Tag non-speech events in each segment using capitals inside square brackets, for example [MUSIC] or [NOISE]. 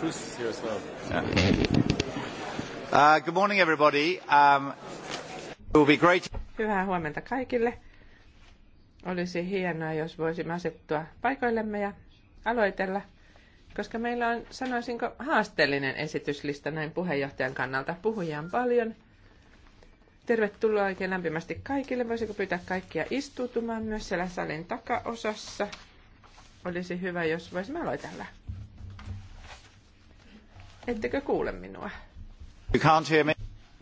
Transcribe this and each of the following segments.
Chris uh, here as well. good morning everybody. Um, it will be great. Hyvää huomenta kaikille. Olisi hienoa, jos voisimme asettua paikoillemme ja aloitella, koska meillä on, sanoisinko, haasteellinen esityslista näin puheenjohtajan kannalta. Puhujia on paljon. Tervetuloa oikein lämpimästi kaikille. Voisiko pyytää kaikkia istuutumaan myös siellä salin takaosassa? Olisi hyvä, jos voisimme aloitella. Ettekö kuule minua? You can't hear me.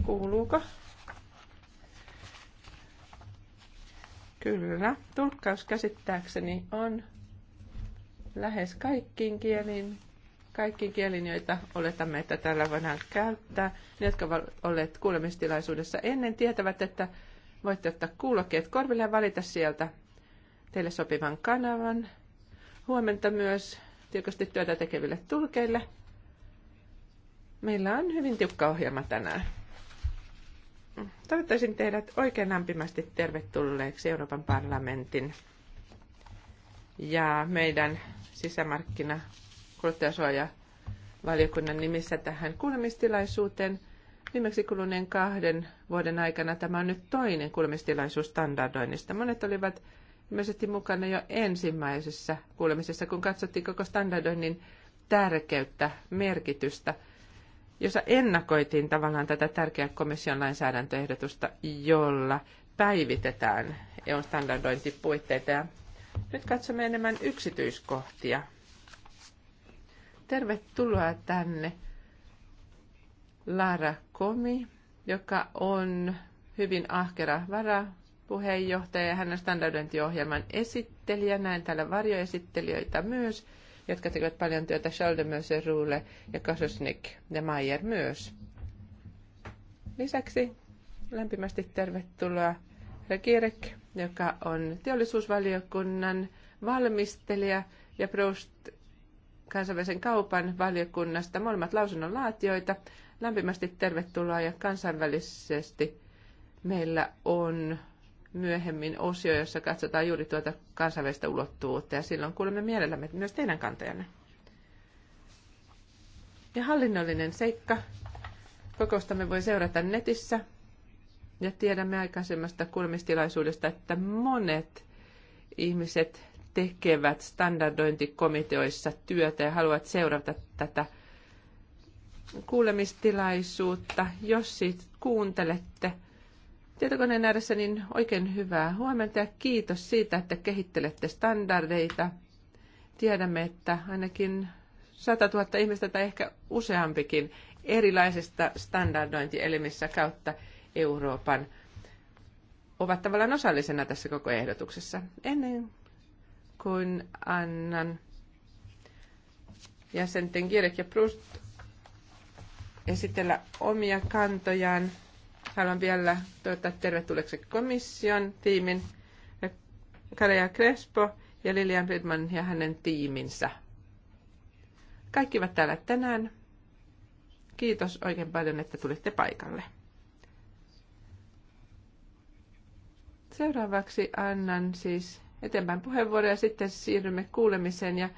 Kuuluuko? Kyllä. Tulkkaus käsittääkseni on lähes kaikkiin kieliin, kaikkiin kielin joita oletamme, että täällä voidaan käyttää. Ne, jotka ovat olleet kuulemistilaisuudessa ennen, tietävät, että voitte ottaa kuulokkeet korville ja valita sieltä teille sopivan kanavan. Huomenta myös tietysti työtä tekeville tulkeille. Meillä on hyvin tiukka ohjelma tänään. Toivottaisin teidät oikein lämpimästi tervetulleeksi Euroopan parlamentin ja meidän sisämarkkina kuluttajasuoja valiokunnan nimissä tähän kuulemistilaisuuteen. Viimeksi kuluneen kahden vuoden aikana tämä on nyt toinen kuulemistilaisuus standardoinnista. Monet olivat ilmeisesti mukana jo ensimmäisessä kuulemisessa, kun katsottiin koko standardoinnin tärkeyttä, merkitystä – jossa ennakoitiin tavallaan tätä tärkeää komission lainsäädäntöehdotusta, jolla päivitetään EUn standardointipuitteita. Ja nyt katsomme enemmän yksityiskohtia. Tervetuloa tänne Lara Komi, joka on hyvin ahkera varapuheenjohtaja ja hänen standardointiohjelman esittelijä. Näin täällä varjoesittelijöitä myös – jotka tekevät paljon työtä, Schaldemöse, Ruule ja Kasosnik ja Mayer myös. Lisäksi lämpimästi tervetuloa Regirek, joka on teollisuusvaliokunnan valmistelija ja Proust kansainvälisen kaupan valiokunnasta molemmat lausunnonlaatioita. Lämpimästi tervetuloa ja kansainvälisesti meillä on myöhemmin osio, jossa katsotaan juuri tuota kansainvälistä ulottuvuutta ja silloin kuulemme mielellämme myös teidän kantajanne. Ja hallinnollinen seikka. Kokoustamme voi seurata netissä ja tiedämme aikaisemmasta kuulemistilaisuudesta, että monet ihmiset tekevät standardointikomiteoissa työtä ja haluavat seurata tätä kuulemistilaisuutta. Jos siitä kuuntelette, tietokoneen ääressä, niin oikein hyvää huomenta ja kiitos siitä, että kehittelette standardeita. Tiedämme, että ainakin 100 000 ihmistä tai ehkä useampikin erilaisista standardointielimissä kautta Euroopan ovat tavallaan osallisena tässä koko ehdotuksessa. Ennen kuin annan jäsenten Kirek ja Prust esitellä omia kantojaan, Haluan vielä toivottaa tervetulleeksi komission tiimin Kareja Crespo ja Lilian Friedman ja hänen tiiminsä. Kaikki ovat täällä tänään. Kiitos oikein paljon, että tulitte paikalle. Seuraavaksi annan siis eteenpäin puheenvuoroja ja sitten siirrymme kuulemiseen. Ja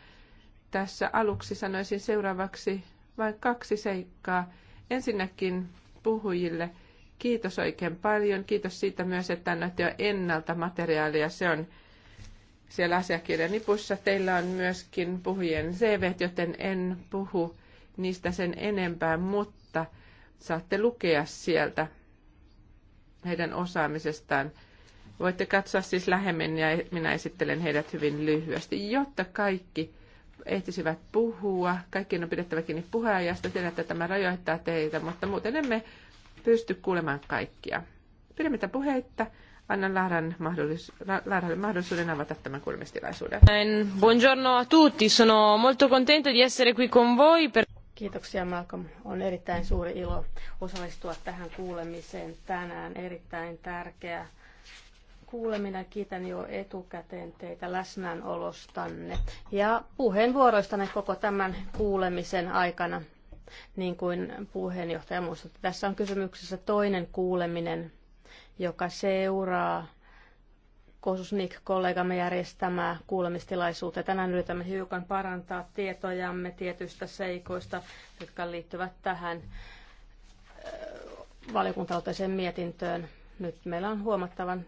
tässä aluksi sanoisin seuraavaksi vain kaksi seikkaa. Ensinnäkin puhujille – Kiitos oikein paljon. Kiitos siitä myös, että annoitte jo ennalta materiaalia. Se on siellä asiakirjan nipussa. Teillä on myöskin puhujien CV, joten en puhu niistä sen enempää, mutta saatte lukea sieltä heidän osaamisestaan. Voitte katsoa siis lähemmin ja minä esittelen heidät hyvin lyhyesti, jotta kaikki ehtisivät puhua. Kaikkien on pidettävä kiinni puheenajasta. Tiedän, että tämä rajoittaa teitä, mutta muuten emme pysty kuulemaan kaikkia. Pidemmittä puheitta. Annan Lahdan mahdollis- mahdollisuuden avata tämän kuulemistilaisuuden. Buongiorno a tutti, sono molto contenta di essere qui con voi. Per... Kiitoksia Malcolm. On erittäin suuri ilo osallistua tähän kuulemiseen tänään. Erittäin tärkeä kuuleminen. Kiitän jo etukäteen teitä läsnäolostanne ja puheenvuoroistanne koko tämän kuulemisen aikana niin kuin puheenjohtaja muistutti. Tässä on kysymyksessä toinen kuuleminen, joka seuraa Kosusnik-kollegamme järjestämää kuulemistilaisuutta. Tänään yritämme hiukan parantaa tietojamme tietyistä seikoista, jotka liittyvät tähän äh, valiokuntautaiseen mietintöön. Nyt meillä on huomattavan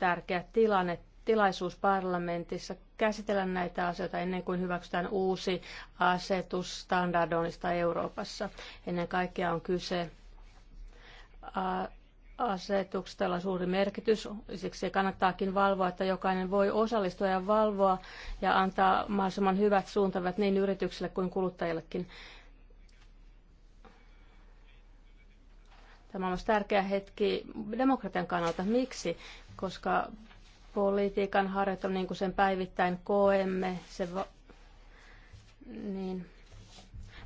tärkeä tilanne tilaisuus parlamentissa käsitellä näitä asioita ennen kuin hyväksytään uusi asetus standardoinnista Euroopassa. Ennen kaikkea on kyse asetuksella on suuri merkitys. Siksi se kannattaakin valvoa, että jokainen voi osallistua ja valvoa ja antaa mahdollisimman hyvät suuntavat niin yrityksille kuin kuluttajillekin. Tämä on myös tärkeä hetki demokratian kannalta. Miksi? Koska politiikan harjoittelu, niin kuin sen päivittäin koemme, se va- niin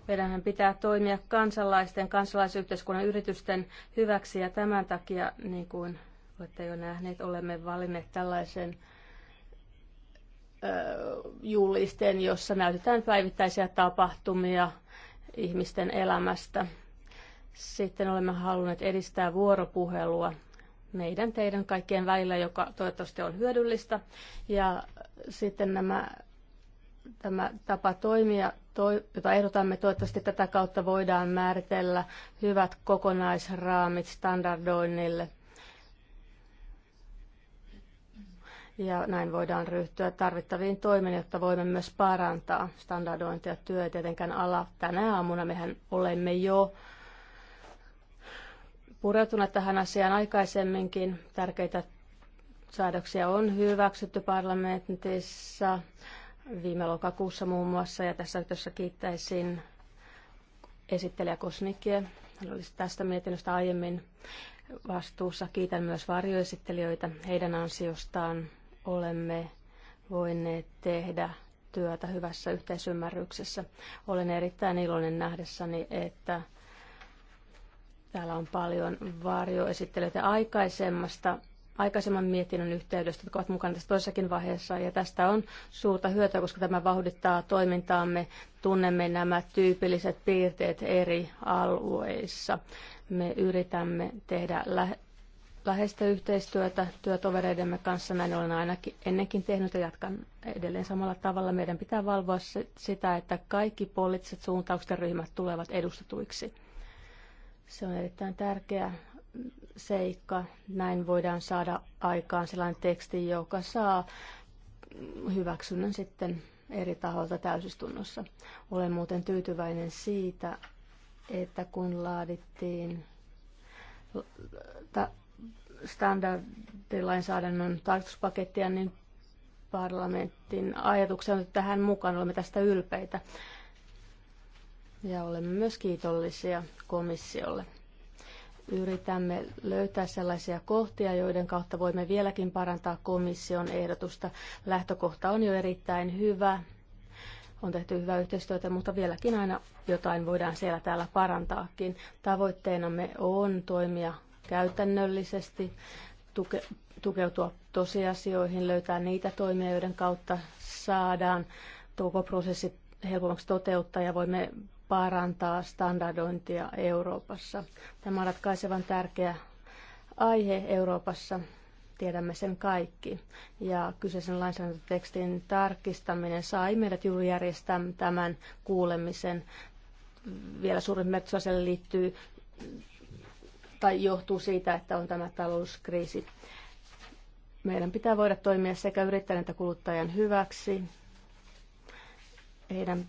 meidän pitää toimia kansalaisten, kansalaisyhteiskunnan yritysten hyväksi ja tämän takia, niin kuin olette jo nähneet, olemme valinneet tällaisen julisteen, jossa näytetään päivittäisiä tapahtumia ihmisten elämästä. Sitten olemme halunneet edistää vuoropuhelua meidän teidän kaikkien välillä, joka toivottavasti on hyödyllistä. Ja sitten nämä, tämä tapa toimia, toi, jota ehdotamme, toivottavasti tätä kautta voidaan määritellä hyvät kokonaisraamit standardoinnille. Ja näin voidaan ryhtyä tarvittaviin toimiin, jotta voimme myös parantaa standardointia työ. Tietenkään ala tänä aamuna mehän olemme jo pureutuneet tähän asiaan aikaisemminkin. Tärkeitä säädöksiä on hyväksytty parlamentissa viime lokakuussa muun muassa, ja tässä yhteydessä kiittäisin esittelijä Kosnikia. Hän olisi tästä mietinnöstä aiemmin vastuussa. Kiitän myös varjoesittelijöitä. Heidän ansiostaan olemme voineet tehdä työtä hyvässä yhteisymmärryksessä. Olen erittäin iloinen nähdessäni, että Täällä on paljon varjoesittelyitä aikaisemmasta aikaisemman mietinnön yhteydestä, jotka ovat mukana tässä toisessakin vaiheessa. Ja tästä on suurta hyötyä, koska tämä vauhdittaa toimintaamme. Tunnemme nämä tyypilliset piirteet eri alueissa. Me yritämme tehdä lä- läheistä yhteistyötä työtovereidemme kanssa. Näin olen ainakin ennenkin tehnyt ja jatkan edelleen samalla tavalla. Meidän pitää valvoa sitä, että kaikki poliittiset suuntaukset ja ryhmät tulevat edustetuiksi. Se on erittäin tärkeä seikka. Näin voidaan saada aikaan sellainen teksti, joka saa hyväksynnän sitten eri taholta täysistunnossa. Olen muuten tyytyväinen siitä, että kun laadittiin standardilainsäädännön tarkastuspakettia, niin parlamentin ajatuksena on tähän mukaan. Olemme tästä ylpeitä. Ja olemme myös kiitollisia komissiolle. Yritämme löytää sellaisia kohtia, joiden kautta voimme vieläkin parantaa komission ehdotusta. Lähtökohta on jo erittäin hyvä. On tehty hyvää yhteistyötä, mutta vieläkin aina jotain voidaan siellä täällä parantaakin. Tavoitteenamme on toimia käytännöllisesti, tuke, tukeutua tosiasioihin, löytää niitä toimia, joiden kautta saadaan koko prosessi helpommaksi toteuttaa ja voimme parantaa standardointia Euroopassa. Tämä on ratkaisevan tärkeä aihe Euroopassa, tiedämme sen kaikki. Ja kyseisen lainsäädäntötekstin tarkistaminen sai meidät juuri järjestää tämän kuulemisen. Vielä suurin merkitys liittyy tai johtuu siitä, että on tämä talouskriisi. Meidän pitää voida toimia sekä yrittäjän että kuluttajan hyväksi. Heidän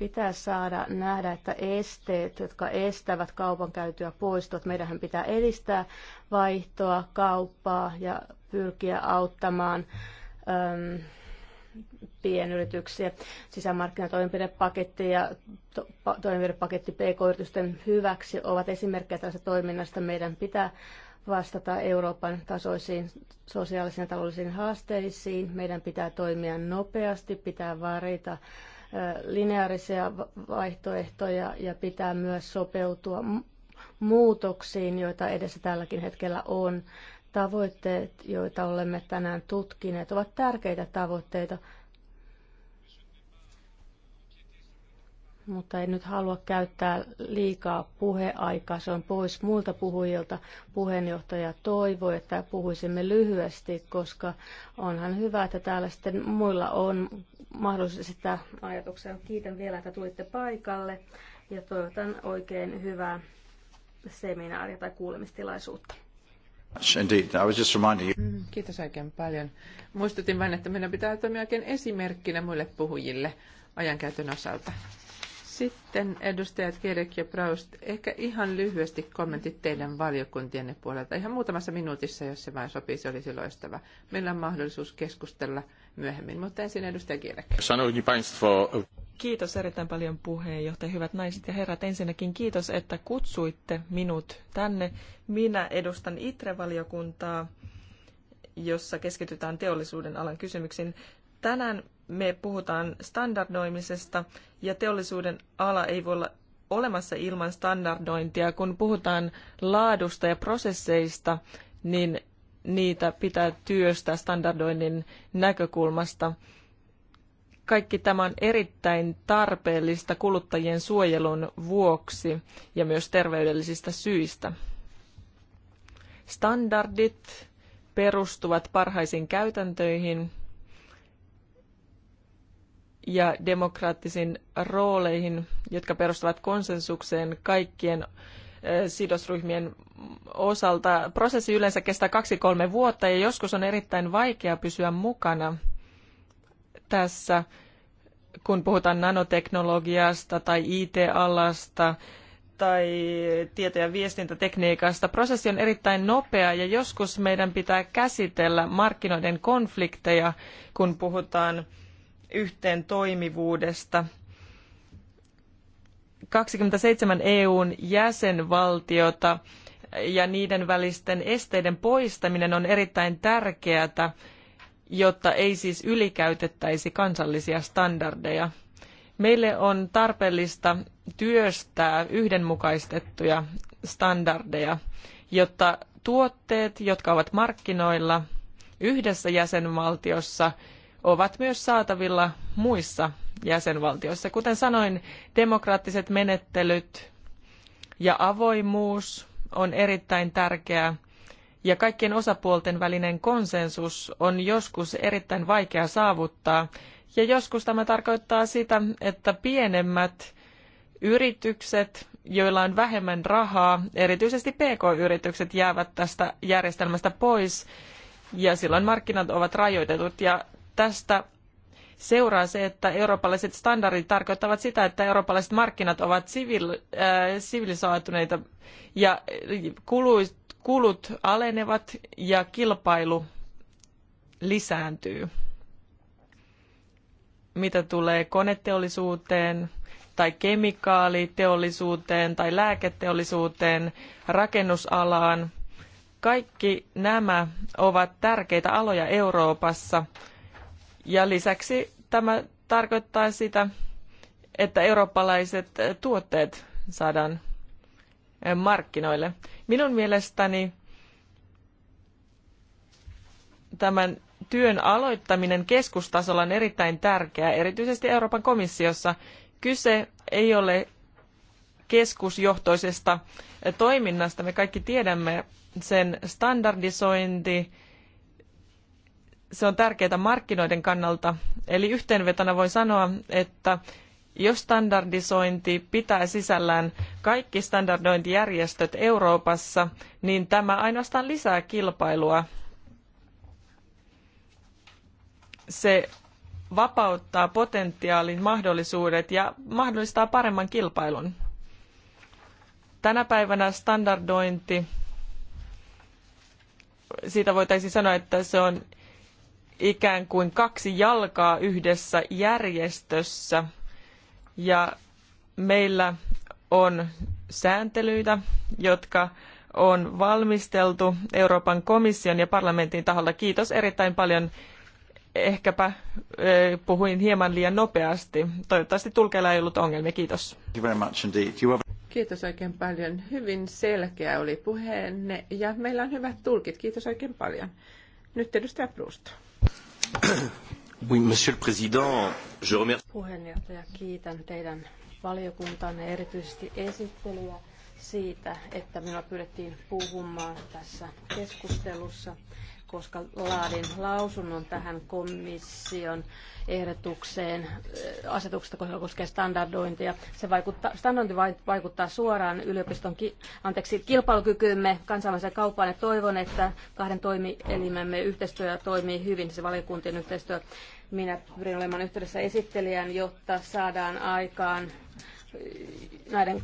Pitää saada nähdä, että esteet, jotka estävät kaupankäytyä, poistuvat. Meidän pitää edistää vaihtoa, kauppaa ja pyrkiä auttamaan äm, pienyrityksiä. Sisämarkkinatoimenpidepaketti ja to, toimenpidepaketti pk-yritysten hyväksi ovat esimerkkejä tästä toiminnasta. Meidän pitää vastata Euroopan tasoisiin sosiaalisiin ja taloudellisiin haasteisiin. Meidän pitää toimia nopeasti, pitää varita lineaarisia vaihtoehtoja ja pitää myös sopeutua muutoksiin, joita edessä tälläkin hetkellä on. Tavoitteet, joita olemme tänään tutkineet, ovat tärkeitä tavoitteita, mutta en nyt halua käyttää liikaa puheaikaa. Se on pois muilta puhujilta. Puheenjohtaja toivoi, että puhuisimme lyhyesti, koska onhan hyvä, että täällä sitten muilla on mahdollisuus esittää ajatuksia. Kiitän vielä, että tulitte paikalle ja toivotan oikein hyvää seminaaria tai kuulemistilaisuutta. Mm, kiitos oikein paljon. Muistutin vain, että meidän pitää toimia oikein esimerkkinä muille puhujille ajankäytön osalta. Sitten edustajat Kerek ja Braust, ehkä ihan lyhyesti kommentit teidän valiokuntienne puolelta. Ihan muutamassa minuutissa, jos se vain sopii, se olisi loistava. Meillä on mahdollisuus keskustella myöhemmin. Mutta ensin edustaja Kielek. Kiitos erittäin paljon puheenjohtaja, hyvät naiset ja herrat. Ensinnäkin kiitos, että kutsuitte minut tänne. Minä edustan ITRE-valiokuntaa, jossa keskitytään teollisuuden alan kysymyksiin. Tänään me puhutaan standardoimisesta ja teollisuuden ala ei voi olla olemassa ilman standardointia. Kun puhutaan laadusta ja prosesseista, niin niitä pitää työstää standardoinnin näkökulmasta. Kaikki tämä on erittäin tarpeellista kuluttajien suojelun vuoksi ja myös terveydellisistä syistä. Standardit perustuvat parhaisiin käytäntöihin ja demokraattisiin rooleihin, jotka perustuvat konsensukseen kaikkien sidosryhmien osalta prosessi yleensä kestää kaksi-kolme vuotta ja joskus on erittäin vaikea pysyä mukana tässä, kun puhutaan nanoteknologiasta tai IT-alasta tai tieto- ja viestintätekniikasta. Prosessi on erittäin nopea ja joskus meidän pitää käsitellä markkinoiden konflikteja, kun puhutaan yhteen toimivuudesta. 27 EUn jäsenvaltiota ja niiden välisten esteiden poistaminen on erittäin tärkeää, jotta ei siis ylikäytettäisi kansallisia standardeja. Meille on tarpeellista työstää yhdenmukaistettuja standardeja, jotta tuotteet, jotka ovat markkinoilla yhdessä jäsenvaltiossa, ovat myös saatavilla muissa jäsenvaltioissa. Kuten sanoin, demokraattiset menettelyt ja avoimuus on erittäin tärkeää ja kaikkien osapuolten välinen konsensus on joskus erittäin vaikea saavuttaa. Ja joskus tämä tarkoittaa sitä, että pienemmät yritykset, joilla on vähemmän rahaa, erityisesti pk-yritykset jäävät tästä järjestelmästä pois ja silloin markkinat ovat rajoitetut ja tästä seuraa se, että eurooppalaiset standardit tarkoittavat sitä, että eurooppalaiset markkinat ovat sivil, äh, sivilisoituneita ja kulut, kulut alenevat ja kilpailu lisääntyy. Mitä tulee koneteollisuuteen tai kemikaaliteollisuuteen tai lääketeollisuuteen, rakennusalaan, kaikki nämä ovat tärkeitä aloja Euroopassa – ja lisäksi tämä tarkoittaa sitä, että eurooppalaiset tuotteet saadaan eh, markkinoille. Minun mielestäni tämän työn aloittaminen keskustasolla on erittäin tärkeää, erityisesti Euroopan komissiossa. Kyse ei ole keskusjohtoisesta toiminnasta. Me kaikki tiedämme sen standardisointi, se on tärkeää markkinoiden kannalta. Eli yhteenvetona voi sanoa, että jos standardisointi pitää sisällään kaikki standardointijärjestöt Euroopassa, niin tämä ainoastaan lisää kilpailua. Se vapauttaa potentiaalin mahdollisuudet ja mahdollistaa paremman kilpailun. Tänä päivänä standardointi, siitä voitaisiin sanoa, että se on ikään kuin kaksi jalkaa yhdessä järjestössä ja meillä on sääntelyitä, jotka on valmisteltu Euroopan komission ja parlamentin taholla. Kiitos erittäin paljon. Ehkäpä eh, puhuin hieman liian nopeasti. Toivottavasti tulkeilla ei ollut ongelmia. Kiitos. Kiitos oikein paljon. Hyvin selkeä oli puheenne ja meillä on hyvät tulkit. Kiitos oikein paljon. Nyt edustaja Proust. Oui, monsieur le président, je remercie... Puheenjohtaja, kiitän teidän valiokuntanne erityisesti esittelyä siitä, että minua pyydettiin puhumaan tässä keskustelussa koska laadin lausunnon tähän komission ehdotukseen äh, asetuksesta, koska koskee standardointia. Se vaikuttaa, standardointi vaikuttaa suoraan yliopiston ki, anteeksi, kilpailukykyymme kansainväliseen kauppaan ja toivon, että kahden toimielimemme yhteistyö toimii hyvin, se valiokuntien yhteistyö. Minä pyrin olemaan yhteydessä esittelijän, jotta saadaan aikaan äh, näiden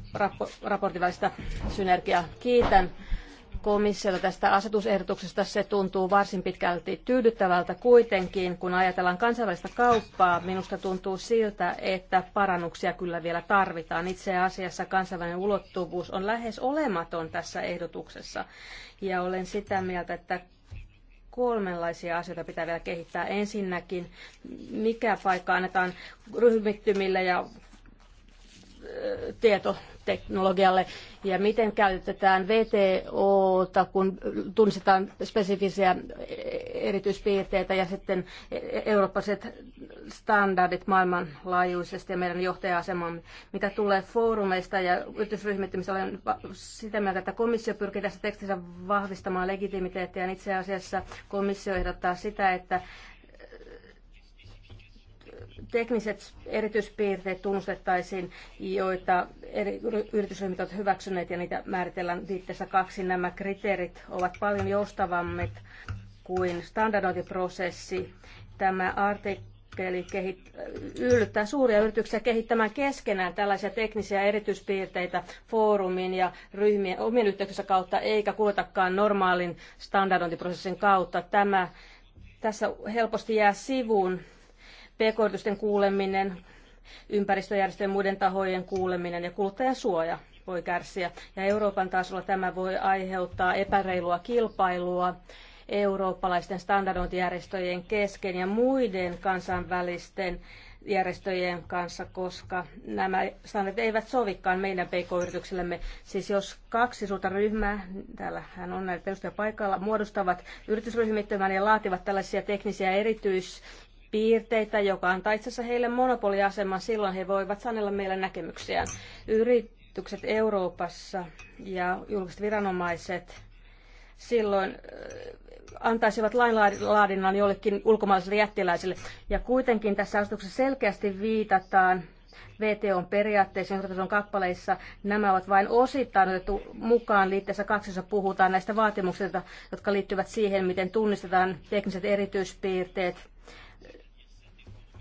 raportin välistä synergiaa. Kiitän komissiolta tästä asetusehdotuksesta. Se tuntuu varsin pitkälti tyydyttävältä kuitenkin, kun ajatellaan kansainvälistä kauppaa. Minusta tuntuu siltä, että parannuksia kyllä vielä tarvitaan. Itse asiassa kansainvälinen ulottuvuus on lähes olematon tässä ehdotuksessa. Ja olen sitä mieltä, että kolmenlaisia asioita pitää vielä kehittää. Ensinnäkin, mikä paikka annetaan ryhmittymille ja tietoteknologialle ja miten käytetään VTOta, kun tunnistetaan spesifisiä erityispiirteitä ja sitten eurooppalaiset standardit maailmanlaajuisesti ja meidän johtaja-asemamme. Mitä tulee foorumeista ja yritysryhmittymistä, niin olen sitä mieltä, että komissio pyrkii tässä tekstissä vahvistamaan legitimiteettiä. Itse asiassa komissio ehdottaa sitä, että tekniset erityispiirteet tunnustettaisiin, joita eri yritysryhmät ovat hyväksyneet ja niitä määritellään liitteessä kaksi. Nämä kriteerit ovat paljon joustavammat kuin standardointiprosessi. Tämä artikkeli kehit- yllyttää suuria yrityksiä kehittämään keskenään tällaisia teknisiä erityispiirteitä foorumin ja ryhmien omien yhteyksensä kautta, eikä kuletakaan normaalin standardointiprosessin kautta. Tämä tässä helposti jää sivuun pk kuuleminen, ympäristöjärjestöjen muiden tahojen kuuleminen ja kuluttajan suoja voi kärsiä. Ja Euroopan tasolla tämä voi aiheuttaa epäreilua kilpailua eurooppalaisten standardointijärjestöjen kesken ja muiden kansainvälisten järjestöjen kanssa, koska nämä standardit eivät sovikaan meidän pk-yrityksellemme. Siis jos kaksi suurta ryhmää, täällähän on näitä edustajia paikalla, muodostavat yritysryhmittymän ja laativat tällaisia teknisiä erityis- piirteitä, joka antaa itse asiassa heille monopoliaseman. Silloin he voivat sanella meille näkemyksiään. Yritykset Euroopassa ja julkiset viranomaiset silloin äh, antaisivat lainlaadinnan jollekin ulkomaalaiselle jättiläiselle. Ja kuitenkin tässä asetuksessa selkeästi viitataan VTOn periaatteisiin, jotka on kappaleissa nämä ovat vain osittain otettu mukaan liitteessä jossa puhutaan näistä vaatimuksista, jotka liittyvät siihen, miten tunnistetaan tekniset erityispiirteet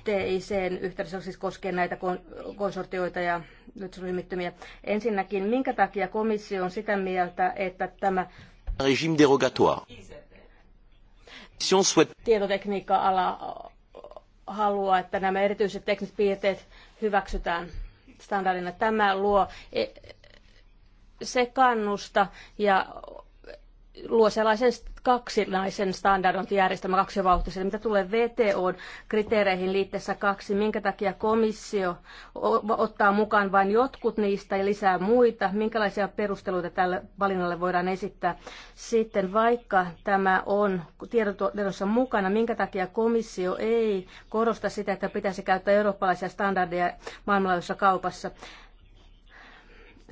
TICn yhteydessä, siis koskee näitä konsortioita ja ryhmittymiä. Ensinnäkin, minkä takia komissio on sitä mieltä, että tämä régime dérogatoire. Tietotekniikka-ala haluaa, että nämä erityiset tekniset piirteet hyväksytään standardina. Tämä luo e-, sekannusta ja luo sellaisen kaksinaisen standardointijärjestelmä kaksivauhtisen. Mitä tulee VTOn kriteereihin liitteessä kaksi, minkä takia komissio ottaa mukaan vain jotkut niistä ja lisää muita, minkälaisia perusteluita tälle valinnalle voidaan esittää. Sitten vaikka tämä on tiedossa mukana, minkä takia komissio ei korosta sitä, että pitäisi käyttää eurooppalaisia standardeja maailmanlaajuisessa kaupassa.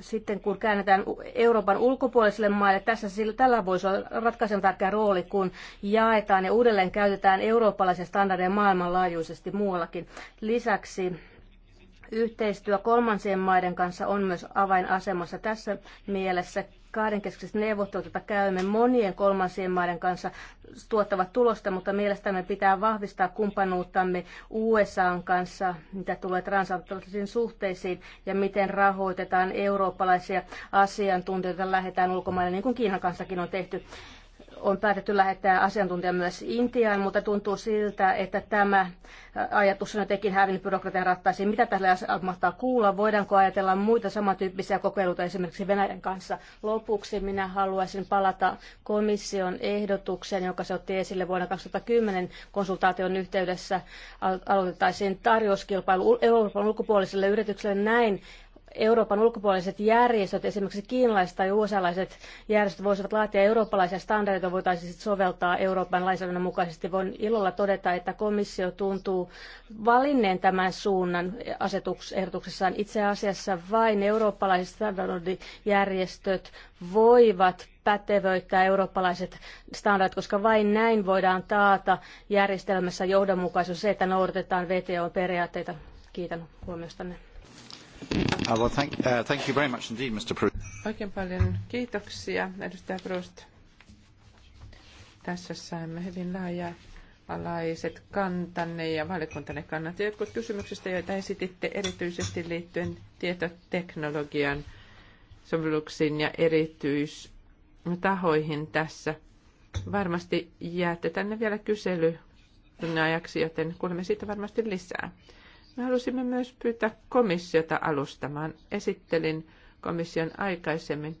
Sitten kun käännetään Euroopan ulkopuolisille maille, tässä sillä, tällä voisi olla ratkaisen tärkeä rooli, kun jaetaan ja uudelleen käytetään eurooppalaisia standardeja maailmanlaajuisesti muuallakin. Lisäksi Yhteistyö kolmansien maiden kanssa on myös avainasemassa tässä mielessä. Kahdenkeskiset neuvottelut, joita käymme monien kolmansien maiden kanssa, tuottavat tulosta, mutta mielestämme pitää vahvistaa kumppanuuttamme USAn kanssa, mitä tulee transatlanttisiin suhteisiin ja miten rahoitetaan eurooppalaisia asiantuntijoita, lähetään ulkomaille, niin kuin Kiinan kanssakin on tehty on päätetty lähettää asiantuntija myös Intiaan, mutta tuntuu siltä, että tämä ajatus on jotenkin hävinnyt byrokratian rattaisiin. Mitä tällä mahtaa kuulla? Voidaanko ajatella muita samantyyppisiä kokeiluita esimerkiksi Venäjän kanssa? Lopuksi minä haluaisin palata komission ehdotukseen, joka se otti esille vuonna 2010 konsultaation yhteydessä. Aloitettaisiin tarjouskilpailu Euroopan ulkopuolisille yrityksille näin Euroopan ulkopuoliset järjestöt, esimerkiksi kiinalaiset tai uusialaiset järjestöt voisivat laatia eurooppalaisia standardeita, voitaisiin sit soveltaa Euroopan lainsäädännön mukaisesti. Voin ilolla todeta, että komissio tuntuu valinneen tämän suunnan asetusehdotuksessaan. Itse asiassa vain eurooppalaiset standardijärjestöt voivat pätevöittää eurooppalaiset standardit, koska vain näin voidaan taata järjestelmässä johdonmukaisuus se, että noudatetaan VTO-periaatteita. Kiitän huomiostanne. Oikein paljon kiitoksia, edustaja Proust. Tässä saimme hyvin laajaa alaiset kantanne ja valiokuntanne kannat. Jotkut kysymyksistä, joita esititte erityisesti liittyen tietoteknologian sovelluksiin ja erityistahoihin tässä. Varmasti jäätte tänne vielä kysely ajaksi, joten kuulemme siitä varmasti lisää. Me halusimme myös pyytää komissiota alustamaan. Esittelin komission aikaisemmin.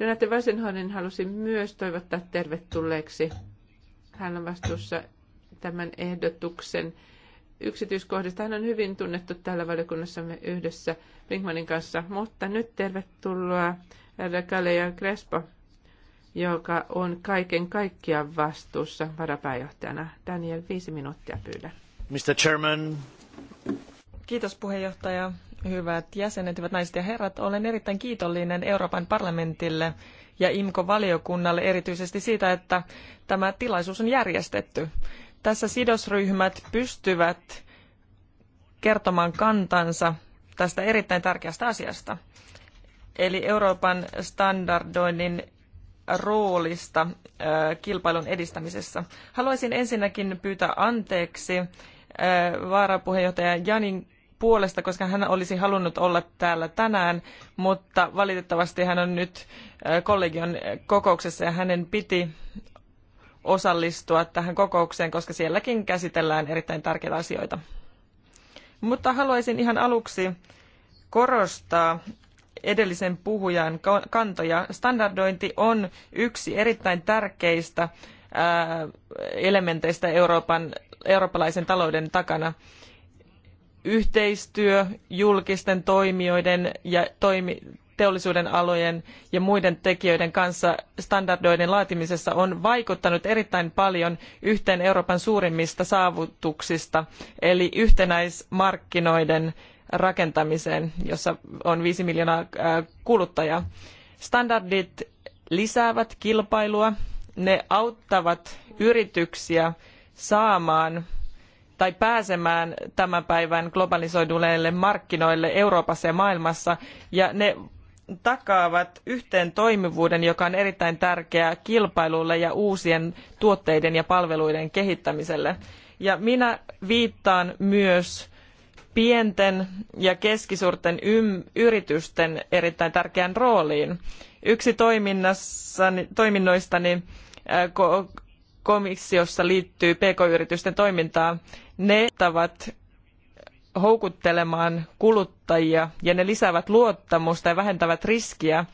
Renate Weisenhoinen halusi myös toivottaa tervetulleeksi. Hän on vastuussa tämän ehdotuksen yksityiskohdista. Hän on hyvin tunnettu täällä valiokunnassamme yhdessä Brinkmanin kanssa, mutta nyt tervetuloa Kaleja Crespo, joka on kaiken kaikkiaan vastuussa varapääjohtajana. Daniel, viisi minuuttia pyydän. Mr. Chairman, Kiitos puheenjohtaja. Hyvät jäsenet, hyvät naiset ja herrat, olen erittäin kiitollinen Euroopan parlamentille ja IMKO-valiokunnalle erityisesti siitä, että tämä tilaisuus on järjestetty. Tässä sidosryhmät pystyvät kertomaan kantansa tästä erittäin tärkeästä asiasta, eli Euroopan standardoinnin roolista kilpailun edistämisessä. Haluaisin ensinnäkin pyytää anteeksi varapuheenjohtaja Janin puolesta, koska hän olisi halunnut olla täällä tänään, mutta valitettavasti hän on nyt kollegion kokouksessa ja hänen piti osallistua tähän kokoukseen, koska sielläkin käsitellään erittäin tärkeitä asioita. Mutta haluaisin ihan aluksi korostaa edellisen puhujan kantoja. Standardointi on yksi erittäin tärkeistä elementeistä Euroopan eurooppalaisen talouden takana. Yhteistyö julkisten toimijoiden ja toimi, teollisuuden alojen ja muiden tekijöiden kanssa standardoiden laatimisessa on vaikuttanut erittäin paljon yhteen Euroopan suurimmista saavutuksista, eli yhtenäismarkkinoiden rakentamiseen, jossa on viisi miljoonaa kuluttajaa. Standardit lisäävät kilpailua, ne auttavat yrityksiä saamaan tai pääsemään tämän päivän globalisoiduneille markkinoille Euroopassa ja maailmassa. Ja ne takaavat yhteen toimivuuden, joka on erittäin tärkeää kilpailulle ja uusien tuotteiden ja palveluiden kehittämiselle. Ja minä viittaan myös pienten ja keskisuurten yritysten erittäin tärkeään rooliin. Yksi toiminnoistani äh, komissiossa liittyy pk-yritysten toimintaan, ne tavat houkuttelemaan kuluttajia ja ne lisäävät luottamusta ja vähentävät riskiä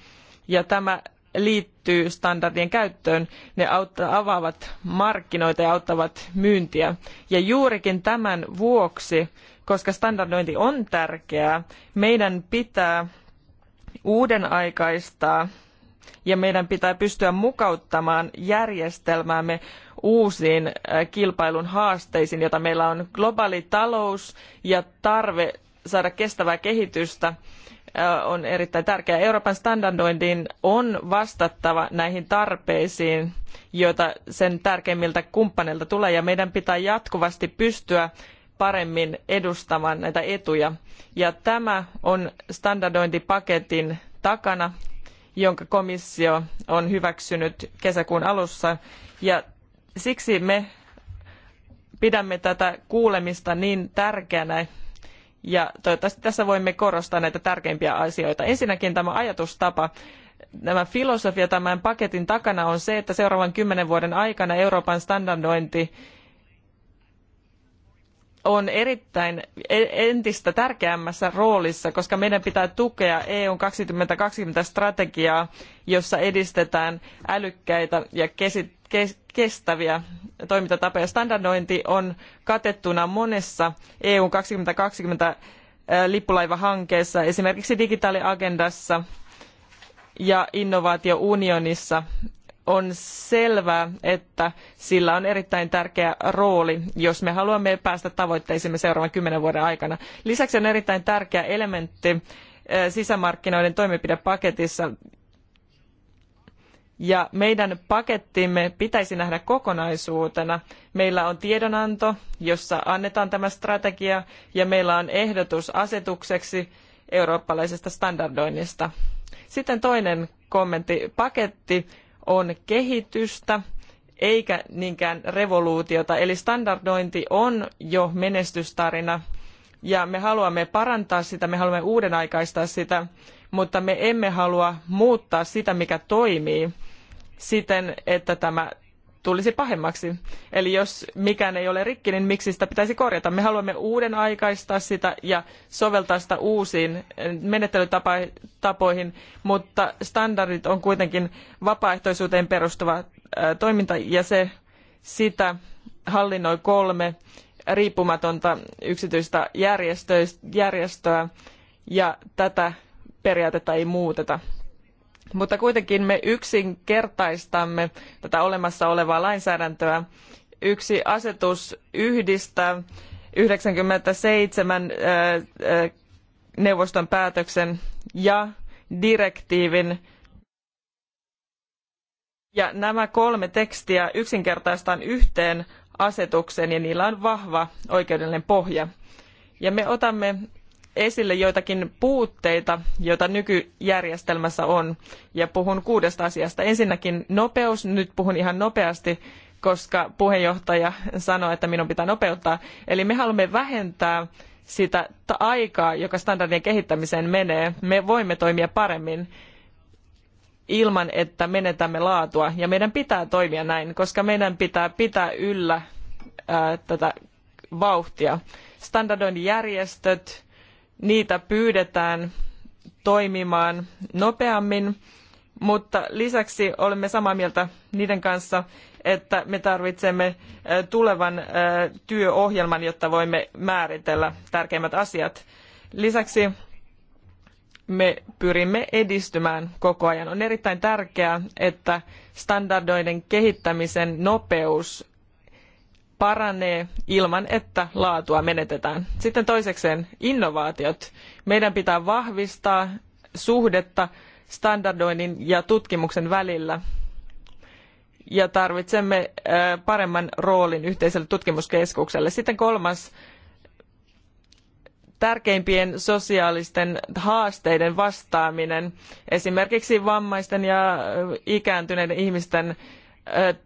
ja tämä liittyy standardien käyttöön. Ne avaavat markkinoita ja auttavat myyntiä. Ja juurikin tämän vuoksi, koska standardointi on tärkeää, meidän pitää uudenaikaistaa aikaistaa ja meidän pitää pystyä mukauttamaan järjestelmäämme uusiin äh, kilpailun haasteisiin, joita meillä on globaali talous ja tarve saada kestävää kehitystä äh, on erittäin tärkeää. Euroopan standardointiin on vastattava näihin tarpeisiin, joita sen tärkeimmiltä kumppaneilta tulee, ja meidän pitää jatkuvasti pystyä paremmin edustamaan näitä etuja. Ja tämä on standardointipaketin takana jonka komissio on hyväksynyt kesäkuun alussa. Ja siksi me pidämme tätä kuulemista niin tärkeänä ja toivottavasti tässä voimme korostaa näitä tärkeimpiä asioita. Ensinnäkin tämä ajatustapa. Tämä filosofia tämän paketin takana on se, että seuraavan kymmenen vuoden aikana Euroopan standardointi on erittäin e- entistä tärkeämmässä roolissa, koska meidän pitää tukea EUn 2020 strategiaa, jossa edistetään älykkäitä ja kestäviä toimintatapoja. Standardointi on katettuna monessa EUn 2020 lippulaivahankkeessa, esimerkiksi digitaaliagendassa ja innovaatiounionissa on selvää, että sillä on erittäin tärkeä rooli, jos me haluamme päästä tavoitteisiimme seuraavan kymmenen vuoden aikana. Lisäksi on erittäin tärkeä elementti eh, sisämarkkinoiden toimenpidepaketissa. Ja meidän pakettimme pitäisi nähdä kokonaisuutena. Meillä on tiedonanto, jossa annetaan tämä strategia, ja meillä on ehdotus asetukseksi eurooppalaisesta standardoinnista. Sitten toinen kommentti. Paketti on kehitystä eikä niinkään revoluutiota. Eli standardointi on jo menestystarina ja me haluamme parantaa sitä, me haluamme uudenaikaistaa sitä, mutta me emme halua muuttaa sitä, mikä toimii siten, että tämä tulisi pahemmaksi. Eli jos mikään ei ole rikki, niin miksi sitä pitäisi korjata? Me haluamme uuden aikaistaa sitä ja soveltaa sitä uusiin eh, menettelytapoihin, mutta standardit on kuitenkin vapaaehtoisuuteen perustuva eh, toiminta ja se sitä hallinnoi kolme riippumatonta yksityistä järjestöä ja tätä periaatetta ei muuteta. Mutta kuitenkin me yksinkertaistamme tätä olemassa olevaa lainsäädäntöä. Yksi asetus yhdistää 97 neuvoston päätöksen ja direktiivin ja nämä kolme tekstiä yksinkertaistaan yhteen asetukseen ja niillä on vahva oikeudellinen pohja. Ja me otamme esille joitakin puutteita, joita nykyjärjestelmässä on, ja puhun kuudesta asiasta. Ensinnäkin nopeus, nyt puhun ihan nopeasti, koska puheenjohtaja sanoi, että minun pitää nopeuttaa. Eli me haluamme vähentää sitä aikaa, joka standardien kehittämiseen menee. Me voimme toimia paremmin ilman, että menetämme laatua. Ja meidän pitää toimia näin, koska meidän pitää pitää yllä ää, tätä vauhtia. Standardointijärjestöt niitä pyydetään toimimaan nopeammin, mutta lisäksi olemme samaa mieltä niiden kanssa, että me tarvitsemme tulevan työohjelman, jotta voimme määritellä tärkeimmät asiat. Lisäksi me pyrimme edistymään koko ajan. On erittäin tärkeää, että standardoiden kehittämisen nopeus paranee ilman, että laatua menetetään. Sitten toisekseen innovaatiot. Meidän pitää vahvistaa suhdetta standardoinnin ja tutkimuksen välillä ja tarvitsemme paremman roolin yhteiselle tutkimuskeskukselle. Sitten kolmas tärkeimpien sosiaalisten haasteiden vastaaminen esimerkiksi vammaisten ja ikääntyneiden ihmisten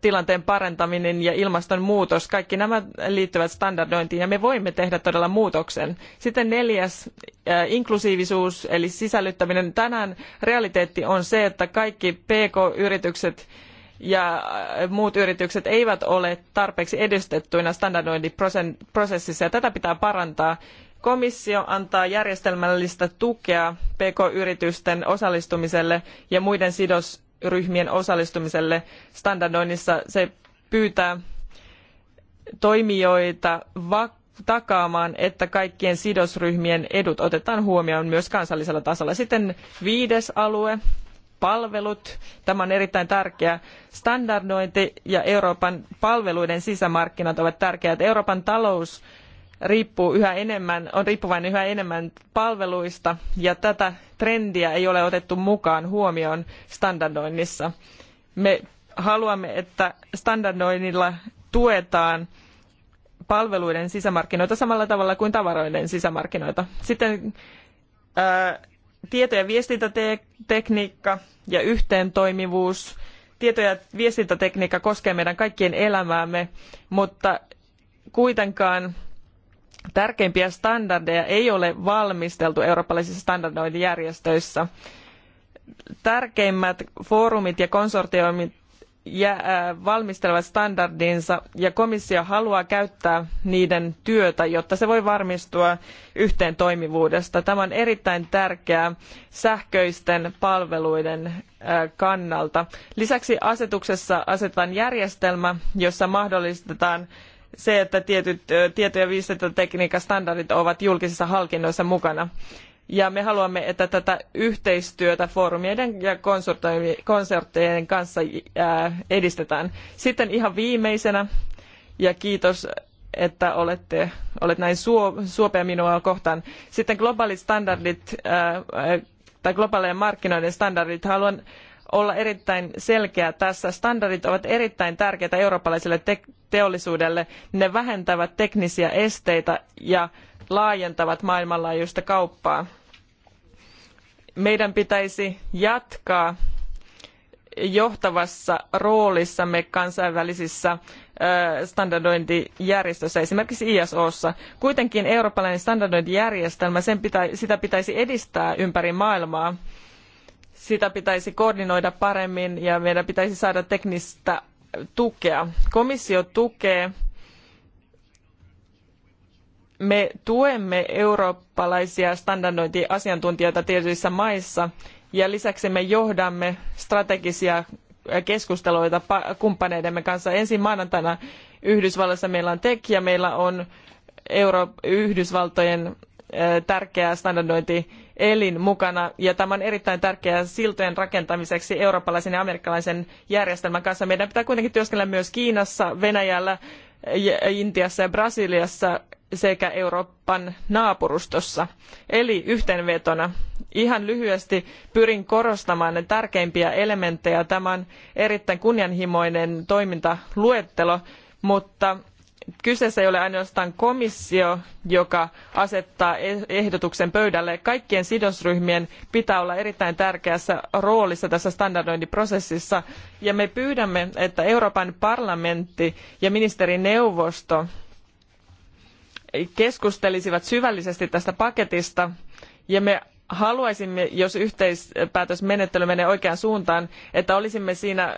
tilanteen parantaminen ja ilmastonmuutos, kaikki nämä liittyvät standardointiin ja me voimme tehdä todella muutoksen. Sitten neljäs, inklusiivisuus eli sisällyttäminen. Tänään realiteetti on se, että kaikki PK-yritykset ja muut yritykset eivät ole tarpeeksi edistettyinä standardointiprosessissa ja tätä pitää parantaa. Komissio antaa järjestelmällistä tukea PK-yritysten osallistumiselle ja muiden sidos ryhmien osallistumiselle standardoinnissa. Se pyytää toimijoita takaamaan, että kaikkien sidosryhmien edut otetaan huomioon myös kansallisella tasolla. Sitten viides alue, palvelut. Tämä on erittäin tärkeä standardointi ja Euroopan palveluiden sisämarkkinat ovat tärkeät. Euroopan talous riippuu yhä enemmän, on riippuvainen yhä enemmän palveluista ja tätä trendiä ei ole otettu mukaan huomioon standardoinnissa. Me haluamme, että standardoinnilla tuetaan palveluiden sisämarkkinoita samalla tavalla kuin tavaroiden sisämarkkinoita. Sitten ää, tieto- ja viestintätekniikka ja yhteentoimivuus. Tieto- ja viestintätekniikka koskee meidän kaikkien elämäämme, mutta kuitenkaan tärkeimpiä standardeja ei ole valmisteltu eurooppalaisissa standardointijärjestöissä. Tärkeimmät foorumit ja konsortiumit äh, valmistelevat standardinsa ja komissio haluaa käyttää niiden työtä, jotta se voi varmistua yhteen toimivuudesta. Tämä on erittäin tärkeää sähköisten palveluiden äh, kannalta. Lisäksi asetuksessa asetetaan järjestelmä, jossa mahdollistetaan se, että tietyt tieto- ja viestintätekniikan standardit ovat julkisissa hankinnoissa mukana. Ja me haluamme, että tätä yhteistyötä foorumien ja konsorttejen kanssa edistetään. Sitten ihan viimeisenä, ja kiitos että olette, olet näin suo, suopea minua kohtaan. Sitten globaalit standardit tai globaalien markkinoiden standardit. Haluan olla erittäin selkeä tässä. Standardit ovat erittäin tärkeitä eurooppalaiselle teollisuudelle. Ne vähentävät teknisiä esteitä ja laajentavat maailmanlaajuista kauppaa. Meidän pitäisi jatkaa johtavassa roolissamme kansainvälisissä standardointijärjestöissä esimerkiksi isossa. kuitenkin eurooppalainen standardointijärjestelmä sen pitä, sitä pitäisi edistää ympäri maailmaa sitä pitäisi koordinoida paremmin ja meidän pitäisi saada teknistä tukea. Komissio tukee me tuemme eurooppalaisia standardointiasiantuntijoita tietyissä maissa ja lisäksi me johdamme strategisia keskusteluita kumppaneidemme kanssa. Ensi maanantaina Yhdysvalloissa meillä on TEC ja meillä on Euro- Yhdysvaltojen tärkeä standardointi elin mukana ja tämä on erittäin tärkeää siltojen rakentamiseksi eurooppalaisen ja amerikkalaisen järjestelmän kanssa. Meidän pitää kuitenkin työskennellä myös Kiinassa, Venäjällä, Intiassa ja Brasiliassa sekä Euroopan naapurustossa. Eli yhteenvetona ihan lyhyesti pyrin korostamaan ne tärkeimpiä elementtejä. Tämä on erittäin kunnianhimoinen toimintaluettelo, mutta kyseessä ei ole ainoastaan komissio, joka asettaa e- ehdotuksen pöydälle. Kaikkien sidosryhmien pitää olla erittäin tärkeässä roolissa tässä standardointiprosessissa. Ja me pyydämme, että Euroopan parlamentti ja ministerineuvosto keskustelisivat syvällisesti tästä paketista. Ja me haluaisimme, jos yhteispäätösmenettely menee oikeaan suuntaan, että olisimme siinä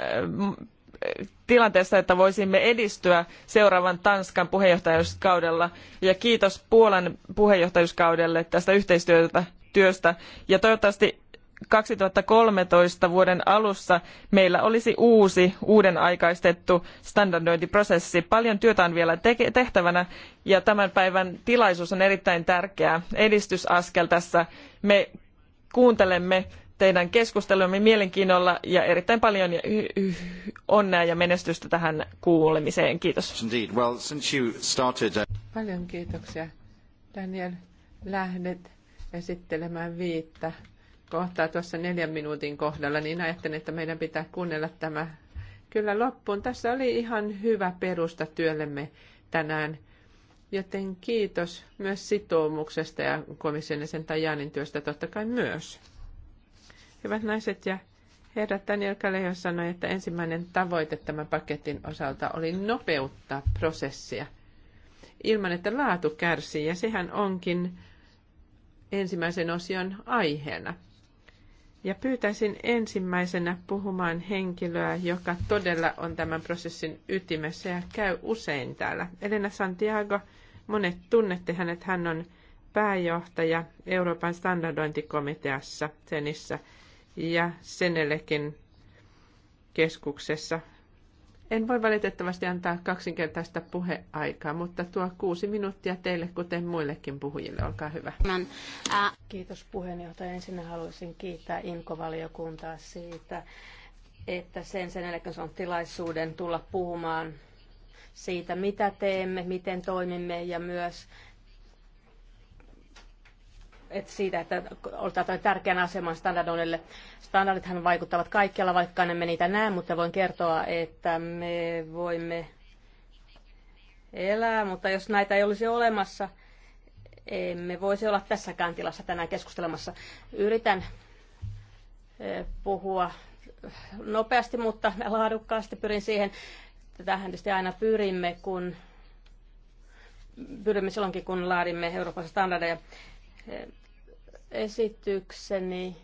tilanteessa, että voisimme edistyä seuraavan Tanskan puheenjohtajuuskaudella. Ja kiitos Puolan puheenjohtajuuskaudelle tästä yhteistyöstä ja toivottavasti 2013 vuoden alussa meillä olisi uusi, uuden aikaistettu standardointiprosessi. Paljon työtä on vielä tehtävänä ja tämän päivän tilaisuus on erittäin tärkeä edistysaskel tässä. Me kuuntelemme teidän keskustelumme mielenkiinnolla ja erittäin paljon onnea ja menestystä tähän kuulemiseen. Kiitos. Uh, paljon kiitoksia. Daniel, lähdet esittelemään viittä kohtaa tuossa neljän minuutin kohdalla, niin ajattelin, että meidän pitää kuunnella tämä kyllä loppuun. Tässä oli ihan hyvä perusta työllemme tänään. Joten kiitos myös sitoumuksesta ja komission sen Tajanin työstä totta kai myös. Hyvät naiset ja herrat, Daniel Kalejo sanoi, että ensimmäinen tavoite tämän paketin osalta oli nopeuttaa prosessia ilman, että laatu kärsii. Ja sehän onkin ensimmäisen osion aiheena. Ja pyytäisin ensimmäisenä puhumaan henkilöä, joka todella on tämän prosessin ytimessä ja käy usein täällä. Elena Santiago, monet tunnette hänet, hän on pääjohtaja Euroopan standardointikomiteassa, senissä ja Senelekin keskuksessa. En voi valitettavasti antaa kaksinkertaista puheaikaa, mutta tuo kuusi minuuttia teille, kuten muillekin puhujille. Olkaa hyvä. Kiitos puheenjohtaja. Ensin haluaisin kiittää Inko-valiokuntaa siitä, että sen sen jälkeen on tilaisuuden tulla puhumaan siitä, mitä teemme, miten toimimme ja myös että siitä, että otetaan tärkeän aseman standardoinnille. Standardithan vaikuttavat kaikkialla, vaikka me niitä näe, mutta voin kertoa, että me voimme elää, mutta jos näitä ei olisi olemassa, emme voisi olla tässäkään tilassa tänään keskustelemassa. Yritän puhua nopeasti, mutta laadukkaasti pyrin siihen. Tätähän tietysti aina pyrimme, kun pyrimme silloinkin, kun laadimme Euroopan standardeja esitykseni,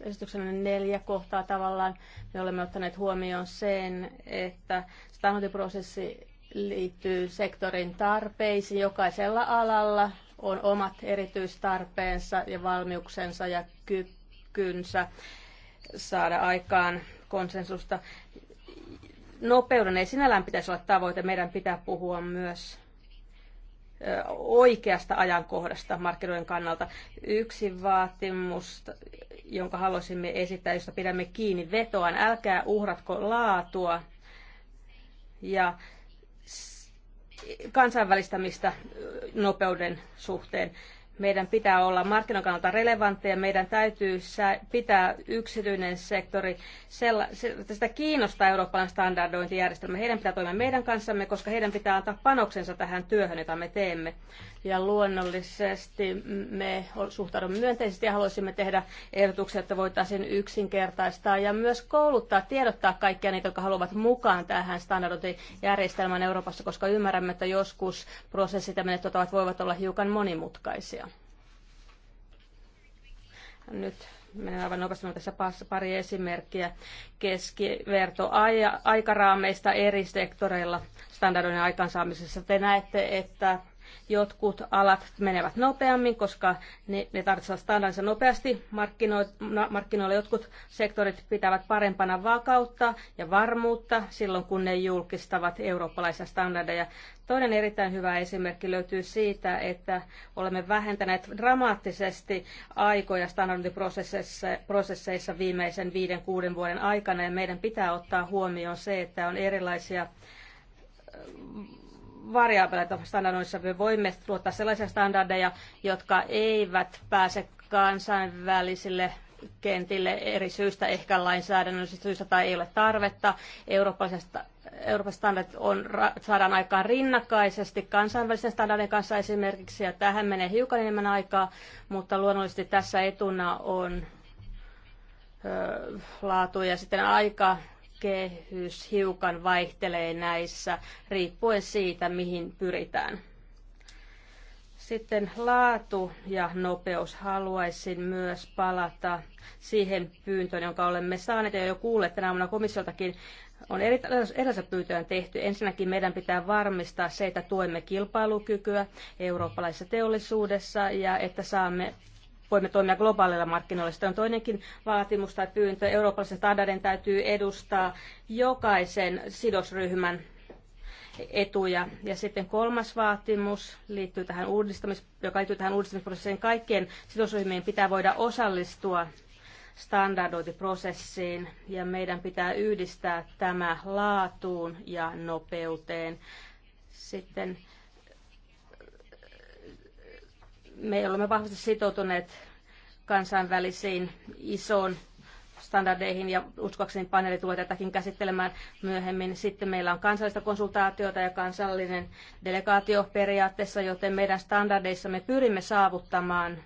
esityksen neljä kohtaa tavallaan me olemme ottaneet huomioon sen, että standardiprosessi liittyy sektorin tarpeisiin. Jokaisella alalla on omat erityistarpeensa ja valmiuksensa ja kykynsä saada aikaan konsensusta. Nopeuden ei sinällään pitäisi olla tavoite. Meidän pitää puhua myös oikeasta ajankohdasta markkinoiden kannalta. Yksi vaatimus, jonka haluaisimme esittää, josta pidämme kiinni vetoan, älkää uhratko laatua ja kansainvälistämistä nopeuden suhteen. Meidän pitää olla markkinoiden kannalta relevantteja, meidän täytyy pitää yksityinen sektori, sitä kiinnostaa eurooppalainen standardointijärjestelmä. Heidän pitää toimia meidän kanssamme, koska heidän pitää antaa panoksensa tähän työhön, jota me teemme ja luonnollisesti me suhtaudumme myönteisesti ja haluaisimme tehdä ehdotuksia, että voitaisiin yksinkertaistaa ja myös kouluttaa, tiedottaa kaikkia niitä, jotka haluavat mukaan tähän standardointijärjestelmään Euroopassa, koska ymmärrämme, että joskus prosessit ja menettelytavat voivat olla hiukan monimutkaisia. Nyt menen aivan nopeasti, on tässä pari esimerkkiä keskivertoaikaraameista eri sektoreilla standardoinnin aikaansaamisessa. Te näette, että Jotkut alat menevät nopeammin, koska ne, ne tarvitsevat standardissa nopeasti markkinoilla. Jotkut sektorit pitävät parempana vakautta ja varmuutta silloin, kun ne julkistavat eurooppalaisia standardeja. Toinen erittäin hyvä esimerkki löytyy siitä, että olemme vähentäneet dramaattisesti aikoja standardointiprosesseissa viimeisen viiden kuuden vuoden aikana, ja meidän pitää ottaa huomioon se, että on erilaisia variaabeleita standardoissa. Me voimme tuottaa sellaisia standardeja, jotka eivät pääse kansainvälisille kentille eri syistä, ehkä lainsäädännöllisistä syistä tai ei ole tarvetta. Eurooppalaisesta Euroopan standardit on, saadaan aikaan rinnakkaisesti kansainvälisen standardin kanssa esimerkiksi, ja tähän menee hiukan enemmän aikaa, mutta luonnollisesti tässä etuna on ö, laatu ja sitten aika kehys hiukan vaihtelee näissä riippuen siitä, mihin pyritään. Sitten laatu ja nopeus. Haluaisin myös palata siihen pyyntöön, jonka olemme saaneet ja jo kuulleet tänä aamuna komissioltakin. On erilaisia pyyntöjä tehty. Ensinnäkin meidän pitää varmistaa se, että tuemme kilpailukykyä eurooppalaisessa teollisuudessa ja että saamme voimme toimia globaaleilla markkinoilla. Sitten on toinenkin vaatimus tai pyyntö. Eurooppalaisen standardin täytyy edustaa jokaisen sidosryhmän etuja. Ja sitten kolmas vaatimus liittyy tähän uudistamis, joka liittyy tähän uudistamisprosessiin. Kaikkien sidosryhmien pitää voida osallistua standardointiprosessiin ja meidän pitää yhdistää tämä laatuun ja nopeuteen. Sitten me olemme vahvasti sitoutuneet kansainvälisiin isoon standardeihin ja uskoakseni paneeli tulee tätäkin käsittelemään myöhemmin. Sitten meillä on kansallista konsultaatiota ja kansallinen delegaatio periaatteessa, joten meidän standardeissa me pyrimme saavuttamaan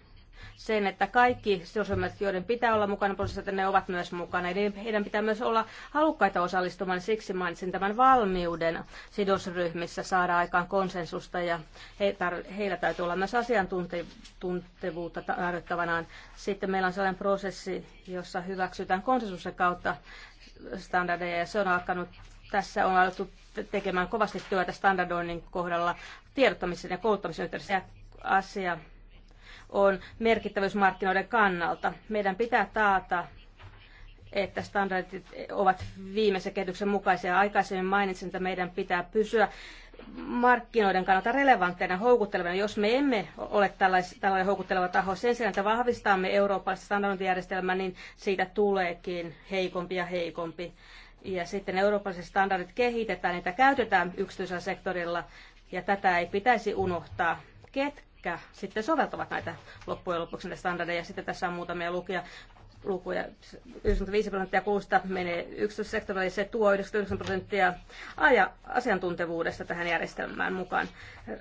sen, että kaikki sidosryhmät, joiden pitää olla mukana prosessissa, että ne ovat myös mukana. Eli heidän pitää myös olla halukkaita osallistumaan. Siksi mainitsin tämän valmiuden sidosryhmissä saada aikaan konsensusta ja he tar- heillä täytyy olla myös asiantuntevuutta tarjottavanaan. Sitten meillä on sellainen prosessi, jossa hyväksytään konsensuksen kautta standardeja ja se on alkanut tässä on alettu tekemään kovasti työtä standardoinnin kohdalla tiedottamisen ja kouluttamisen yhteydessä. Asia, on merkittävyysmarkkinoiden kannalta. Meidän pitää taata, että standardit ovat viimeisen kehityksen mukaisia. Aikaisemmin mainitsin, että meidän pitää pysyä markkinoiden kannalta relevantteina houkuttelevina, jos me emme ole tällais, tällainen houkutteleva taho. Sen sijaan, että vahvistamme eurooppalaista standardijärjestelmää, niin siitä tuleekin heikompi ja heikompi. Ja sitten eurooppalaiset standardit kehitetään, niitä käytetään yksityisellä sektorilla, ja tätä ei pitäisi unohtaa. Ket, ketkä sitten soveltavat näitä loppujen lopuksi näitä standardeja. Sitten tässä on muutamia lukuja. lukuja. 95 prosenttia kuusta menee yksityissektorille, se tuo 99 prosenttia aja, asiantuntevuudesta tähän järjestelmään mukaan.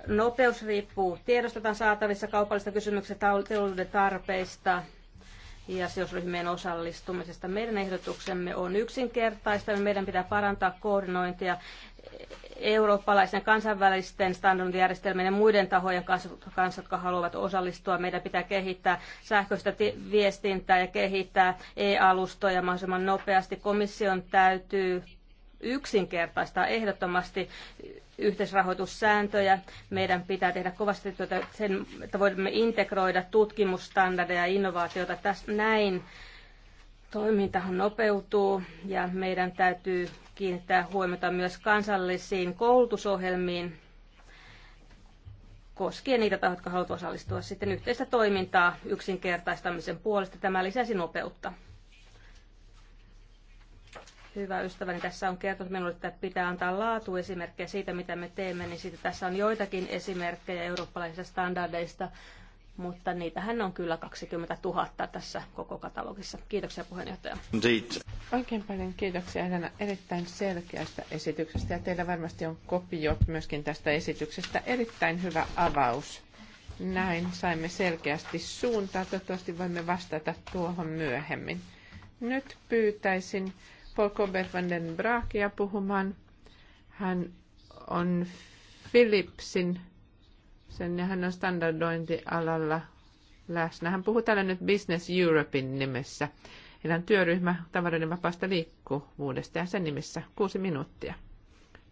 Nopeus riippuu tiedostetaan saatavissa kaupallista kysymyksistä, teollisuuden tarpeista, ja sijoitusryhmien osallistumisesta. Meidän ehdotuksemme on yksinkertaista. Meidän pitää parantaa koordinointia eurooppalaisen kansainvälisten standardijärjestelmien ja muiden tahojen kanssa, kanssa, jotka haluavat osallistua. Meidän pitää kehittää sähköistä viestintää ja kehittää e-alustoja mahdollisimman nopeasti. Komission täytyy yksinkertaistaa ehdottomasti yhteisrahoitussääntöjä. Meidän pitää tehdä kovasti työtä sen, että voimme integroida tutkimusstandardeja ja innovaatioita. Tässä näin toimintahan nopeutuu ja meidän täytyy kiinnittää huomiota myös kansallisiin koulutusohjelmiin koskien niitä tahoja, jotka haluavat osallistua sitten yhteistä toimintaa yksinkertaistamisen puolesta. Tämä lisäsi nopeutta. Hyvä ystäväni, tässä on kertonut minulle, että pitää antaa laatuesimerkkejä siitä, mitä me teemme, niin siitä tässä on joitakin esimerkkejä eurooppalaisista standardeista, mutta niitähän on kyllä 20 000 tässä koko katalogissa. Kiitoksia puheenjohtaja. Indeed. Oikein paljon kiitoksia Elena erittäin selkeästä esityksestä ja teillä varmasti on kopiot myöskin tästä esityksestä. Erittäin hyvä avaus. Näin saimme selkeästi suuntaa. Toivottavasti voimme vastata tuohon myöhemmin. Nyt pyytäisin Paul Kobert van den Braakia puhumaan. Hän on Philipsin sen hän on standardointialalla läsnä. Hän puhuu täällä nyt Business Europein nimessä. Heidän työryhmä tavaroiden vapaasta liikkuvuudesta ja sen nimissä kuusi minuuttia.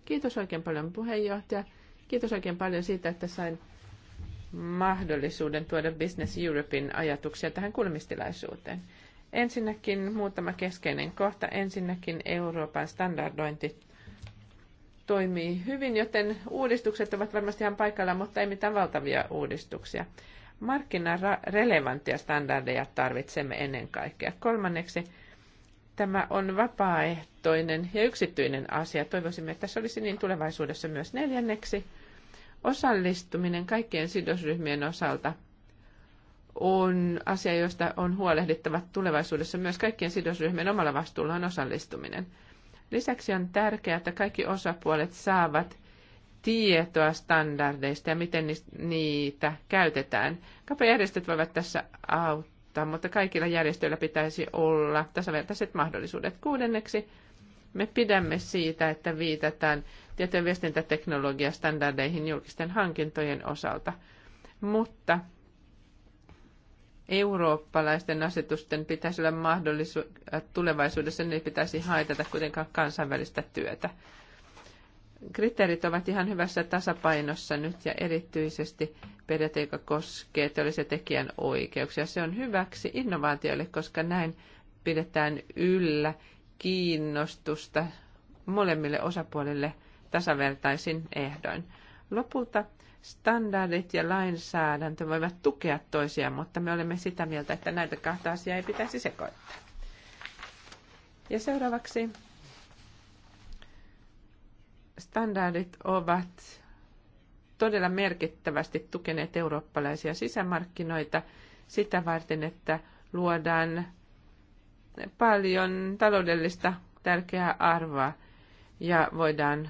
Kiitos oikein paljon puheenjohtaja. Kiitos oikein paljon siitä, että sain mahdollisuuden tuoda Business Europein ajatuksia tähän kulmistilaisuuteen. Ensinnäkin muutama keskeinen kohta. Ensinnäkin Euroopan standardointi toimii hyvin, joten uudistukset ovat varmasti ihan paikalla, mutta ei mitään valtavia uudistuksia. Markkinarelevanttia standardeja tarvitsemme ennen kaikkea. Kolmanneksi, tämä on vapaaehtoinen ja yksityinen asia. Toivoisimme, että se olisi niin tulevaisuudessa myös neljänneksi. Osallistuminen kaikkien sidosryhmien osalta on asia, josta on huolehdittava tulevaisuudessa myös kaikkien sidosryhmien omalla vastuulla on osallistuminen. Lisäksi on tärkeää, että kaikki osapuolet saavat tietoa standardeista ja miten niitä käytetään. Kapajärjestöt voivat tässä auttaa, mutta kaikilla järjestöillä pitäisi olla tasavertaiset mahdollisuudet. Kuudenneksi me pidämme siitä, että viitataan tieto- ja viestintäteknologiastandardeihin julkisten hankintojen osalta, mutta eurooppalaisten asetusten pitäisi olla mahdollisuus äh, tulevaisuudessa, niin pitäisi haitata kuitenkaan kansainvälistä työtä. Kriteerit ovat ihan hyvässä tasapainossa nyt ja erityisesti periaate, joka koskee teollisia tekijän oikeuksia. Se on hyväksi innovaatioille, koska näin pidetään yllä kiinnostusta molemmille osapuolille tasavertaisin ehdoin. Lopulta standardit ja lainsäädäntö voivat tukea toisiaan, mutta me olemme sitä mieltä, että näitä kahta asiaa ei pitäisi sekoittaa. Ja seuraavaksi standardit ovat todella merkittävästi tukeneet eurooppalaisia sisämarkkinoita sitä varten, että luodaan paljon taloudellista tärkeää arvoa ja voidaan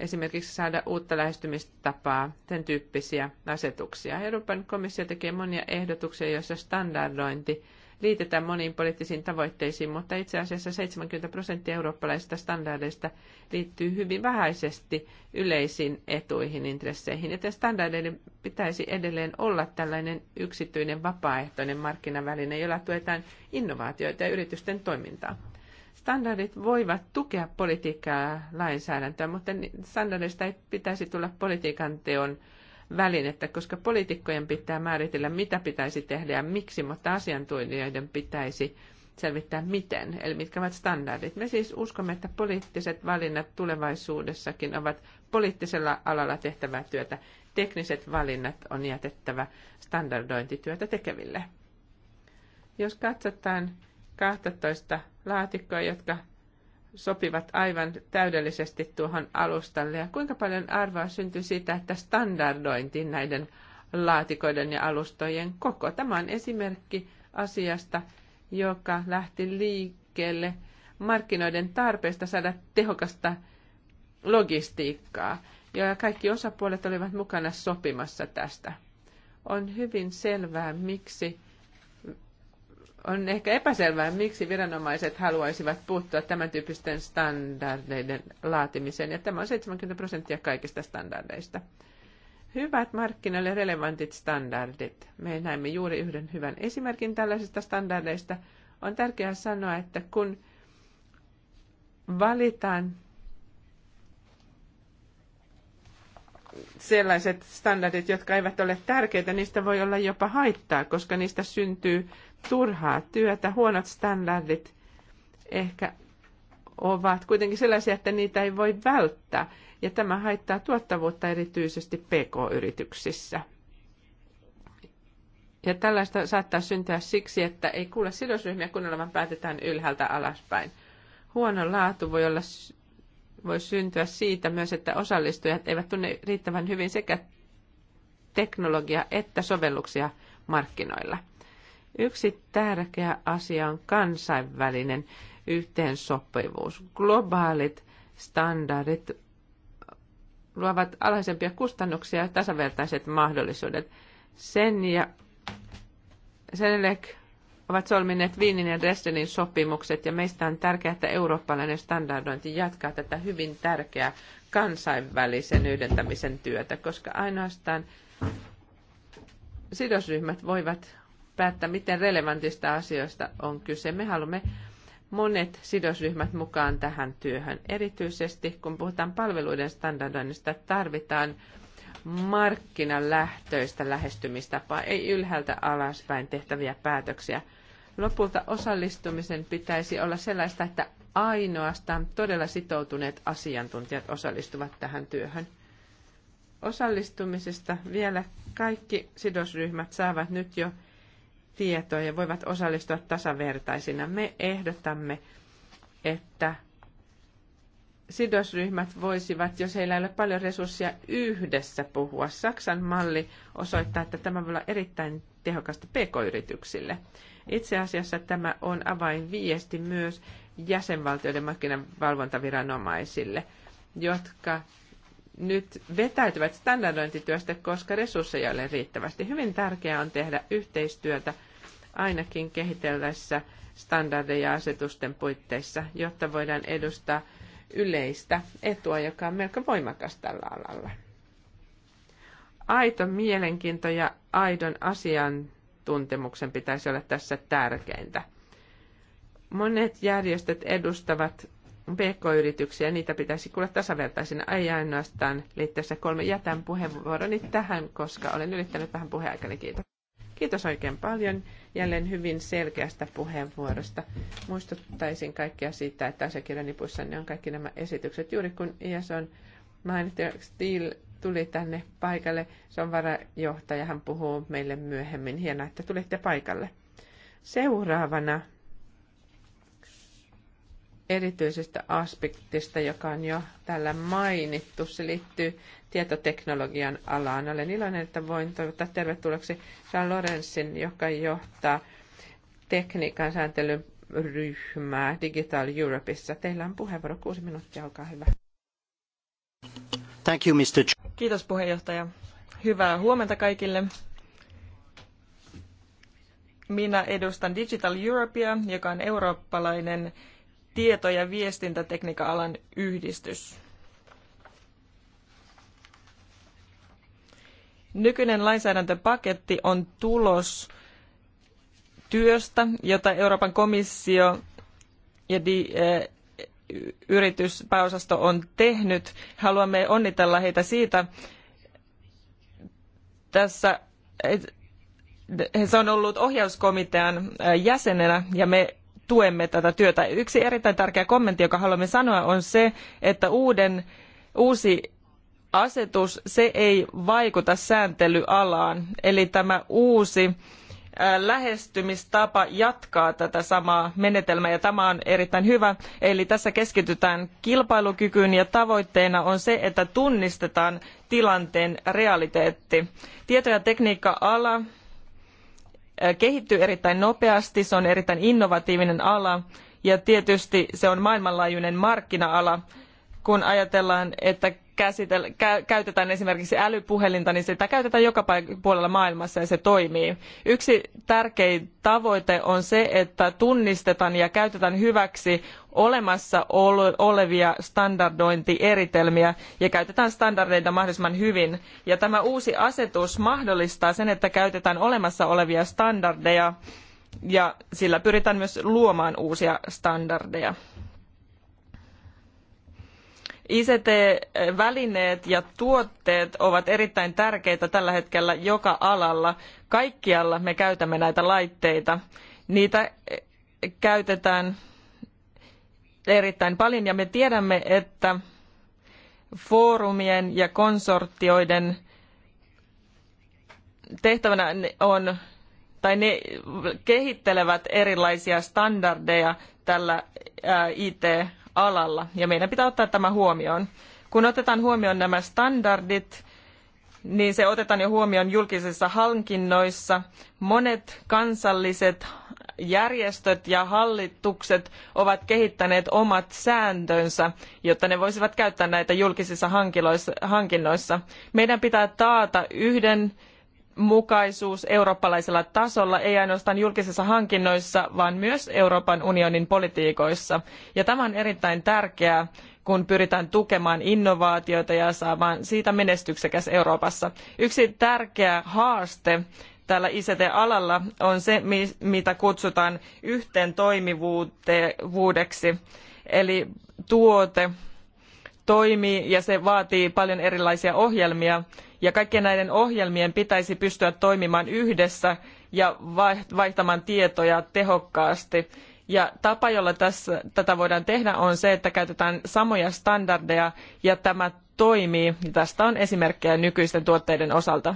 esimerkiksi saada uutta lähestymistapaa, sen tyyppisiä asetuksia. Euroopan komissio tekee monia ehdotuksia, joissa standardointi liitetään moniin poliittisiin tavoitteisiin, mutta itse asiassa 70 prosenttia eurooppalaisista standardeista liittyy hyvin vähäisesti yleisiin etuihin, intresseihin, joten standardeiden pitäisi edelleen olla tällainen yksityinen vapaaehtoinen markkinaväline, jolla tuetaan innovaatioita ja yritysten toimintaa. Standardit voivat tukea politiikkaa lainsäädäntöä, mutta standardista ei pitäisi tulla politiikan teon välinettä, koska poliitikkojen pitää määritellä, mitä pitäisi tehdä ja miksi, mutta asiantuntijoiden pitäisi selvittää miten, eli mitkä ovat standardit. Me siis uskomme, että poliittiset valinnat tulevaisuudessakin ovat poliittisella alalla tehtävää työtä. Tekniset valinnat on jätettävä standardointityötä tekeville. Jos katsotaan 12 laatikkoa, jotka sopivat aivan täydellisesti tuohon alustalle. Ja kuinka paljon arvoa syntyi siitä, että standardointi näiden laatikoiden ja alustojen koko. Tämä on esimerkki asiasta, joka lähti liikkeelle markkinoiden tarpeesta saada tehokasta logistiikkaa, ja kaikki osapuolet olivat mukana sopimassa tästä. On hyvin selvää, miksi on ehkä epäselvää, miksi viranomaiset haluaisivat puuttua tämän tyyppisten standardeiden laatimiseen, ja tämä on 70 prosenttia kaikista standardeista. Hyvät markkinoille relevantit standardit. Me näimme juuri yhden hyvän esimerkin tällaisista standardeista. On tärkeää sanoa, että kun valitaan sellaiset standardit, jotka eivät ole tärkeitä, niistä voi olla jopa haittaa, koska niistä syntyy turhaa työtä. Huonot standardit ehkä ovat kuitenkin sellaisia, että niitä ei voi välttää. Ja tämä haittaa tuottavuutta erityisesti PK-yrityksissä. Ja tällaista saattaa syntyä siksi, että ei kuule sidosryhmiä kun olevan päätetään ylhäältä alaspäin. Huono laatu voi olla voi syntyä siitä myös, että osallistujat eivät tunne riittävän hyvin sekä teknologia- että sovelluksia markkinoilla. Yksi tärkeä asia on kansainvälinen yhteensopivuus. Globaalit standardit luovat alhaisempia kustannuksia ja tasavertaiset mahdollisuudet. Sen ja Senelek ovat solmineet Viinin ja Dresdenin sopimukset ja meistä on tärkeää, että eurooppalainen standardointi jatkaa tätä hyvin tärkeää kansainvälisen yhdentämisen työtä, koska ainoastaan sidosryhmät voivat päättää, miten relevantista asioista on kyse. Me haluamme monet sidosryhmät mukaan tähän työhön. Erityisesti kun puhutaan palveluiden standardoinnista, tarvitaan markkinalähtöistä lähestymistapaa, ei ylhäältä alaspäin tehtäviä päätöksiä, Lopulta osallistumisen pitäisi olla sellaista, että ainoastaan todella sitoutuneet asiantuntijat osallistuvat tähän työhön. Osallistumisesta vielä kaikki sidosryhmät saavat nyt jo tietoa ja voivat osallistua tasavertaisina. Me ehdotamme, että sidosryhmät voisivat, jos heillä ei ole paljon resursseja, yhdessä puhua. Saksan malli osoittaa, että tämä voi olla erittäin tehokasta pk-yrityksille. Itse asiassa tämä on avainviesti myös jäsenvaltioiden markkinavalvontaviranomaisille, jotka nyt vetäytyvät standardointityöstä, koska resursseja ei ole riittävästi. Hyvin tärkeää on tehdä yhteistyötä ainakin kehitellessä standardeja asetusten puitteissa, jotta voidaan edustaa yleistä etua, joka on melko voimakas tällä alalla. Aito mielenkiinto ja aidon asian Tuntemuksen pitäisi olla tässä tärkeintä. Monet järjestöt edustavat PK-yrityksiä, niitä pitäisi kuulla tasavertaisina, ei ainoastaan liitteessä kolme. Jätän puheenvuoroni tähän, koska olen ylittänyt vähän puheaikani. Kiitos. Kiitos oikein paljon jälleen hyvin selkeästä puheenvuorosta. Muistuttaisin kaikkia siitä, että asiakirjan on kaikki nämä esitykset. Juuri kun ISO on mainittu, Steel tuli tänne paikalle. Se on varajohtaja, hän puhuu meille myöhemmin. Hienoa, että tulitte paikalle. Seuraavana erityisestä aspektista, joka on jo täällä mainittu. Se liittyy tietoteknologian alaan. Olen iloinen, että voin toivottaa tervetulleeksi Jean Lorenzin, joka johtaa tekniikan sääntelyn ryhmää Digital Europeissa. Teillä on puheenvuoro kuusi minuuttia, olkaa hyvä. Thank you, Mr. Kiitos puheenjohtaja. Hyvää huomenta kaikille. Minä edustan Digital Europea, joka on eurooppalainen tieto- ja viestintätekniikka-alan yhdistys. Nykyinen lainsäädäntöpaketti on tulos työstä, jota Euroopan komissio ja eh, pääosasto on tehnyt. Haluamme onnitella heitä siitä. Tässä se on ollut ohjauskomitean jäsenenä ja me tuemme tätä työtä. Yksi erittäin tärkeä kommentti, joka haluamme sanoa, on se, että uuden, uusi asetus se ei vaikuta sääntelyalaan. Eli tämä uusi lähestymistapa jatkaa tätä samaa menetelmää ja tämä on erittäin hyvä. Eli tässä keskitytään kilpailukykyyn ja tavoitteena on se, että tunnistetaan tilanteen realiteetti. Tieto- ja tekniikka-ala kehittyy erittäin nopeasti, se on erittäin innovatiivinen ala ja tietysti se on maailmanlaajuinen markkina-ala, kun ajatellaan, että käsitellä, kä, käytetään esimerkiksi älypuhelinta, niin sitä käytetään joka puolella maailmassa ja se toimii. Yksi tärkein tavoite on se, että tunnistetaan ja käytetään hyväksi olemassa olevia standardointieritelmiä ja käytetään standardeita mahdollisimman hyvin. Ja tämä uusi asetus mahdollistaa sen, että käytetään olemassa olevia standardeja ja sillä pyritään myös luomaan uusia standardeja. ICT-välineet ja tuotteet ovat erittäin tärkeitä tällä hetkellä joka alalla. Kaikkialla me käytämme näitä laitteita. Niitä e, käytetään erittäin paljon ja me tiedämme, että foorumien ja konsortioiden tehtävänä on, tai ne kehittelevät erilaisia standardeja tällä IT alalla, ja meidän pitää ottaa tämä huomioon. Kun otetaan huomioon nämä standardit, niin se otetaan jo huomioon julkisissa hankinnoissa. Monet kansalliset järjestöt ja hallitukset ovat kehittäneet omat sääntönsä, jotta ne voisivat käyttää näitä julkisissa hankinnoissa. Meidän pitää taata yhden mukaisuus eurooppalaisella tasolla, ei ainoastaan julkisissa hankinnoissa, vaan myös Euroopan unionin politiikoissa. Ja tämä on erittäin tärkeää, kun pyritään tukemaan innovaatioita ja saamaan siitä menestyksekäs Euroopassa. Yksi tärkeä haaste tällä ICT-alalla on se, mitä kutsutaan yhteen toimivuudeksi. Eli tuote toimii ja se vaatii paljon erilaisia ohjelmia, ja kaikkien näiden ohjelmien pitäisi pystyä toimimaan yhdessä ja vaihtamaan tietoja tehokkaasti. Ja tapa, jolla tässä, tätä voidaan tehdä, on se, että käytetään samoja standardeja ja tämä toimii. Tästä on esimerkkejä nykyisten tuotteiden osalta.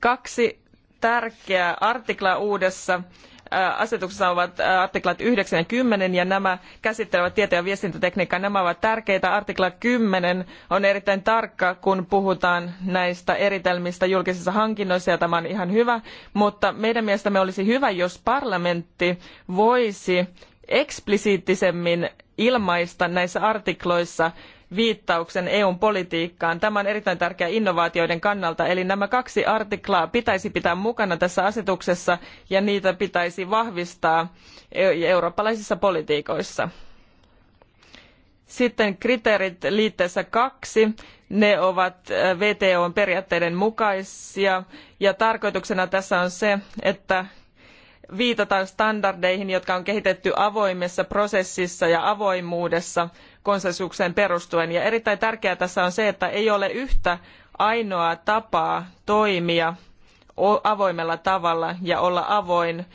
Kaksi tärkeää artiklaa uudessa asetuksessa ovat artiklat 9 ja 10 ja nämä käsittelevät tieto- ja viestintätekniikkaa. Nämä ovat tärkeitä. Artikla 10 on erittäin tarkka, kun puhutaan näistä eritelmistä julkisissa hankinnoissa ja tämä on ihan hyvä, mutta meidän mielestämme olisi hyvä, jos parlamentti voisi eksplisiittisemmin ilmaista näissä artikloissa viittauksen EUn politiikkaan. Tämä on erittäin tärkeä innovaatioiden kannalta, eli nämä kaksi artiklaa pitäisi pitää mukana tässä asetuksessa ja niitä pitäisi vahvistaa e- eurooppalaisissa politiikoissa. Sitten kriteerit liitteessä kaksi. Ne ovat e, VTOn periaatteiden mukaisia ja tarkoituksena tässä on se, että viitataan standardeihin, jotka on kehitetty avoimessa prosessissa ja avoimuudessa konsensukseen perustuen. Ja erittäin tärkeää tässä on se, että ei ole yhtä ainoaa tapaa toimia avoimella tavalla ja olla avoin.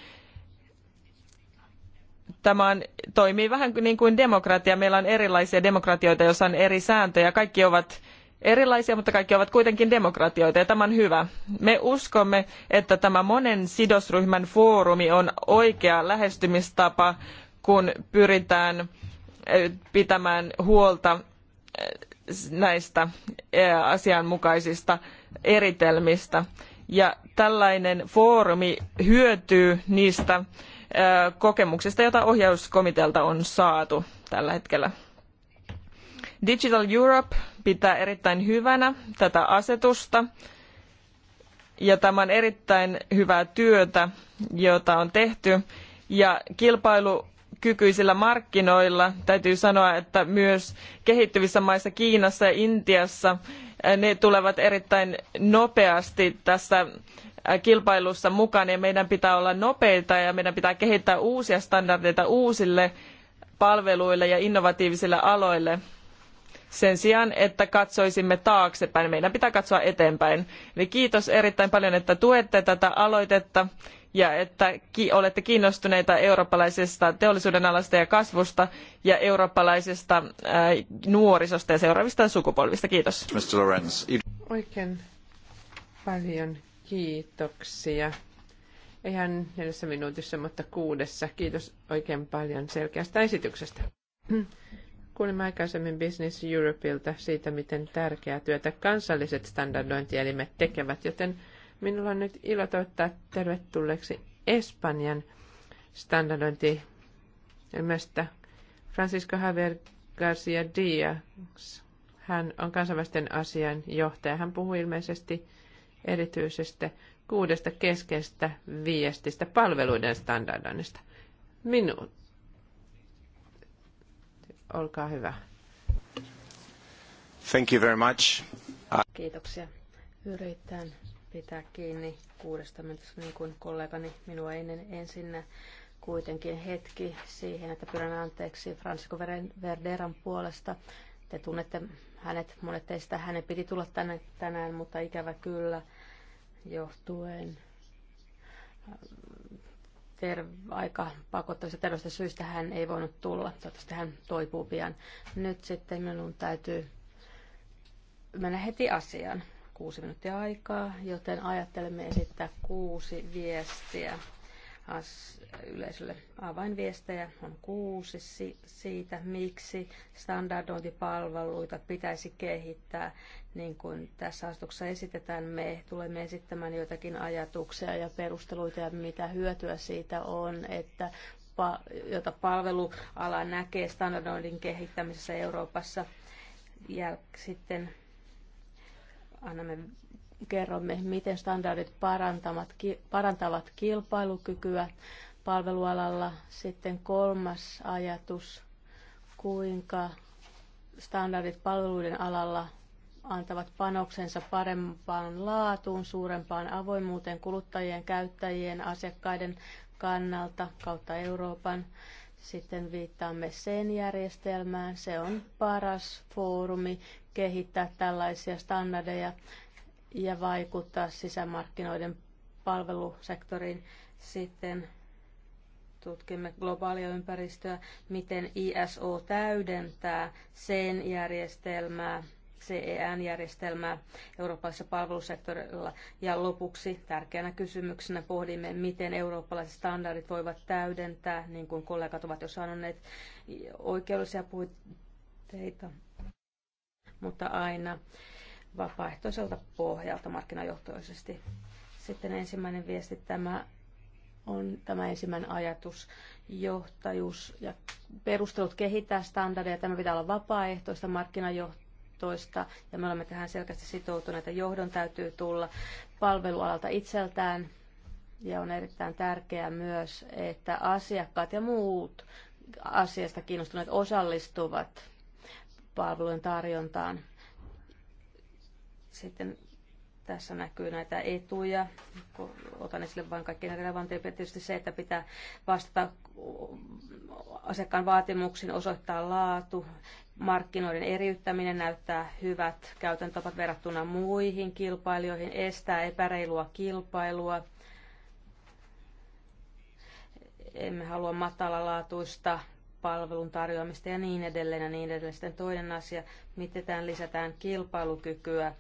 Tämä on, toimii vähän niin kuin demokratia. Meillä on erilaisia demokratioita, joissa on eri sääntöjä. Kaikki ovat erilaisia, mutta kaikki ovat kuitenkin demokratioita ja tämä on hyvä. Me uskomme, että tämä monen sidosryhmän foorumi on oikea lähestymistapa, kun pyritään pitämään huolta näistä asianmukaisista eritelmistä. Ja tällainen foorumi hyötyy niistä kokemuksista, joita ohjauskomitealta on saatu tällä hetkellä. Digital Europe pitää erittäin hyvänä tätä asetusta ja tämä on erittäin hyvää työtä, jota on tehty. Ja kilpailu kilpailukykyisillä markkinoilla. Täytyy sanoa, että myös kehittyvissä maissa Kiinassa ja Intiassa eh, ne tulevat erittäin nopeasti tässä eh, kilpailussa mukaan ja meidän pitää olla nopeita ja meidän pitää kehittää uusia standardeita uusille palveluille ja innovatiivisille aloille sen sijaan, että katsoisimme taaksepäin. Meidän pitää katsoa eteenpäin. Eli kiitos erittäin paljon, että tuette tätä aloitetta ja että olette kiinnostuneita eurooppalaisesta teollisuuden alasta ja kasvusta ja eurooppalaisesta äh, nuorisosta ja seuraavista sukupolvista. Kiitos. Mr. Lorenz. Oikein paljon kiitoksia. Eihän neljässä minuutissa, mutta kuudessa. Kiitos oikein paljon selkeästä esityksestä. Kuulimme aikaisemmin Business Europeilta siitä, miten tärkeää työtä kansalliset standardointielimet tekevät, joten minulla on nyt ilo toivottaa tervetulleeksi Espanjan standardointielimestä Francisco Javier Garcia Diaz. Hän on kansainvälisten asian johtaja. Hän puhuu ilmeisesti erityisesti kuudesta keskeistä viestistä palveluiden standardoinnista. Minuutti Olkaa hyvä. Thank you very much. Kiitoksia. Yritän pitää kiinni kuudesta minuutista niin kuin kollegani minua ennen ensinnä kuitenkin hetki siihen, että pyydän anteeksi Francisco Verderan puolesta. Te tunnette hänet, monet teistä, hänen piti tulla tänne tänään, mutta ikävä kyllä johtuen ter- aika pakottavista terveistä syistä hän ei voinut tulla. Toivottavasti hän toipuu pian. Nyt sitten minun täytyy mennä heti asiaan. Kuusi minuuttia aikaa, joten ajattelemme esittää kuusi viestiä as- yleisölle. Avainviestejä on kuusi si- siitä, miksi standardointipalveluita pitäisi kehittää niin kuin tässä haastuksessa esitetään, me tulemme esittämään joitakin ajatuksia ja perusteluita ja mitä hyötyä siitä on, että jota palveluala näkee standardoinnin kehittämisessä Euroopassa. Ja sitten annamme, kerromme, miten standardit parantavat, parantavat kilpailukykyä palvelualalla. Sitten kolmas ajatus, kuinka standardit palveluiden alalla antavat panoksensa parempaan laatuun, suurempaan avoimuuteen kuluttajien, käyttäjien, asiakkaiden kannalta kautta Euroopan. Sitten viittaamme sen järjestelmään. Se on paras foorumi kehittää tällaisia standardeja ja vaikuttaa sisämarkkinoiden palvelusektoriin. Sitten tutkimme globaalia ympäristöä, miten ISO täydentää sen järjestelmää CEN-järjestelmää eurooppalaisessa palvelusektorilla. Ja lopuksi tärkeänä kysymyksenä pohdimme, miten eurooppalaiset standardit voivat täydentää, niin kuin kollegat ovat jo sanoneet, oikeudellisia puitteita, mutta aina vapaaehtoiselta pohjalta markkinajohtoisesti. Sitten ensimmäinen viesti tämä on tämä ensimmäinen ajatus, johtajuus ja perustelut kehittää standardeja. Tämä pitää olla vapaaehtoista markkinajohtoa 2015 ja me olemme tähän selkeästi sitoutuneita. Johdon täytyy tulla palvelualalta itseltään ja on erittäin tärkeää myös, että asiakkaat ja muut asiasta kiinnostuneet osallistuvat palvelujen tarjontaan. Sitten tässä näkyy näitä etuja. Otan esille vain kaikkein relevanteimpia. Tietysti se, että pitää vastata asiakkaan vaatimuksiin, osoittaa laatu, markkinoiden eriyttäminen näyttää hyvät käytäntöpat verrattuna muihin kilpailijoihin, estää epäreilua kilpailua. Emme halua matalalaatuista palvelun tarjoamista ja niin edelleen ja niin edelleen. Sitten toinen asia, miten lisätään kilpailukykyä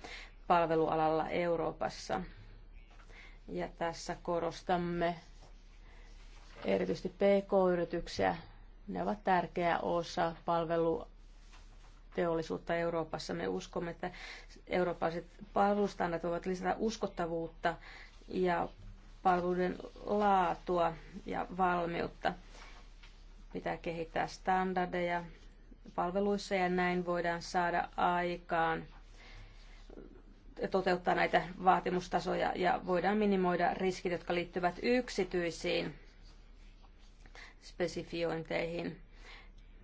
palvelualalla Euroopassa. Ja tässä korostamme erityisesti PK-yrityksiä. Ne ovat tärkeä osa palvelu teollisuutta Euroopassa. Me uskomme, että eurooppalaiset palvelustandardit voivat lisätä uskottavuutta ja palveluiden laatua ja valmiutta. Pitää kehittää standardeja palveluissa ja näin voidaan saada aikaan toteuttaa näitä vaatimustasoja ja voidaan minimoida riskit, jotka liittyvät yksityisiin spesifiointeihin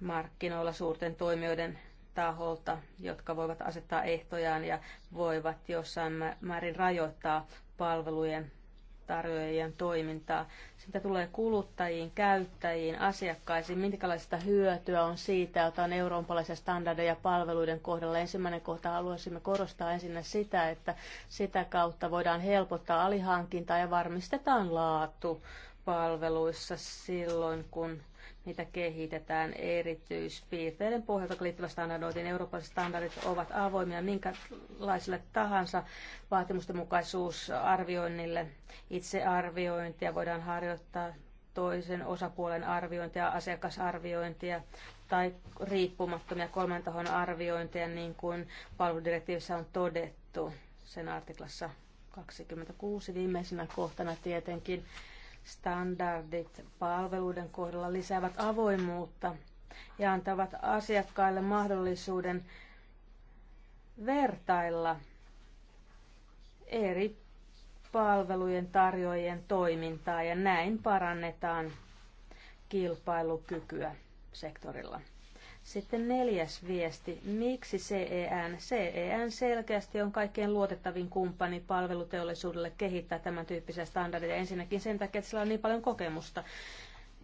markkinoilla suurten toimijoiden taholta, jotka voivat asettaa ehtojaan ja voivat jossain määrin rajoittaa palvelujen tarjoajien toimintaa. Sitä tulee kuluttajiin, käyttäjiin, asiakkaisiin, minkälaista hyötyä on siitä, että on eurooppalaisia standardeja palveluiden kohdalla. Ensimmäinen kohta haluaisimme korostaa ensinnä sitä, että sitä kautta voidaan helpottaa alihankintaa ja varmistetaan laatu palveluissa silloin, kun niitä kehitetään erityispiirteiden pohjalta liittyvät standardoitiin. Euroopan standardit ovat avoimia minkälaiselle tahansa vaatimustenmukaisuusarvioinnille. Itse arviointia voidaan harjoittaa toisen osapuolen arviointia, asiakasarviointia tai riippumattomia kolmen tahon arviointeja, niin kuin palveludirektiivissä on todettu sen artiklassa 26 viimeisenä kohtana tietenkin Standardit palveluiden kohdalla lisäävät avoimuutta ja antavat asiakkaille mahdollisuuden vertailla eri palvelujen tarjoajien toimintaa ja näin parannetaan kilpailukykyä sektorilla. Sitten neljäs viesti. Miksi CEN? CEN selkeästi on kaikkein luotettavin kumppani palveluteollisuudelle kehittää tämän tyyppisiä standardeja. Ensinnäkin sen takia, että sillä on niin paljon kokemusta.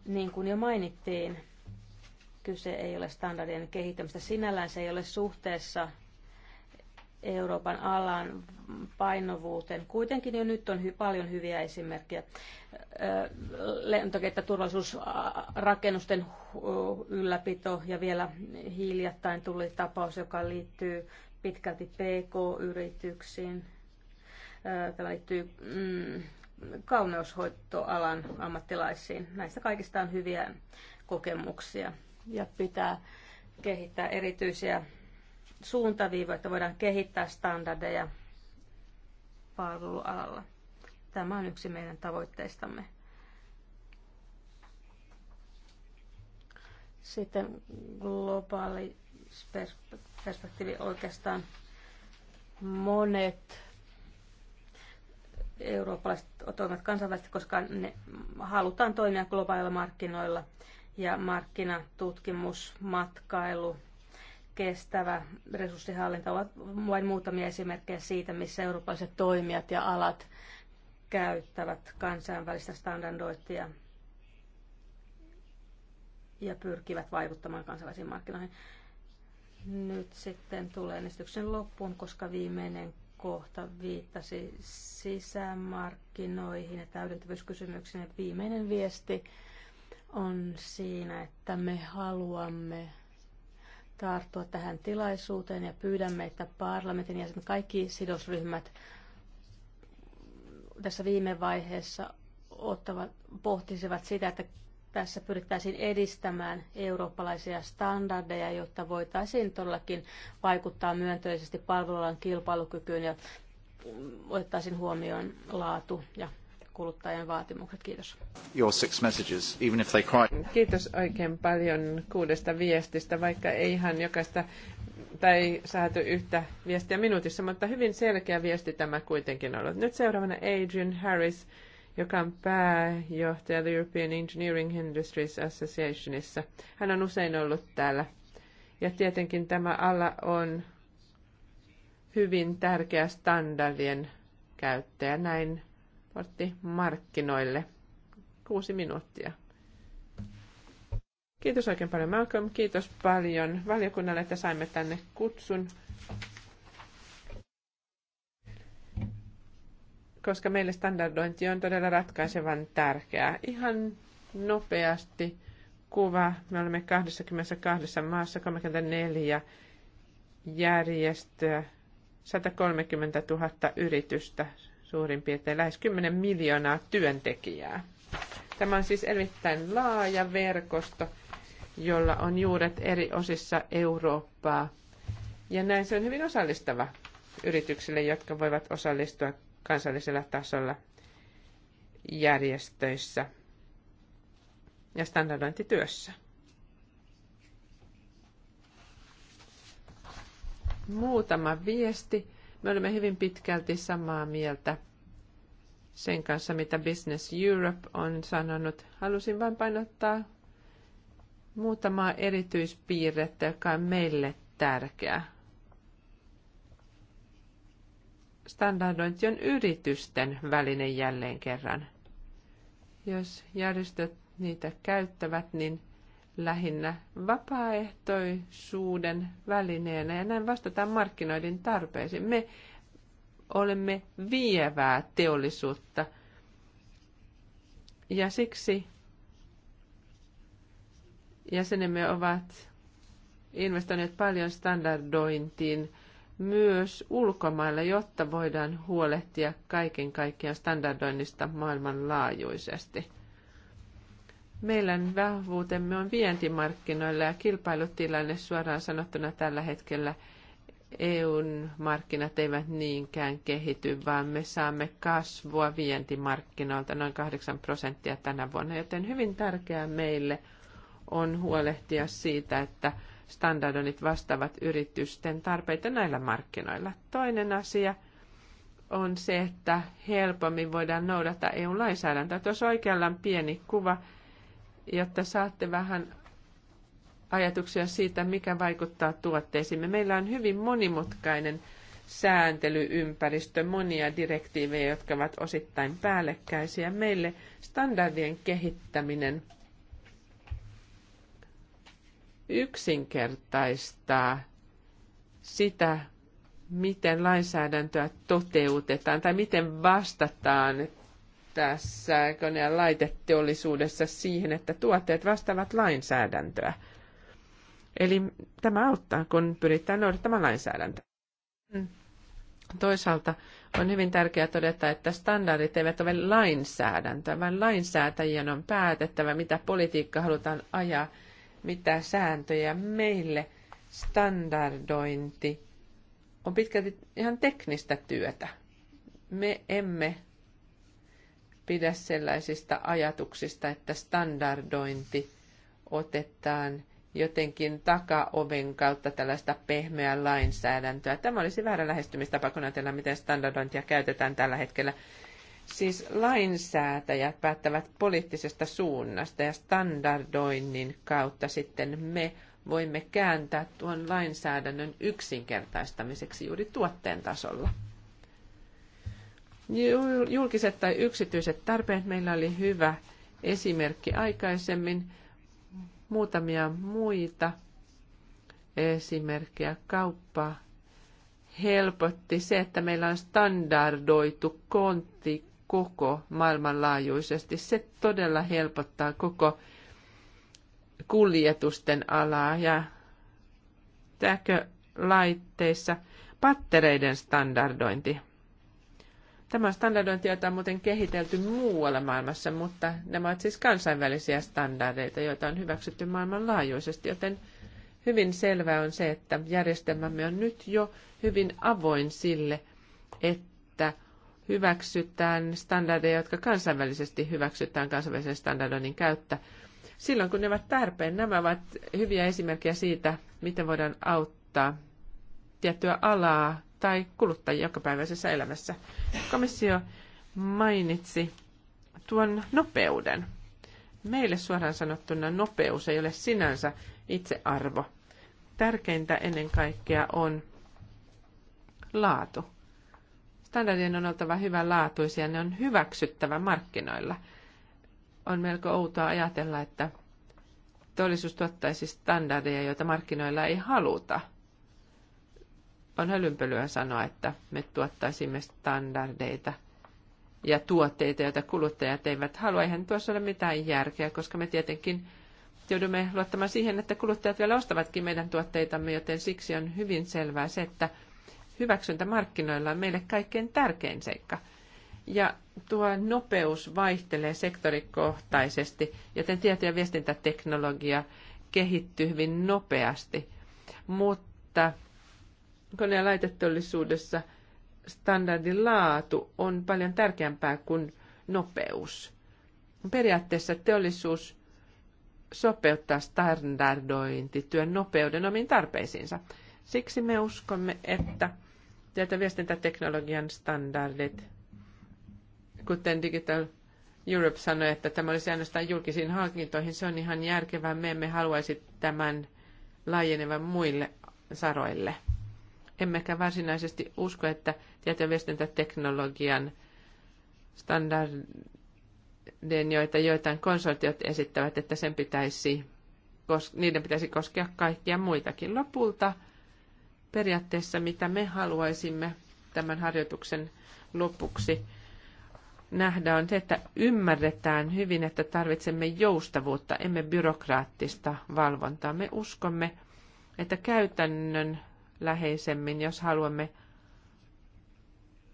Niin kuin jo mainittiin, kyse ei ole standardien kehittämistä. Sinällään se ei ole suhteessa Euroopan alan painovuuteen. Kuitenkin jo nyt on hy- paljon hyviä esimerkkejä. Lentokenttäturvallisuus, rakennusten ylläpito ja vielä hiljattain tuli tapaus, joka liittyy pitkälti PK-yrityksiin. Tämä liittyy mm, kauneushoitoalan ammattilaisiin. Näistä kaikista on hyviä kokemuksia ja pitää kehittää erityisiä suuntaviivoja, että voidaan kehittää standardeja palvelualalla. Tämä on yksi meidän tavoitteistamme. Sitten globaali perspektiivi oikeastaan monet eurooppalaiset toimivat kansainvälisesti, koska ne halutaan toimia globaaleilla markkinoilla ja markkinatutkimus, matkailu, kestävä resurssihallinta ovat vain muutamia esimerkkejä siitä, missä eurooppalaiset toimijat ja alat käyttävät kansainvälistä standardointia ja pyrkivät vaikuttamaan kansainvälisiin markkinoihin. Nyt sitten tulee esityksen loppuun, koska viimeinen kohta viittasi sisämarkkinoihin ja täydentävyyskysymyksiin. Viimeinen viesti on siinä, että me haluamme tarttua tähän tilaisuuteen ja pyydämme, että parlamentin ja kaikki sidosryhmät tässä viime vaiheessa ottavat, pohtisivat sitä, että tässä pyrittäisiin edistämään eurooppalaisia standardeja, jotta voitaisiin todellakin vaikuttaa myönteisesti palvelualan kilpailukykyyn ja otettaisiin huomioon laatu ja kuluttajien vaatimukset. Kiitos. Your six messages, even if they Kiitos oikein paljon kuudesta viestistä, vaikka ei ihan jokaista tai saatu yhtä viestiä minuutissa, mutta hyvin selkeä viesti tämä kuitenkin on ollut. Nyt seuraavana Adrian Harris, joka on pääjohtaja The European Engineering Industries Associationissa. Hän on usein ollut täällä. Ja tietenkin tämä ala on hyvin tärkeä standardien käyttäjä. Näin markkinoille. Kuusi minuuttia. Kiitos oikein paljon Malcolm, kiitos paljon valiokunnalle, että saimme tänne kutsun. Koska meille standardointi on todella ratkaisevan tärkeää. Ihan nopeasti kuva. Me olemme 22 maassa, 34 järjestöä, 130 000 yritystä suurin piirtein lähes 10 miljoonaa työntekijää. Tämä on siis erittäin laaja verkosto, jolla on juuret eri osissa Eurooppaa. Ja näin se on hyvin osallistava yrityksille, jotka voivat osallistua kansallisella tasolla järjestöissä ja standardointityössä. Muutama viesti me olemme hyvin pitkälti samaa mieltä sen kanssa, mitä Business Europe on sanonut. Halusin vain painottaa muutamaa erityispiirrettä, joka on meille tärkeä. Standardointi on yritysten väline jälleen kerran. Jos järjestöt niitä käyttävät, niin – lähinnä vapaaehtoisuuden välineenä ja näin vastataan markkinoiden tarpeisiin. Me olemme vievää teollisuutta ja siksi jäsenemme ovat investoineet paljon standardointiin myös ulkomailla, jotta voidaan huolehtia kaiken kaikkiaan standardoinnista maailmanlaajuisesti – meidän vahvuutemme on vientimarkkinoilla ja kilpailutilanne suoraan sanottuna tällä hetkellä EUn markkinat eivät niinkään kehity, vaan me saamme kasvua vientimarkkinoilta noin 8 prosenttia tänä vuonna, joten hyvin tärkeää meille on huolehtia siitä, että standardonit vastaavat yritysten tarpeita näillä markkinoilla. Toinen asia on se, että helpommin voidaan noudata EU-lainsäädäntöä. Tuossa oikealla on pieni kuva jotta saatte vähän ajatuksia siitä, mikä vaikuttaa tuotteisiimme. Meillä on hyvin monimutkainen sääntelyympäristö, monia direktiivejä, jotka ovat osittain päällekkäisiä. Meille standardien kehittäminen yksinkertaistaa sitä, miten lainsäädäntöä toteutetaan tai miten vastataan tässä kone- ja laiteteollisuudessa siihen, että tuotteet vastaavat lainsäädäntöä. Eli tämä auttaa, kun pyritään noudattamaan lainsäädäntöä. Hmm. Toisaalta on hyvin tärkeää todeta, että standardit eivät ole lainsäädäntöä, vaan lainsäätäjien on päätettävä, mitä politiikka halutaan ajaa, mitä sääntöjä meille standardointi on pitkälti ihan teknistä työtä. Me emme pidä sellaisista ajatuksista, että standardointi otetaan jotenkin takaoven kautta tällaista pehmeää lainsäädäntöä. Tämä olisi väärä lähestymistapa, kun ajatellaan, miten standardointia käytetään tällä hetkellä. Siis lainsäätäjät päättävät poliittisesta suunnasta ja standardoinnin kautta sitten me voimme kääntää tuon lainsäädännön yksinkertaistamiseksi juuri tuotteen tasolla. Julkiset tai yksityiset tarpeet. Meillä oli hyvä esimerkki aikaisemmin. Muutamia muita esimerkkejä. kauppa helpotti se, että meillä on standardoitu kontti koko maailmanlaajuisesti. Se todella helpottaa koko kuljetusten alaa ja laitteissa pattereiden standardointi. Tämä standardointi, on muuten kehitelty muualla maailmassa, mutta nämä ovat siis kansainvälisiä standardeita, joita on hyväksytty maailmanlaajuisesti, joten hyvin selvää on se, että järjestelmämme on nyt jo hyvin avoin sille, että hyväksytään standardeja, jotka kansainvälisesti hyväksytään kansainvälisen standardoinnin käyttä. Silloin kun ne ovat tarpeen, nämä ovat hyviä esimerkkejä siitä, miten voidaan auttaa tiettyä alaa tai kuluttajia jokapäiväisessä elämässä. Komissio mainitsi tuon nopeuden. Meille suoraan sanottuna nopeus ei ole sinänsä itsearvo. Tärkeintä ennen kaikkea on laatu. Standardien on oltava hyvänlaatuisia, ne on hyväksyttävä markkinoilla. On melko outoa ajatella, että teollisuus tuottaisi standardeja, joita markkinoilla ei haluta – on hölynpölyä sanoa, että me tuottaisimme standardeita ja tuotteita, joita kuluttajat eivät halua. Eihän tuossa ole mitään järkeä, koska me tietenkin joudumme luottamaan siihen, että kuluttajat vielä ostavatkin meidän tuotteitamme, joten siksi on hyvin selvää se, että hyväksyntä markkinoilla on meille kaikkein tärkein seikka. Ja tuo nopeus vaihtelee sektorikohtaisesti, joten tieto- ja viestintäteknologia kehittyy hyvin nopeasti. Mutta kone- ja laiteteollisuudessa standardin laatu on paljon tärkeämpää kuin nopeus. Periaatteessa teollisuus sopeuttaa standardointityön nopeuden omiin tarpeisiinsa. Siksi me uskomme, että tieto- viestintäteknologian standardit, kuten Digital Europe sanoi, että tämä olisi ainoastaan julkisiin hankintoihin, se on ihan järkevää. Me emme haluaisi tämän laajenevan muille saroille emmekä varsinaisesti usko, että tieto- ja viestintäteknologian standardien, joita joitain konsortiot esittävät, että sen pitäisi, niiden pitäisi koskea kaikkia muitakin. Lopulta periaatteessa, mitä me haluaisimme tämän harjoituksen lopuksi nähdä, on se, että ymmärretään hyvin, että tarvitsemme joustavuutta, emme byrokraattista valvontaa. Me uskomme, että käytännön läheisemmin, jos haluamme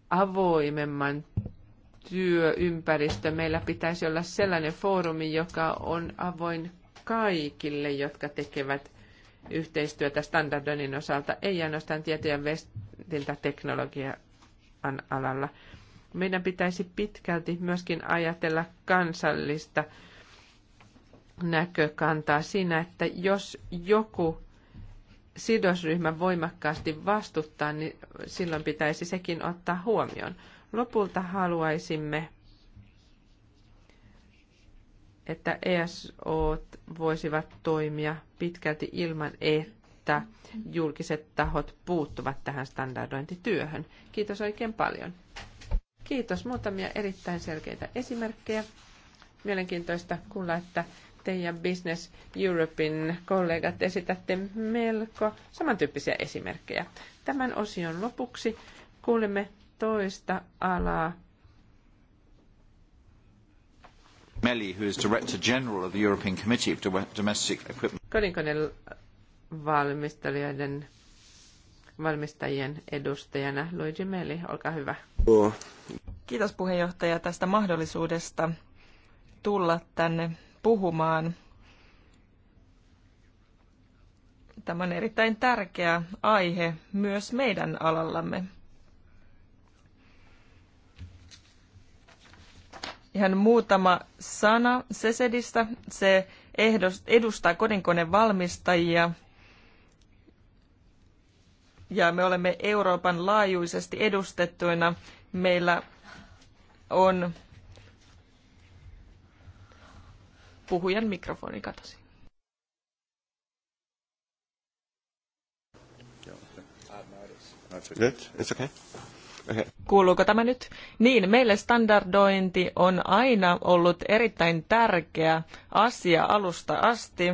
avoimemman työympäristö. Meillä pitäisi olla sellainen foorumi, joka on avoin kaikille, jotka tekevät yhteistyötä standardoinnin osalta, ei ainoastaan tietojen viestintä teknologian alalla. Meidän pitäisi pitkälti myöskin ajatella kansallista näkökantaa siinä, että jos joku sidosryhmä voimakkaasti vastuttaa, niin silloin pitäisi sekin ottaa huomioon. Lopulta haluaisimme, että ESO voisivat toimia pitkälti ilman, että julkiset tahot puuttuvat tähän standardointityöhön. Kiitos oikein paljon. Kiitos. Muutamia erittäin selkeitä esimerkkejä. Mielenkiintoista kuulla, että te ja Business Europein kollegat esitätte melko samantyyppisiä esimerkkejä. Tämän osion lopuksi kuulemme toista alaa. Melli, who is Director General of the European Committee of Domestic Equipment. Kodinkoneen valmistelijoiden valmistajien edustajana Luigi Meli, olkaa hyvä. Kiitos puheenjohtaja tästä mahdollisuudesta tulla tänne puhumaan. Tämä on erittäin tärkeä aihe myös meidän alallamme. Ihan muutama sana Sesedistä. Se edustaa kodinkonevalmistajia ja me olemme Euroopan laajuisesti edustettuina. Meillä on Puhujan mikrofoni katosi. Good, It's okay. Okay. Kuuluuko tämä nyt? Niin, meille standardointi on aina ollut erittäin tärkeä asia alusta asti,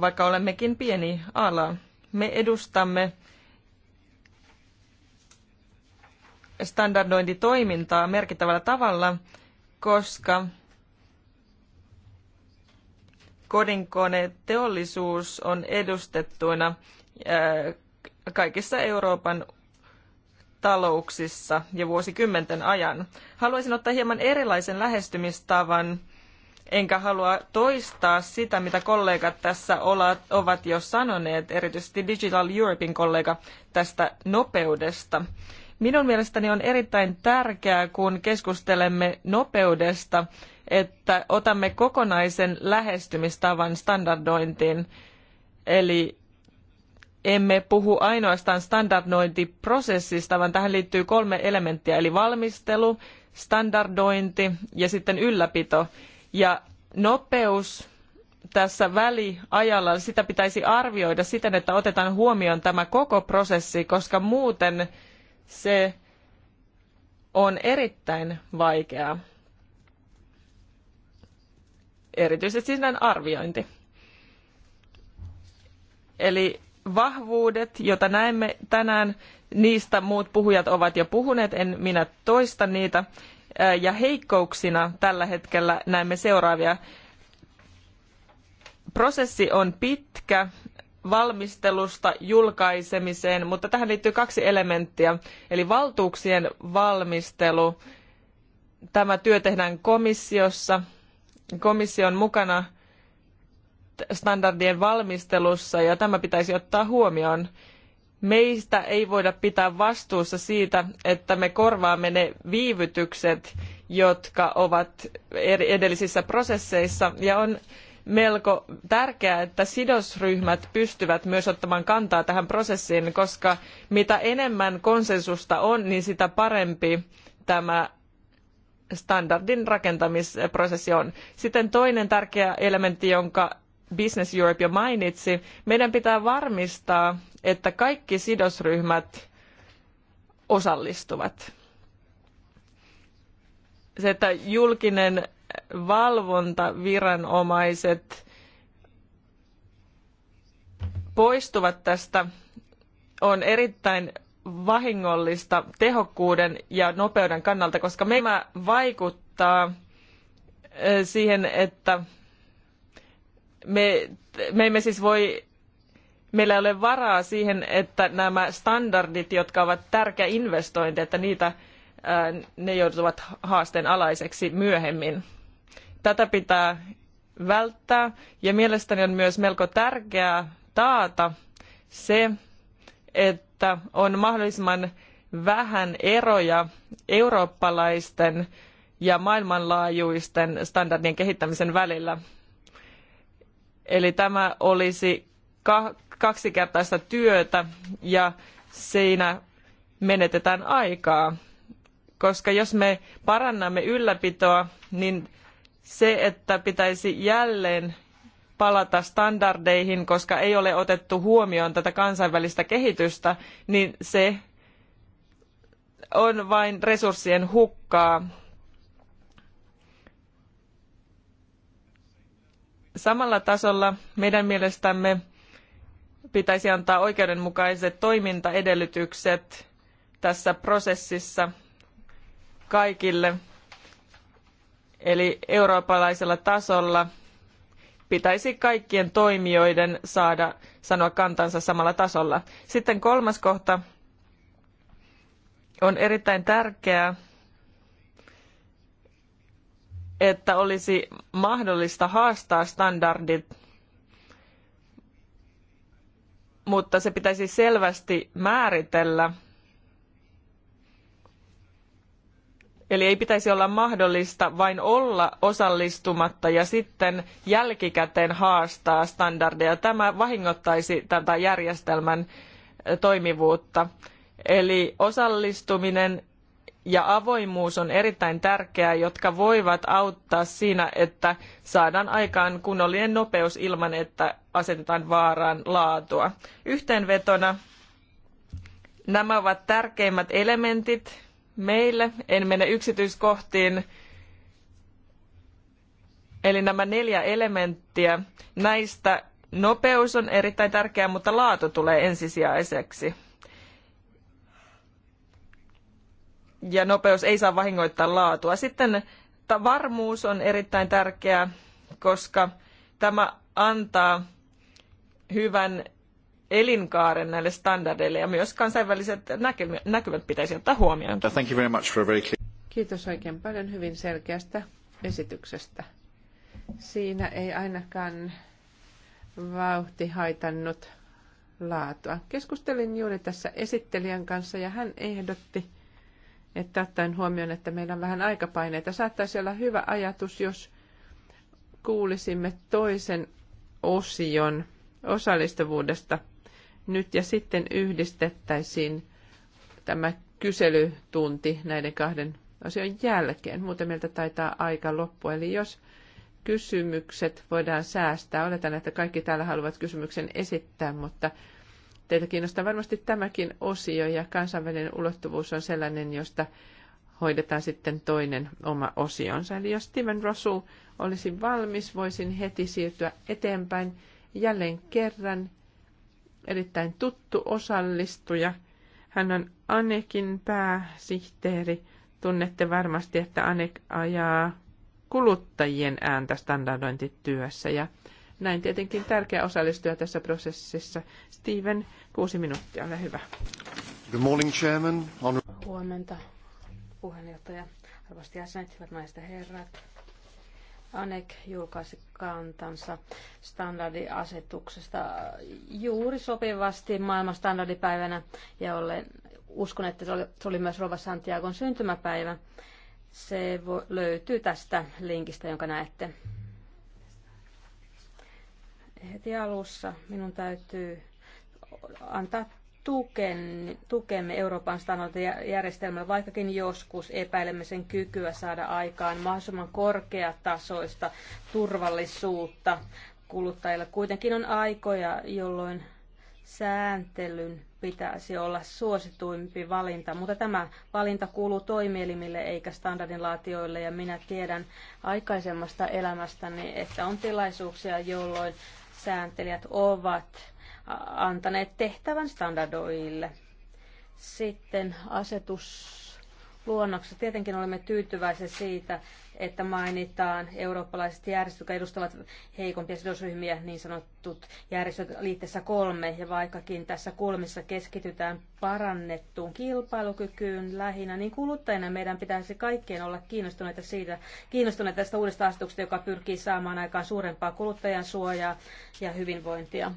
vaikka olemmekin pieni ala. Me edustamme standardointitoimintaa merkittävällä tavalla, koska kodinkoneteollisuus teollisuus on edustettuina äh, kaikissa Euroopan talouksissa jo vuosikymmenten ajan. Haluaisin ottaa hieman erilaisen lähestymistavan, enkä halua toistaa sitä, mitä kollegat tässä ovat jo sanoneet, erityisesti Digital Europein kollega tästä nopeudesta. Minun mielestäni on erittäin tärkeää, kun keskustelemme nopeudesta, että otamme kokonaisen lähestymistavan standardointiin, eli emme puhu ainoastaan standardointiprosessista, vaan tähän liittyy kolme elementtiä, eli valmistelu, standardointi ja sitten ylläpito. Ja nopeus tässä väliajalla, sitä pitäisi arvioida siten, että otetaan huomioon tämä koko prosessi, koska muuten se on erittäin vaikeaa erityisesti siis näin arviointi. Eli vahvuudet, joita näemme tänään, niistä muut puhujat ovat jo puhuneet, en minä toista niitä. Ja heikkouksina tällä hetkellä näemme seuraavia. Prosessi on pitkä valmistelusta julkaisemiseen, mutta tähän liittyy kaksi elementtiä. Eli valtuuksien valmistelu. Tämä työ tehdään komissiossa komission mukana standardien valmistelussa ja tämä pitäisi ottaa huomioon. Meistä ei voida pitää vastuussa siitä, että me korvaamme ne viivytykset, jotka ovat edellisissä prosesseissa ja on melko tärkeää, että sidosryhmät pystyvät myös ottamaan kantaa tähän prosessiin, koska mitä enemmän konsensusta on, niin sitä parempi tämä standardin rakentamisprosessi on. Sitten toinen tärkeä elementti, jonka Business Europe jo mainitsi, meidän pitää varmistaa, että kaikki sidosryhmät osallistuvat. Se, että julkinen valvonta, viranomaiset poistuvat tästä, on erittäin vahingollista tehokkuuden ja nopeuden kannalta, koska tämä vaikuttaa siihen, että me, me emme siis voi, meillä ei ole varaa siihen, että nämä standardit, jotka ovat tärkeä investointi, että niitä ne joutuvat haasteen alaiseksi myöhemmin. Tätä pitää välttää ja mielestäni on myös melko tärkeää taata se, että että on mahdollisimman vähän eroja eurooppalaisten ja maailmanlaajuisten standardien kehittämisen välillä. Eli tämä olisi kaksinkertaista työtä ja siinä menetetään aikaa, koska jos me parannamme ylläpitoa, niin se, että pitäisi jälleen palata standardeihin, koska ei ole otettu huomioon tätä kansainvälistä kehitystä, niin se on vain resurssien hukkaa. Samalla tasolla meidän mielestämme pitäisi antaa oikeudenmukaiset toimintaedellytykset tässä prosessissa kaikille, eli eurooppalaisella tasolla – pitäisi kaikkien toimijoiden saada sanoa kantansa samalla tasolla. Sitten kolmas kohta on erittäin tärkeää, että olisi mahdollista haastaa standardit, mutta se pitäisi selvästi määritellä – Eli ei pitäisi olla mahdollista vain olla osallistumatta ja sitten jälkikäteen haastaa standardeja. Tämä vahingoittaisi tätä järjestelmän eh, toimivuutta. Eli osallistuminen ja avoimuus on erittäin tärkeää, jotka voivat auttaa siinä, että saadaan aikaan kunnollinen nopeus ilman, että asetetaan vaaraan laatua. Yhteenvetona nämä ovat tärkeimmät elementit meille. En mene yksityiskohtiin. Eli nämä neljä elementtiä, näistä nopeus on erittäin tärkeää, mutta laatu tulee ensisijaiseksi. Ja nopeus ei saa vahingoittaa laatua. Sitten varmuus on erittäin tärkeää, koska tämä antaa hyvän elinkaaren näille standardeille ja myös kansainväliset näkymät pitäisi ottaa huomioon. Thank you very much for a very clear... Kiitos oikein paljon hyvin selkeästä esityksestä. Siinä ei ainakaan vauhti haitannut laatua. Keskustelin juuri tässä esittelijän kanssa ja hän ehdotti, että ottaen huomioon, että meillä on vähän aikapaineita, saattaisi olla hyvä ajatus, jos kuulisimme toisen osion osallistuvuudesta – nyt ja sitten yhdistettäisiin tämä kyselytunti näiden kahden asian jälkeen. Muuten meiltä taitaa aika loppua. Eli jos kysymykset voidaan säästää, oletan, että kaikki täällä haluavat kysymyksen esittää, mutta teitä kiinnostaa varmasti tämäkin osio ja kansainvälinen ulottuvuus on sellainen, josta hoidetaan sitten toinen oma osionsa. Eli jos Steven Russell olisi valmis, voisin heti siirtyä eteenpäin jälleen kerran erittäin tuttu osallistuja. Hän on Anekin pääsihteeri. Tunnette varmasti, että Anek ajaa kuluttajien ääntä standardointityössä ja näin tietenkin tärkeä osallistuja tässä prosessissa. Steven, kuusi minuuttia, ole hyvä. Good morning, Chairman. Huomenta, puheenjohtaja, arvoisat jäsenet, hyvät naiset ja herrat. ANEK julkaisi kantansa standardiasetuksesta juuri sopivasti maailman standardipäivänä, ja olen, uskon, että se oli, se oli myös Rova Santiagon syntymäpäivä. Se vo, löytyy tästä linkistä, jonka näette. Heti alussa minun täytyy antaa tuken, tukemme Euroopan standardijärjestelmää, vaikkakin joskus epäilemme sen kykyä saada aikaan mahdollisimman korkeatasoista turvallisuutta kuluttajille. Kuitenkin on aikoja, jolloin sääntelyn pitäisi olla suosituimpi valinta, mutta tämä valinta kuuluu toimielimille eikä standardinlaatioille ja minä tiedän aikaisemmasta elämästäni, että on tilaisuuksia, jolloin sääntelijät ovat antaneet tehtävän standardoille. Sitten asetusluonnoksessa tietenkin olemme tyytyväisiä siitä, että mainitaan eurooppalaiset järjestöt, jotka edustavat heikompia sidosryhmiä, niin sanottut järjestöt liitteessä kolme. Ja vaikkakin tässä kulmissa keskitytään parannettuun kilpailukykyyn lähinnä, niin kuluttajina meidän pitäisi kaikkien olla kiinnostuneita, siitä, kiinnostuneita tästä uudesta asetuksesta, joka pyrkii saamaan aikaan suurempaa kuluttajan suojaa ja hyvinvointia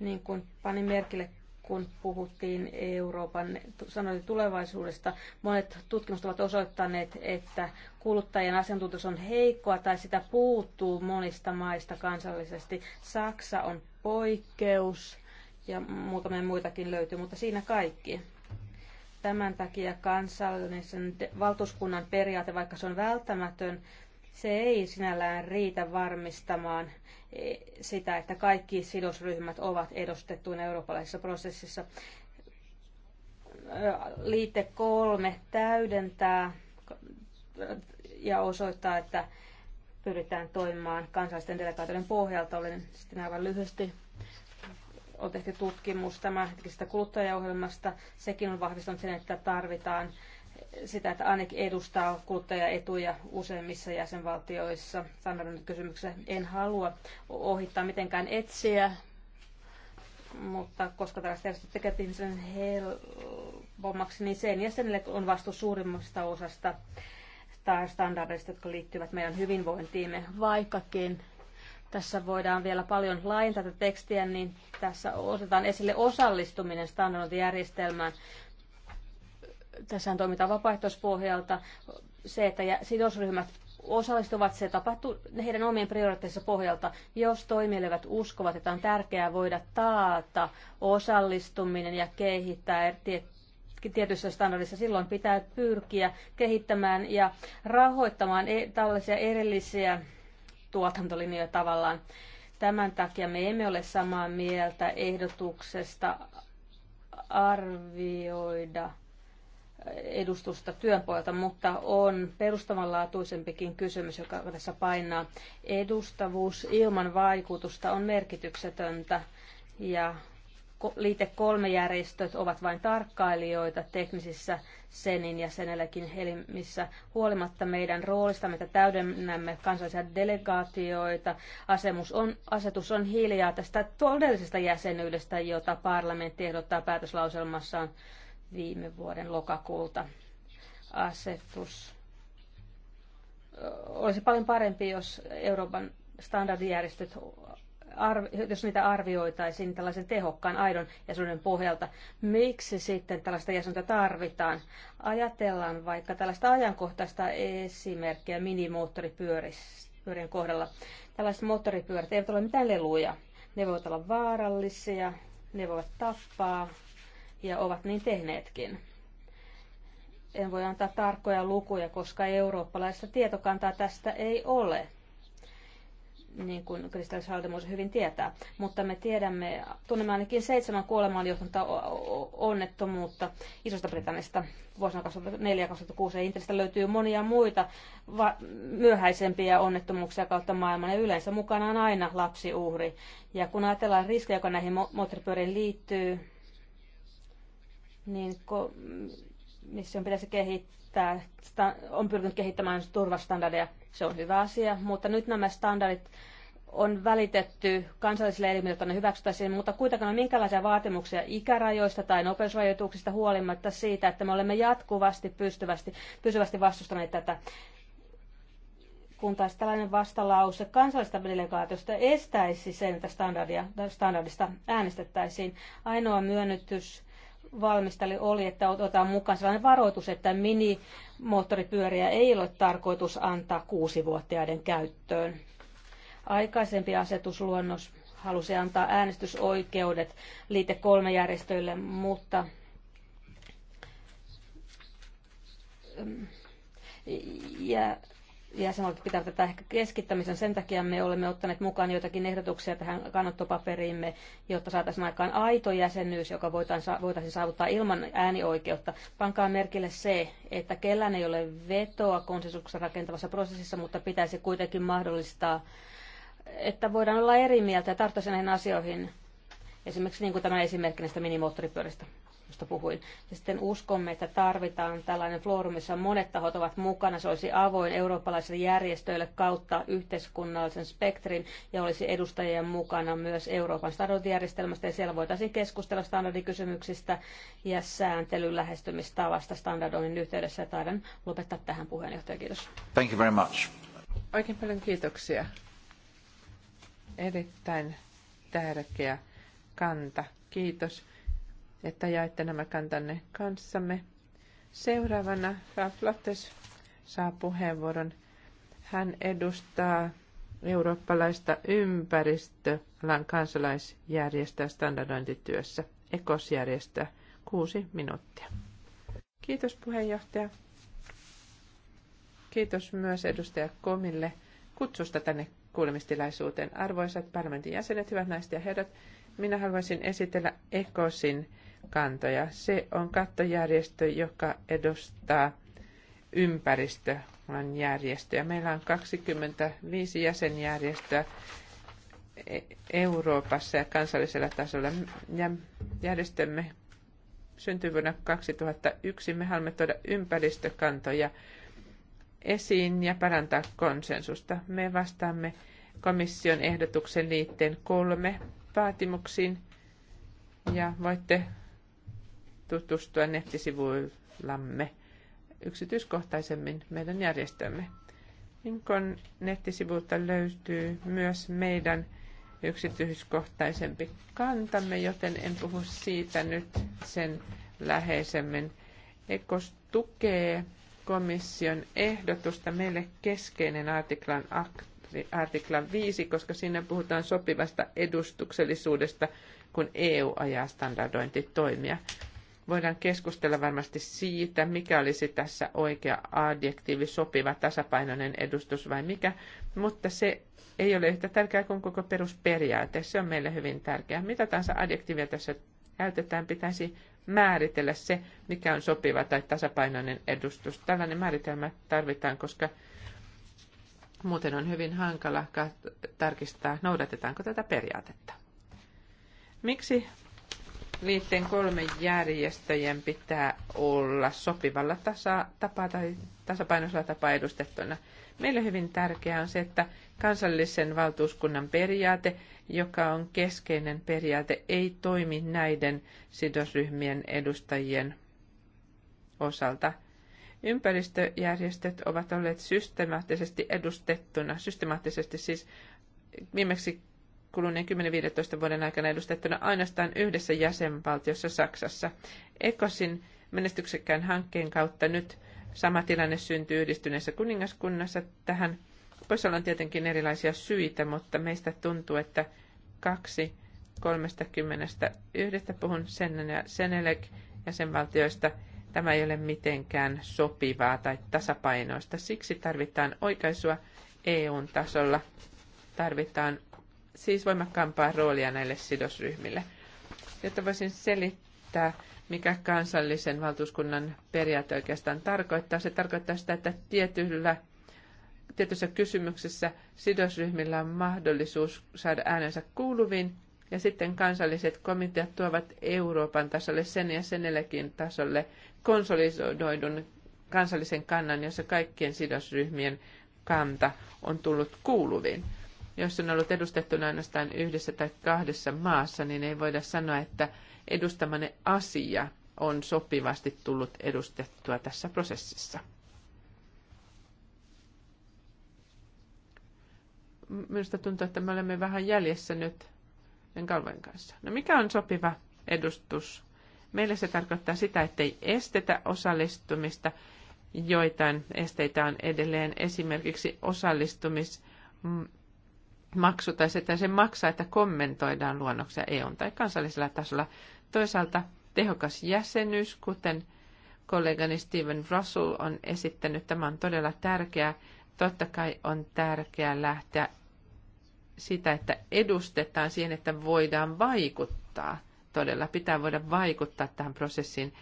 niin kuin panin merkille, kun puhuttiin Euroopan sanoin tulevaisuudesta. Monet tutkimukset ovat osoittaneet, että kuluttajien asiantuntijuus on heikkoa tai sitä puuttuu monista maista kansallisesti. Saksa on poikkeus ja muutamia muitakin löytyy, mutta siinä kaikki. Tämän takia kansallisen valtuuskunnan periaate, vaikka se on välttämätön, se ei sinällään riitä varmistamaan e, sitä, että kaikki sidosryhmät ovat edustettuina eurooppalaisessa prosessissa. Liite kolme täydentää ja osoittaa, että pyritään toimimaan kansallisten delegaatioiden pohjalta. Olen sitten aivan lyhyesti on tehty tutkimus tämä kuluttajaohjelmasta. Sekin on vahvistanut sen, että tarvitaan sitä, että ANEK edustaa kuluttajaetuja useimmissa jäsenvaltioissa. nyt kysymyksessä en halua ohittaa mitenkään etsiä, mutta koska tällaiset järjestöt tekevät ihmisen helpommaksi, niin sen jäsenille on vastuu suurimmasta osasta tai standardeista, jotka liittyvät meidän hyvinvointiimme. Vaikkakin tässä voidaan vielä paljon laajentaa tätä tekstiä, niin tässä otetaan esille osallistuminen standardointijärjestelmään tässä toimitaan vapaaehtoispohjalta. Se, että sidosryhmät osallistuvat, se tapahtuu heidän omien prioriteettinsa pohjalta. Jos toimielevät uskovat, että on tärkeää voida taata osallistuminen ja kehittää er- tietyissä standardissa, silloin pitää pyrkiä kehittämään ja rahoittamaan e- tällaisia erillisiä tuotantolinjoja tavallaan. Tämän takia me emme ole samaa mieltä ehdotuksesta arvioida edustusta työn puolelta, mutta on perustavanlaatuisempikin kysymys, joka tässä painaa. Edustavuus ilman vaikutusta on merkityksetöntä ja liite kolme järjestöt ovat vain tarkkailijoita teknisissä senin ja senelläkin helmissä Huolimatta meidän roolista, mitä täydennämme kansallisia delegaatioita, asemus on, asetus on hiljaa tästä todellisesta jäsenyydestä, jota parlamentti ehdottaa päätöslauselmassaan viime vuoden lokakuulta asetus. Olisi paljon parempi, jos Euroopan standardijärjestöt jos niitä arvioitaisiin tällaisen tehokkaan aidon jäsenyyden pohjalta, miksi sitten tällaista jäsenyyttä tarvitaan? Ajatellaan vaikka tällaista ajankohtaista esimerkkiä minimoottoripyörien kohdalla. Tällaiset moottoripyörät eivät ole mitään leluja. Ne voivat olla vaarallisia, ne voivat tappaa, ja ovat niin tehneetkin. En voi antaa tarkkoja lukuja, koska eurooppalaista tietokantaa tästä ei ole, niin kuin Kristel hyvin tietää. Mutta me tiedämme, tunnemme ainakin seitsemän kuolemaan johtanutta onnettomuutta Isosta britannista vuosina 2004-2006. Intestä löytyy monia muita myöhäisempiä onnettomuuksia kautta maailman. Ja yleensä mukana on aina lapsiuhri. Ja kun ajatellaan riskejä, joka näihin moottoripyöriin liittyy, niin missä on pitäisi kehittää, on pyrkinyt kehittämään turvastandardeja. Se on hyvä asia, mutta nyt nämä standardit on välitetty kansallisille elimille, jotta ne hyväksyttäisiin, mutta kuitenkaan minkälaisia vaatimuksia ikärajoista tai nopeusrajoituksista huolimatta siitä, että me olemme jatkuvasti pystyvästi, pysyvästi vastustaneet tätä kun taas tällainen vastalause kansallista delegaatiosta estäisi sen, että standardia, standardista äänestettäisiin. Ainoa myönnytys valmisteli oli, että otetaan mukaan sellainen varoitus, että minimoottoripyöriä ei ole tarkoitus antaa kuusivuotiaiden käyttöön. Aikaisempi asetusluonnos halusi antaa äänestysoikeudet liite kolme järjestöille, mutta mm, ja jäsenvaltiot pitävät tätä ehkä keskittämisen. Sen takia me olemme ottaneet mukaan joitakin ehdotuksia tähän kannattopaperiimme, jotta saataisiin aikaan aito jäsenyys, joka voitaisiin saavuttaa ilman äänioikeutta. Pankaa merkille se, että kellään ei ole vetoa konsensuksen rakentavassa prosessissa, mutta pitäisi kuitenkin mahdollistaa, että voidaan olla eri mieltä ja tarttua näihin asioihin. Esimerkiksi niin kuin tämä esimerkkinä näistä minimoottoripyöristä josta puhuin. Ja sitten uskomme, että tarvitaan tällainen foorumi, missä monet tahot ovat mukana. Se olisi avoin eurooppalaisille järjestöille kautta yhteiskunnallisen spektrin ja olisi edustajien mukana myös Euroopan standardijärjestelmästä. Ja siellä voitaisiin keskustella standardikysymyksistä ja sääntelyn lähestymistavasta standardoinnin yhteydessä. Ja taidan lopettaa tähän puheenjohtaja. Kiitos. Thank you very much. Oikein paljon kiitoksia. Erittäin tärkeä kanta. Kiitos että jaette nämä kantanne kanssamme. Seuraavana Ralf Lottes saa puheenvuoron. Hän edustaa eurooppalaista ympäristöalan kansalaisjärjestöä standardointityössä, ekosjärjestöä, kuusi minuuttia. Kiitos puheenjohtaja. Kiitos myös edustaja Komille kutsusta tänne kuulemistilaisuuteen. Arvoisat parlamentin jäsenet, hyvät naiset ja herrat, minä haluaisin esitellä ECOSin kantoja. Se on kattojärjestö, joka edustaa ympäristöalan järjestöjä. Meillä on 25 jäsenjärjestöä e- Euroopassa ja kansallisella tasolla. Ja järjestömme syntyi vuonna 2001. Me haluamme tuoda ympäristökantoja esiin ja parantaa konsensusta. Me vastaamme komission ehdotuksen liitteen kolme vaatimuksiin ja voitte tutustua nettisivuillamme yksityiskohtaisemmin meidän järjestömme. Inkon nettisivulta löytyy myös meidän yksityiskohtaisempi kantamme, joten en puhu siitä nyt sen läheisemmin. Ekos tukee komission ehdotusta meille keskeinen artiklan, artiklan 5, koska siinä puhutaan sopivasta edustuksellisuudesta, kun EU ajaa standardointitoimia voidaan keskustella varmasti siitä, mikä olisi tässä oikea adjektiivi, sopiva, tasapainoinen edustus vai mikä, mutta se ei ole yhtä tärkeää kuin koko perusperiaate. Se on meille hyvin tärkeää. Mitä tahansa adjektiivia tässä käytetään, pitäisi määritellä se, mikä on sopiva tai tasapainoinen edustus. Tällainen määritelmä tarvitaan, koska muuten on hyvin hankala tarkistaa, noudatetaanko tätä periaatetta. Miksi niiden kolme järjestöjen pitää olla sopivalla tasa, tapa tai tasapainoisella tapaa edustettuna. Meille hyvin tärkeää on se, että kansallisen valtuuskunnan periaate, joka on keskeinen periaate, ei toimi näiden sidosryhmien edustajien osalta. Ympäristöjärjestöt ovat olleet systemaattisesti edustettuna, systemaattisesti siis viimeksi kuluneen 10-15 vuoden aikana edustettuna ainoastaan yhdessä jäsenvaltiossa Saksassa. Ekosin menestyksekkään hankkeen kautta nyt sama tilanne syntyy yhdistyneessä kuningaskunnassa tähän. voisi olla tietenkin erilaisia syitä, mutta meistä tuntuu, että kaksi yhdestä puhun Senen ja Senelek jäsenvaltioista. Tämä ei ole mitenkään sopivaa tai tasapainoista. Siksi tarvitaan oikaisua EUn tasolla. Tarvitaan siis voimakkaampaa roolia näille sidosryhmille. Jotta voisin selittää, mikä kansallisen valtuuskunnan periaate oikeastaan tarkoittaa. Se tarkoittaa sitä, että tietyllä, tietyissä kysymyksessä sidosryhmillä on mahdollisuus saada äänensä kuuluviin, ja sitten kansalliset komiteat tuovat Euroopan tasolle sen ja senellekin tasolle konsolidoidun kansallisen kannan, jossa kaikkien sidosryhmien kanta on tullut kuuluviin jos on ollut edustettuna ainoastaan yhdessä tai kahdessa maassa, niin ei voida sanoa, että edustamanne asia on sopivasti tullut edustettua tässä prosessissa. Minusta tuntuu, että me olemme vähän jäljessä nyt Kalven kanssa. No mikä on sopiva edustus? Meille se tarkoittaa sitä, ettei estetä osallistumista. Joitain esteitä on edelleen esimerkiksi osallistumis maksu tai sitä sen maksaa, että kommentoidaan luonnoksia EUn tai kansallisella tasolla. Toisaalta tehokas jäsenyys, kuten kollegani Steven Russell on esittänyt, tämä on todella tärkeää. Totta kai on tärkeää lähteä sitä, että edustetaan siihen, että voidaan vaikuttaa. Todella pitää voida vaikuttaa tähän prosessiin,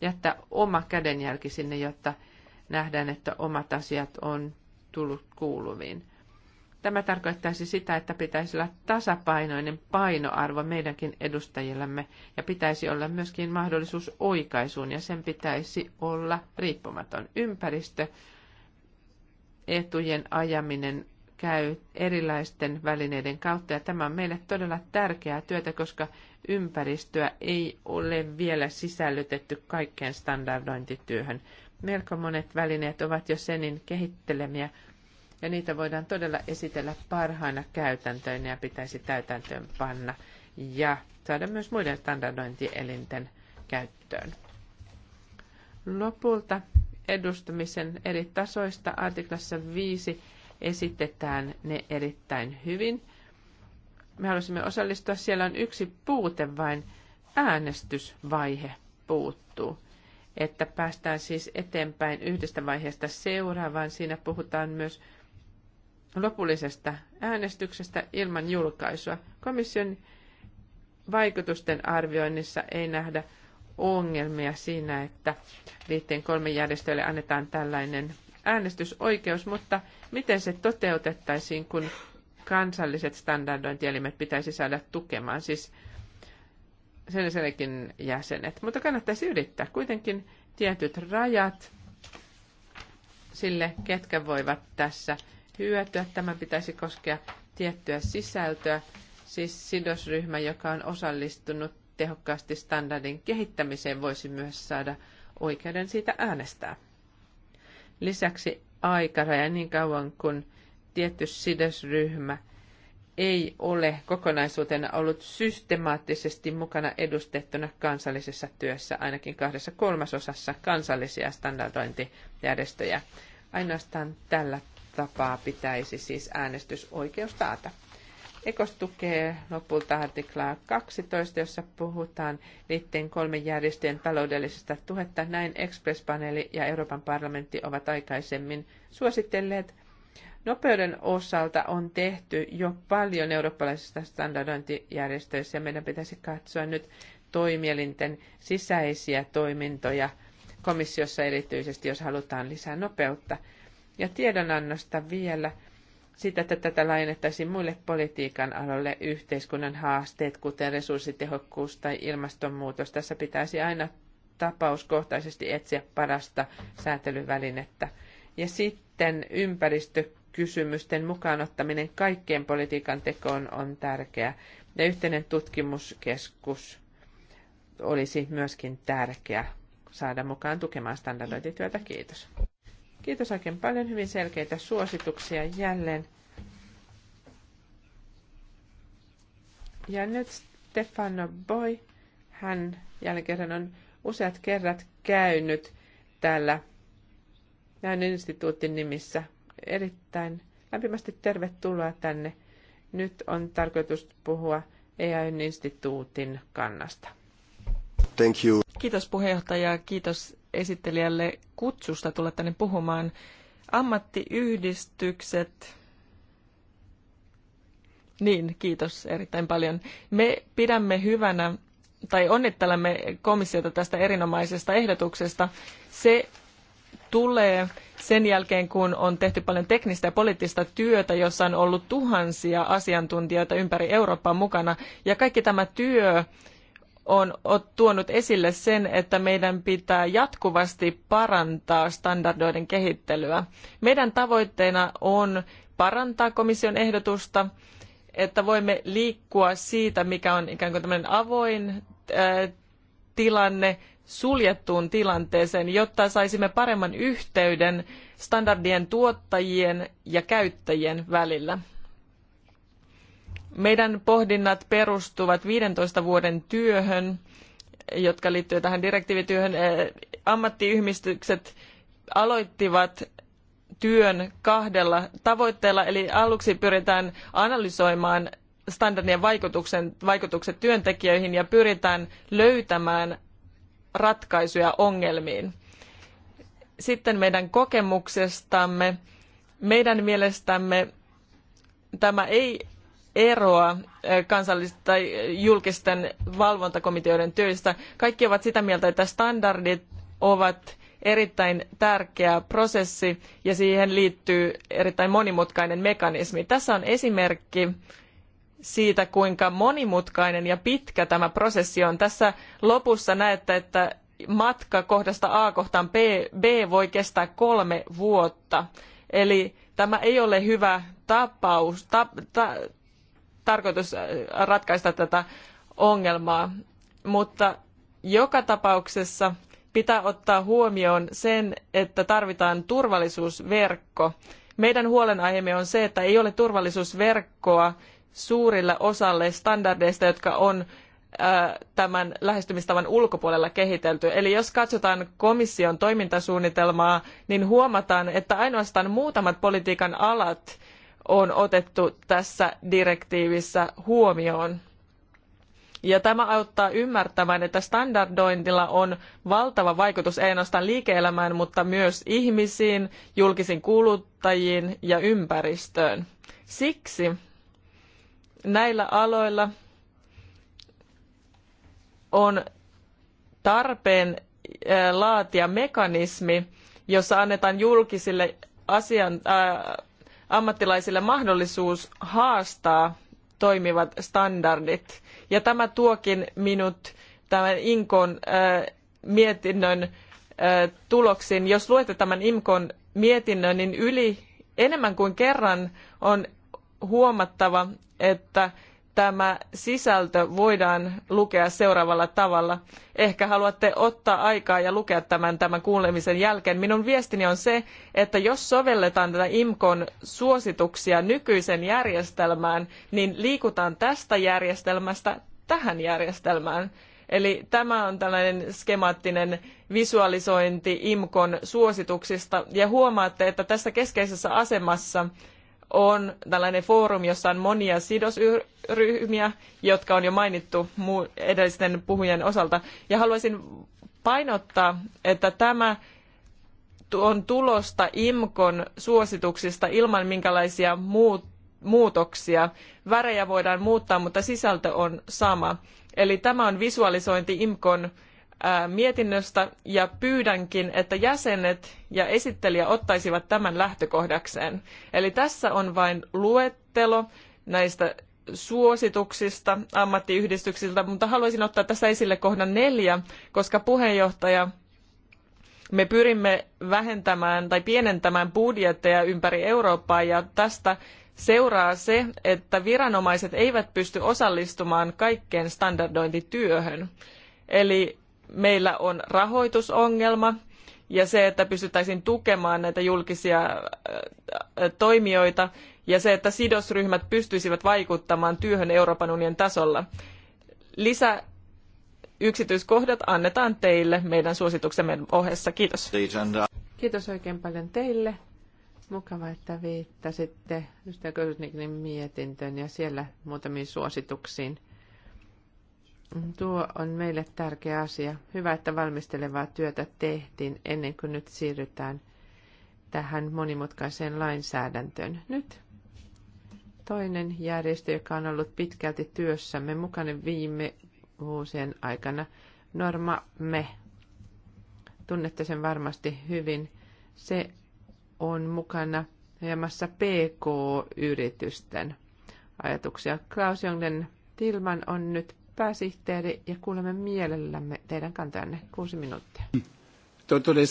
jättää oma kädenjälki sinne, jotta nähdään, että omat asiat on tullut kuuluviin. Tämä tarkoittaisi sitä, että pitäisi olla tasapainoinen painoarvo meidänkin edustajillamme ja pitäisi olla myöskin mahdollisuus oikaisuun ja sen pitäisi olla riippumaton ympäristö, etujen ajaminen käy erilaisten välineiden kautta ja tämä on meille todella tärkeää työtä, koska ympäristöä ei ole vielä sisällytetty kaikkeen standardointityöhön. Melko monet välineet ovat jo senin kehittelemiä ja niitä voidaan todella esitellä parhaina käytäntöinä ja pitäisi täytäntöön panna ja saada myös muiden standardointielinten käyttöön. Lopulta edustamisen eri tasoista artiklassa 5 esitetään ne erittäin hyvin. Me halusimme osallistua, siellä on yksi puute vain, äänestysvaihe puuttuu että päästään siis eteenpäin yhdestä vaiheesta seuraavaan. Siinä puhutaan myös lopullisesta äänestyksestä ilman julkaisua. Komission vaikutusten arvioinnissa ei nähdä ongelmia siinä, että liitteen kolme järjestöille annetaan tällainen äänestysoikeus, mutta miten se toteutettaisiin, kun kansalliset standardointielimet pitäisi saada tukemaan, siis sellaisellekin jäsenet. Mutta kannattaisi yrittää kuitenkin tietyt rajat sille, ketkä voivat tässä hyötyä. Tämän pitäisi koskea tiettyä sisältöä, siis sidosryhmä, joka on osallistunut tehokkaasti standardin kehittämiseen, voisi myös saada oikeuden siitä äänestää. Lisäksi aikaraja niin kauan kuin tietty sidosryhmä ei ole kokonaisuutena ollut systemaattisesti mukana edustettuna kansallisessa työssä ainakin kahdessa kolmasosassa kansallisia standardointijärjestöjä. Ainoastaan tällä tapaa pitäisi siis äänestysoikeus taata. Ekos tukee lopulta artiklaa 12, jossa puhutaan liitteen kolmen järjestöjen taloudellisesta tuhetta. Näin Express-paneeli ja Euroopan parlamentti ovat aikaisemmin suositelleet. Nopeuden osalta on tehty jo paljon eurooppalaisista standardointijärjestöissä ja meidän pitäisi katsoa nyt toimielinten sisäisiä toimintoja komissiossa erityisesti, jos halutaan lisää nopeutta. Ja tiedonannosta vielä sitä, että tätä laajennettaisiin muille politiikan aloille yhteiskunnan haasteet, kuten resurssitehokkuus tai ilmastonmuutos. Tässä pitäisi aina tapauskohtaisesti etsiä parasta säätelyvälinettä. Ja sitten ympäristökysymysten mukaan ottaminen kaikkeen politiikan tekoon on tärkeää. Ja yhteinen tutkimuskeskus olisi myöskin tärkeä saada mukaan tukemaan standardointityötä. Kiitos. Kiitos oikein paljon. Hyvin selkeitä suosituksia jälleen. Ja nyt Stefano Boy, hän jälleen kerran on useat kerrat käynyt täällä näin instituutin nimissä. Erittäin lämpimästi tervetuloa tänne. Nyt on tarkoitus puhua EAN instituutin kannasta. Thank you. Kiitos puheenjohtaja, kiitos esittelijälle kutsusta tulla tänne puhumaan. Ammattiyhdistykset. Niin, kiitos erittäin paljon. Me pidämme hyvänä tai onnittelemme komissiota tästä erinomaisesta ehdotuksesta. Se tulee sen jälkeen, kun on tehty paljon teknistä ja poliittista työtä, jossa on ollut tuhansia asiantuntijoita ympäri Eurooppaa mukana. Ja kaikki tämä työ on tuonut esille sen, että meidän pitää jatkuvasti parantaa standardoiden kehittelyä. Meidän tavoitteena on parantaa komission ehdotusta, että voimme liikkua siitä, mikä on ikään kuin tämmöinen avoin äh, tilanne suljettuun tilanteeseen, jotta saisimme paremman yhteyden standardien tuottajien ja käyttäjien välillä. Meidän pohdinnat perustuvat 15 vuoden työhön, jotka liittyy tähän direktiivityöhön. Eh, ammattiyhdistykset aloittivat työn kahdella tavoitteella, eli aluksi pyritään analysoimaan standardien vaikutuksen, vaikutukset työntekijöihin ja pyritään löytämään ratkaisuja ongelmiin. Sitten meidän kokemuksestamme. Meidän mielestämme tämä ei eroa kansallisten tai julkisten valvontakomiteoiden työstä. Kaikki ovat sitä mieltä, että standardit ovat erittäin tärkeä prosessi ja siihen liittyy erittäin monimutkainen mekanismi. Tässä on esimerkki siitä, kuinka monimutkainen ja pitkä tämä prosessi on. Tässä lopussa näette, että matka kohdasta A kohtaan B, B voi kestää kolme vuotta. Eli tämä ei ole hyvä tapaus, ta, ta, tarkoitus äh, ratkaista tätä ongelmaa. Mutta joka tapauksessa pitää ottaa huomioon sen, että tarvitaan turvallisuusverkko. Meidän huolenaiheemme on se, että ei ole turvallisuusverkkoa suurille osalle standardeista, jotka on äh, tämän lähestymistavan ulkopuolella kehitelty. Eli jos katsotaan komission toimintasuunnitelmaa, niin huomataan, että ainoastaan muutamat politiikan alat on otettu tässä direktiivissä huomioon. Ja tämä auttaa ymmärtämään, että standardointilla on valtava vaikutus ei ainoastaan liike-elämään, mutta myös ihmisiin, julkisiin kuluttajiin ja ympäristöön. Siksi näillä aloilla on tarpeen laatia mekanismi, jossa annetaan julkisille asian, äh, ammattilaisille mahdollisuus haastaa toimivat standardit. Ja tämä tuokin minut tämän Inkon äh, mietinnön äh, tuloksiin. Jos luette tämän Inkon mietinnön, niin yli enemmän kuin kerran on huomattava, että tämä sisältö voidaan lukea seuraavalla tavalla. Ehkä haluatte ottaa aikaa ja lukea tämän tämän kuulemisen jälkeen. Minun viestini on se, että jos sovelletaan tätä IMKON suosituksia nykyisen järjestelmään, niin liikutaan tästä järjestelmästä tähän järjestelmään. Eli tämä on tällainen skemaattinen visualisointi IMKON suosituksista ja huomaatte, että tässä keskeisessä asemassa on tällainen foorumi, jossa on monia sidosryhmiä, jotka on jo mainittu edellisten puhujien osalta. Ja haluaisin painottaa, että tämä on tulosta IMKON suosituksista ilman minkälaisia muut, muutoksia. Värejä voidaan muuttaa, mutta sisältö on sama. Eli tämä on visualisointi IMKON mietinnöstä ja pyydänkin, että jäsenet ja esittelijä ottaisivat tämän lähtökohdakseen. Eli tässä on vain luettelo näistä suosituksista ammattiyhdistyksiltä, mutta haluaisin ottaa tässä esille kohdan neljä, koska puheenjohtaja, me pyrimme vähentämään tai pienentämään budjetteja ympäri Eurooppaa ja tästä seuraa se, että viranomaiset eivät pysty osallistumaan kaikkeen standardointityöhön. Eli meillä on rahoitusongelma ja se, että pystyttäisiin tukemaan näitä julkisia äh, äh, toimijoita ja se, että sidosryhmät pystyisivät vaikuttamaan työhön Euroopan unionin tasolla. Lisä yksityiskohdat annetaan teille meidän suosituksemme ohessa. Kiitos. Kiitos oikein paljon teille. Mukava, että viittasitte Kysniknin mietintöön ja siellä muutamiin suosituksiin. Tuo on meille tärkeä asia. Hyvä, että valmistelevaa työtä tehtiin ennen kuin nyt siirrytään tähän monimutkaiseen lainsäädäntöön. Nyt toinen järjestö, joka on ollut pitkälti työssämme mukana viime vuosien aikana, Norma Me. Tunnette sen varmasti hyvin. Se on mukana ajamassa PK-yritysten ajatuksia. Klaus Jongden Tilman on nyt pääsihteeri ja kuulemme mielellämme teidän kantajanne. Kuusi minuuttia. Totore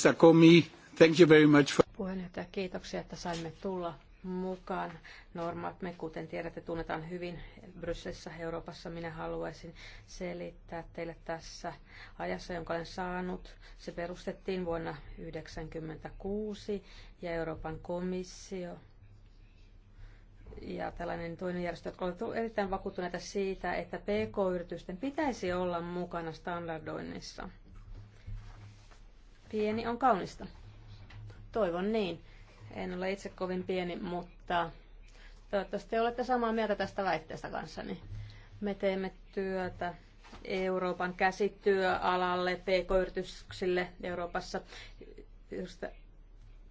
thank you very much for... Puheenjohtaja, kiitoksia, että saimme tulla mukaan. Normat, me kuten tiedätte, tunnetaan hyvin Brysselissä, Euroopassa. Minä haluaisin selittää teille tässä ajassa, jonka olen saanut. Se perustettiin vuonna 1996 ja Euroopan komissio ja tällainen toinen järjestö, jotka ovat erittäin vakuuttuneita siitä, että PK-yritysten pitäisi olla mukana standardoinnissa. Pieni on kaunista. Toivon niin. En ole itse kovin pieni, mutta toivottavasti olette samaa mieltä tästä väitteestä kanssani. Me teemme työtä Euroopan käsityöalalle, PK-yrityksille Euroopassa.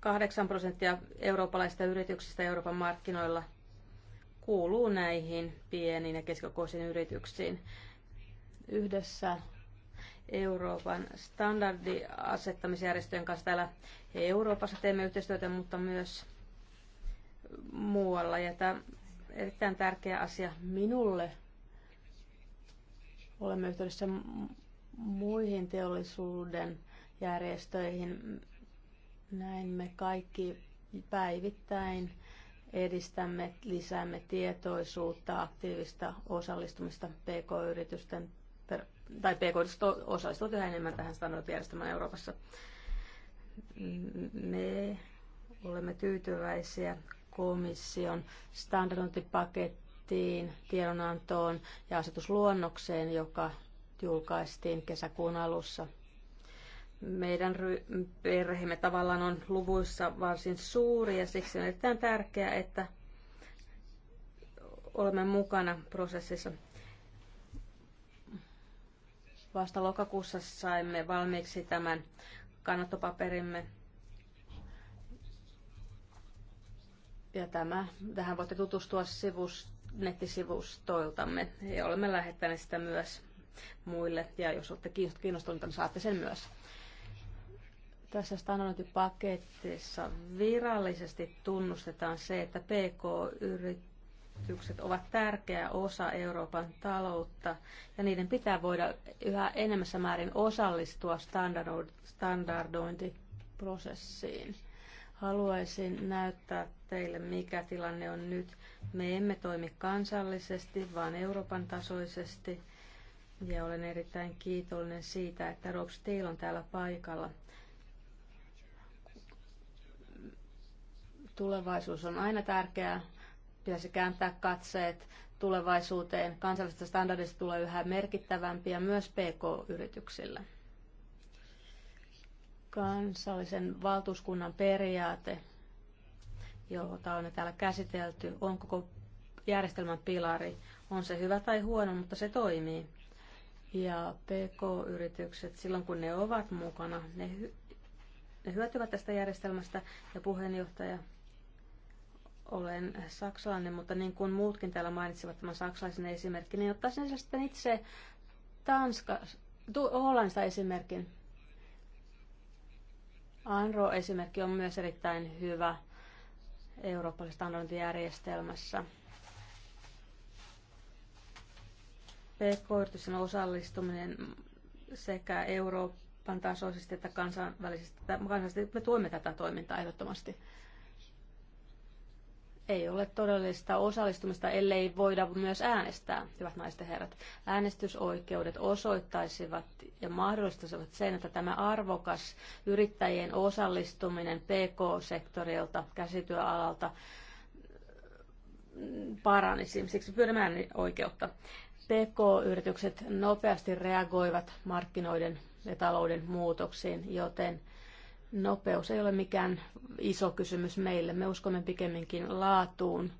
8 prosenttia eurooppalaisista yrityksistä Euroopan markkinoilla – kuuluu näihin pieniin ja keskokoisiin yrityksiin. Yhdessä Euroopan standardiasettamisjärjestöjen kanssa täällä Euroopassa teemme yhteistyötä, mutta myös muualla. Ja tämä erittäin tärkeä asia minulle. Olemme yhteydessä muihin teollisuuden järjestöihin. Näin me kaikki päivittäin Edistämme, lisäämme tietoisuutta, aktiivista osallistumista pk-yritysten tai pk osallistuvat yhä enemmän tähän standardijärjestelmään Euroopassa. Me olemme tyytyväisiä komission standardointipakettiin, tiedonantoon ja asetusluonnokseen, joka julkaistiin kesäkuun alussa meidän perheemme tavallaan on luvuissa varsin suuri ja siksi on erittäin tärkeää, että olemme mukana prosessissa. Vasta lokakuussa saimme valmiiksi tämän kannattopaperimme. Ja tämä, tähän voitte tutustua sivust, nettisivustoiltamme ja olemme lähettäneet sitä myös muille. Ja jos olette kiinnostuneita, niin saatte sen myös. Tässä standardipaketissa virallisesti tunnustetaan se, että PK-yritykset ovat tärkeä osa Euroopan taloutta ja niiden pitää voida yhä enemmässä määrin osallistua standardointiprosessiin. Haluaisin näyttää teille, mikä tilanne on nyt. Me emme toimi kansallisesti, vaan Euroopan tasoisesti. Ja olen erittäin kiitollinen siitä, että Rob Steele on täällä paikalla. Tulevaisuus on aina tärkeää. Pitäisi kääntää katseet tulevaisuuteen. Kansallisista standardista tulee yhä merkittävämpiä myös PK-yrityksillä. Kansallisen valtuuskunnan periaate, jota on täällä käsitelty, on koko järjestelmän pilari. On se hyvä tai huono, mutta se toimii. Ja PK-yritykset, silloin kun ne ovat mukana, ne, hy- ne hyötyvät tästä järjestelmästä. Ja puheenjohtaja olen saksalainen, mutta niin kuin muutkin täällä mainitsivat tämän saksalaisen esimerkin, niin ottaisin sitten itse Tanska, Hollannista esimerkin. Anro-esimerkki on myös erittäin hyvä eurooppalaisessa standardointijärjestelmässä. PK-yritysten osallistuminen sekä Euroopan tasoisesti että kansainvälisesti. me tuemme tätä toimintaa ehdottomasti ei ole todellista osallistumista, ellei voida myös äänestää, hyvät naiset ja herrat. Äänestysoikeudet osoittaisivat ja mahdollistaisivat sen, että tämä arvokas yrittäjien osallistuminen PK-sektorilta, käsityöalalta paranisi. Siksi pyydämme oikeutta. PK-yritykset nopeasti reagoivat markkinoiden ja talouden muutoksiin, joten – Nopeus ei ole mikään iso kysymys meille. Me uskomme pikemminkin laatuun.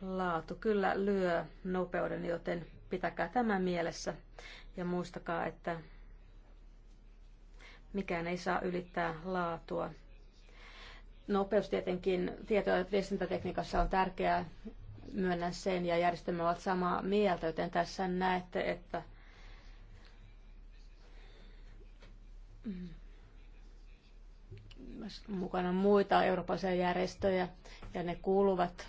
Laatu kyllä lyö nopeuden, joten pitäkää tämä mielessä ja muistakaa, että mikään ei saa ylittää laatua. Nopeus tietenkin tieto- ja viestintätekniikassa on tärkeää, myönnän sen, ja järjestelmä ovat samaa mieltä, joten tässä näette, että myös mukana muita eurooppalaisia järjestöjä ja ne kuuluvat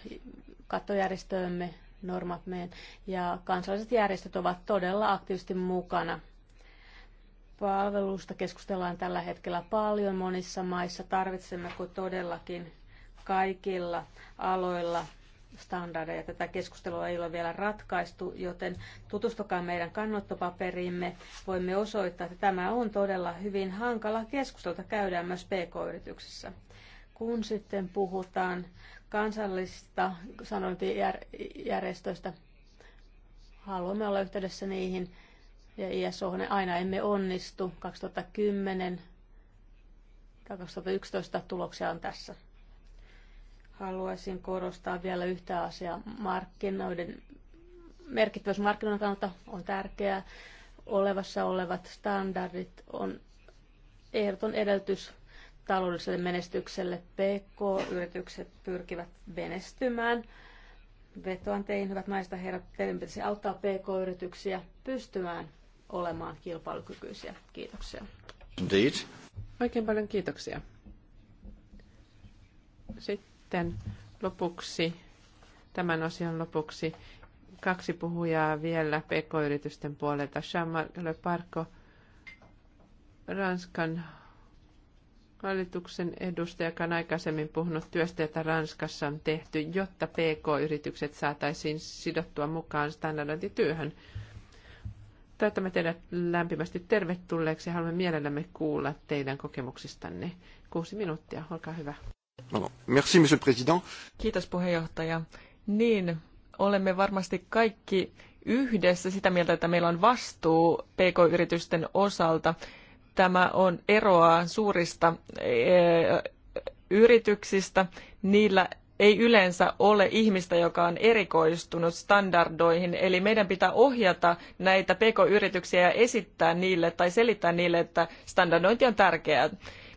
kattojärjestöömme, Normatmeen, ja kansalliset järjestöt ovat todella aktiivisesti mukana. Palvelusta keskustellaan tällä hetkellä paljon monissa maissa. Tarvitsemmeko todellakin kaikilla aloilla standardeja. Tätä keskustelua ei ole vielä ratkaistu, joten tutustukaa meidän kannottopaperiimme. Voimme osoittaa, että tämä on todella hyvin hankala keskustelta käydään myös pk-yrityksissä. Kun sitten puhutaan kansallisista sanointijärjestöistä, haluamme olla yhteydessä niihin, ja ISO aina emme onnistu. 2010 tai 2011 tuloksia on tässä. Haluaisin korostaa vielä yhtä asiaa. Markkinoiden, merkittävyys markkinoiden kannalta on tärkeää. Olevassa olevat standardit on ehdoton edellytys taloudelliselle menestykselle. PK-yritykset pyrkivät menestymään. Vetoan teihin, hyvät naiset ja herrat, teidän pitäisi auttaa PK-yrityksiä pystymään olemaan kilpailukykyisiä. Kiitoksia. Indeed. Oikein paljon kiitoksia. Sitten sitten lopuksi, tämän osion lopuksi, kaksi puhujaa vielä pk-yritysten puolelta. Jean-Marc Le Parco, Ranskan hallituksen edustaja, joka on aikaisemmin puhunut työstä, jota Ranskassa on tehty, jotta PK-yritykset saataisiin sidottua mukaan standardointityöhön. Toivottamme teidät lämpimästi tervetulleeksi ja haluamme mielellämme kuulla teidän kokemuksistanne. Kuusi minuuttia, olkaa hyvä. Merci, monsieur Kiitos puheenjohtaja. Niin, olemme varmasti kaikki yhdessä sitä mieltä, että meillä on vastuu PK-yritysten osalta. Tämä on eroa suurista e, yrityksistä. Niillä ei yleensä ole ihmistä, joka on erikoistunut standardoihin. Eli meidän pitää ohjata näitä pk-yrityksiä ja esittää niille tai selittää niille, että standardointi on tärkeää.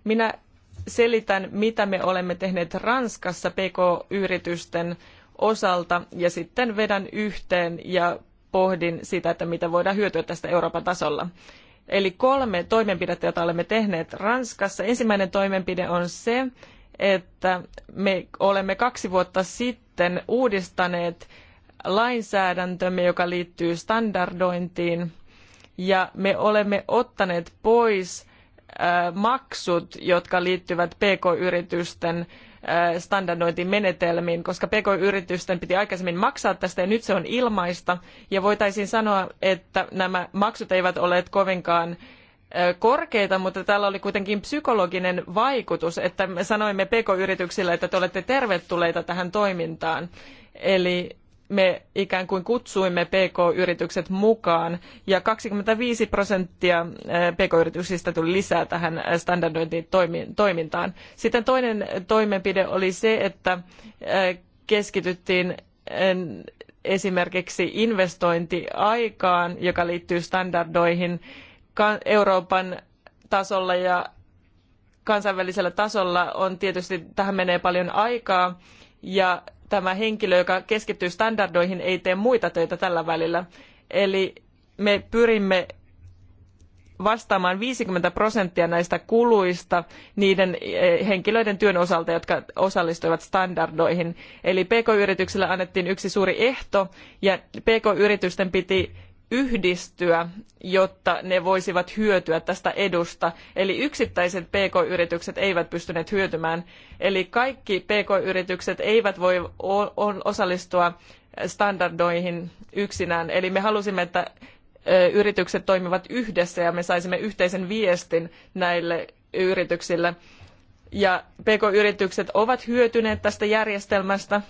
Minä selitän, mitä me olemme tehneet Ranskassa PK-yritysten osalta ja sitten vedän yhteen ja pohdin sitä, että mitä voidaan hyötyä tästä Euroopan tasolla. Eli kolme toimenpidettä, joita olemme tehneet Ranskassa. Ensimmäinen toimenpide on se, että me olemme kaksi vuotta sitten uudistaneet lainsäädäntömme, joka liittyy standardointiin, ja me olemme ottaneet pois maksut, jotka liittyvät pk-yritysten standardointimenetelmiin, koska pk-yritysten piti aikaisemmin maksaa tästä ja nyt se on ilmaista. Ja voitaisiin sanoa, että nämä maksut eivät olleet kovinkaan korkeita, mutta tällä oli kuitenkin psykologinen vaikutus, että me sanoimme pk-yrityksille, että te olette tervetulleita tähän toimintaan. Eli me ikään kuin kutsuimme PK-yritykset mukaan ja 25 prosenttia eh, PK-yrityksistä tuli lisää tähän eh, standardointiin toimintaan. Sitten toinen toimenpide oli se, että eh, keskityttiin esimerkiksi investointiaikaan, joka liittyy standardoihin Euroopan tasolla ja kansainvälisellä tasolla on tietysti, tähän menee paljon aikaa ja tämä henkilö, joka keskittyy standardoihin, ei tee muita töitä tällä välillä. Eli me pyrimme vastaamaan 50 prosenttia näistä kuluista niiden eh, henkilöiden työn osalta, jotka osallistuivat standardoihin. Eli PK-yrityksille annettiin yksi suuri ehto ja PK-yritysten piti yhdistyä, jotta ne voisivat hyötyä tästä edusta. Eli yksittäiset pk-yritykset eivät pystyneet hyötymään. Eli kaikki pk-yritykset eivät voi osallistua standardoihin yksinään. Eli me halusimme, että yritykset toimivat yhdessä ja me saisimme yhteisen viestin näille yrityksille. Ja pk-yritykset ovat hyötyneet tästä järjestelmästä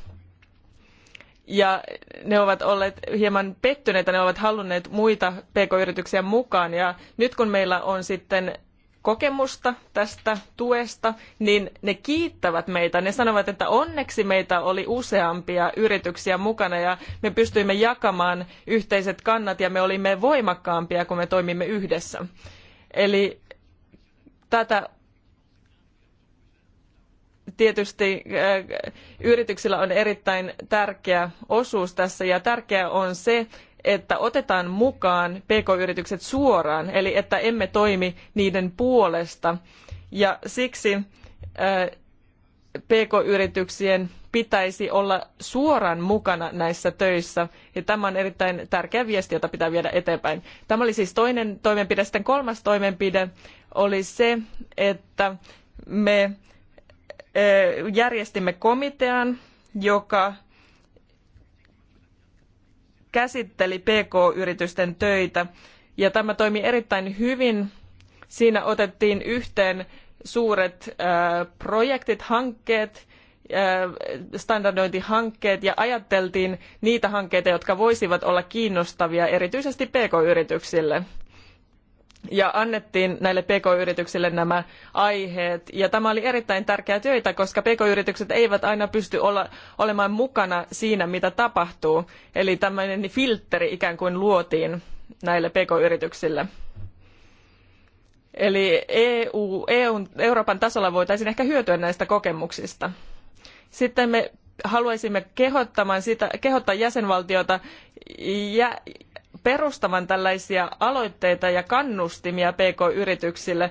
ja ne ovat olleet hieman pettyneitä, ne ovat halunneet muita pk-yrityksiä mukaan ja nyt kun meillä on sitten kokemusta tästä tuesta, niin ne kiittävät meitä. Ne sanovat, että onneksi meitä oli useampia yrityksiä mukana ja me pystyimme jakamaan yhteiset kannat ja me olimme voimakkaampia, kun me toimimme yhdessä. Eli tätä tietysti äh, yrityksillä on erittäin tärkeä osuus tässä ja tärkeää on se, että otetaan mukaan pk-yritykset suoraan, eli että emme toimi niiden puolesta. Ja siksi äh, pk-yrityksien pitäisi olla suoraan mukana näissä töissä. Ja tämä on erittäin tärkeä viesti, jota pitää viedä eteenpäin. Tämä oli siis toinen toimenpide. Sitten kolmas toimenpide oli se, että me järjestimme komitean, joka käsitteli PK-yritysten töitä ja tämä toimi erittäin hyvin. Siinä otettiin yhteen suuret projektit, hankkeet, standardointihankkeet ja ajateltiin niitä hankkeita, jotka voisivat olla kiinnostavia erityisesti PK-yrityksille ja annettiin näille pk-yrityksille nämä aiheet. Ja tämä oli erittäin tärkeää työtä, koska pk-yritykset eivät aina pysty olla, olemaan mukana siinä, mitä tapahtuu. Eli tämmöinen filtteri ikään kuin luotiin näille pk-yrityksille. Eli EU, EUn, Euroopan tasolla voitaisiin ehkä hyötyä näistä kokemuksista. Sitten me haluaisimme kehottamaan sitä, kehottaa jäsenvaltiota ja perustavan tällaisia aloitteita ja kannustimia PK-yrityksille.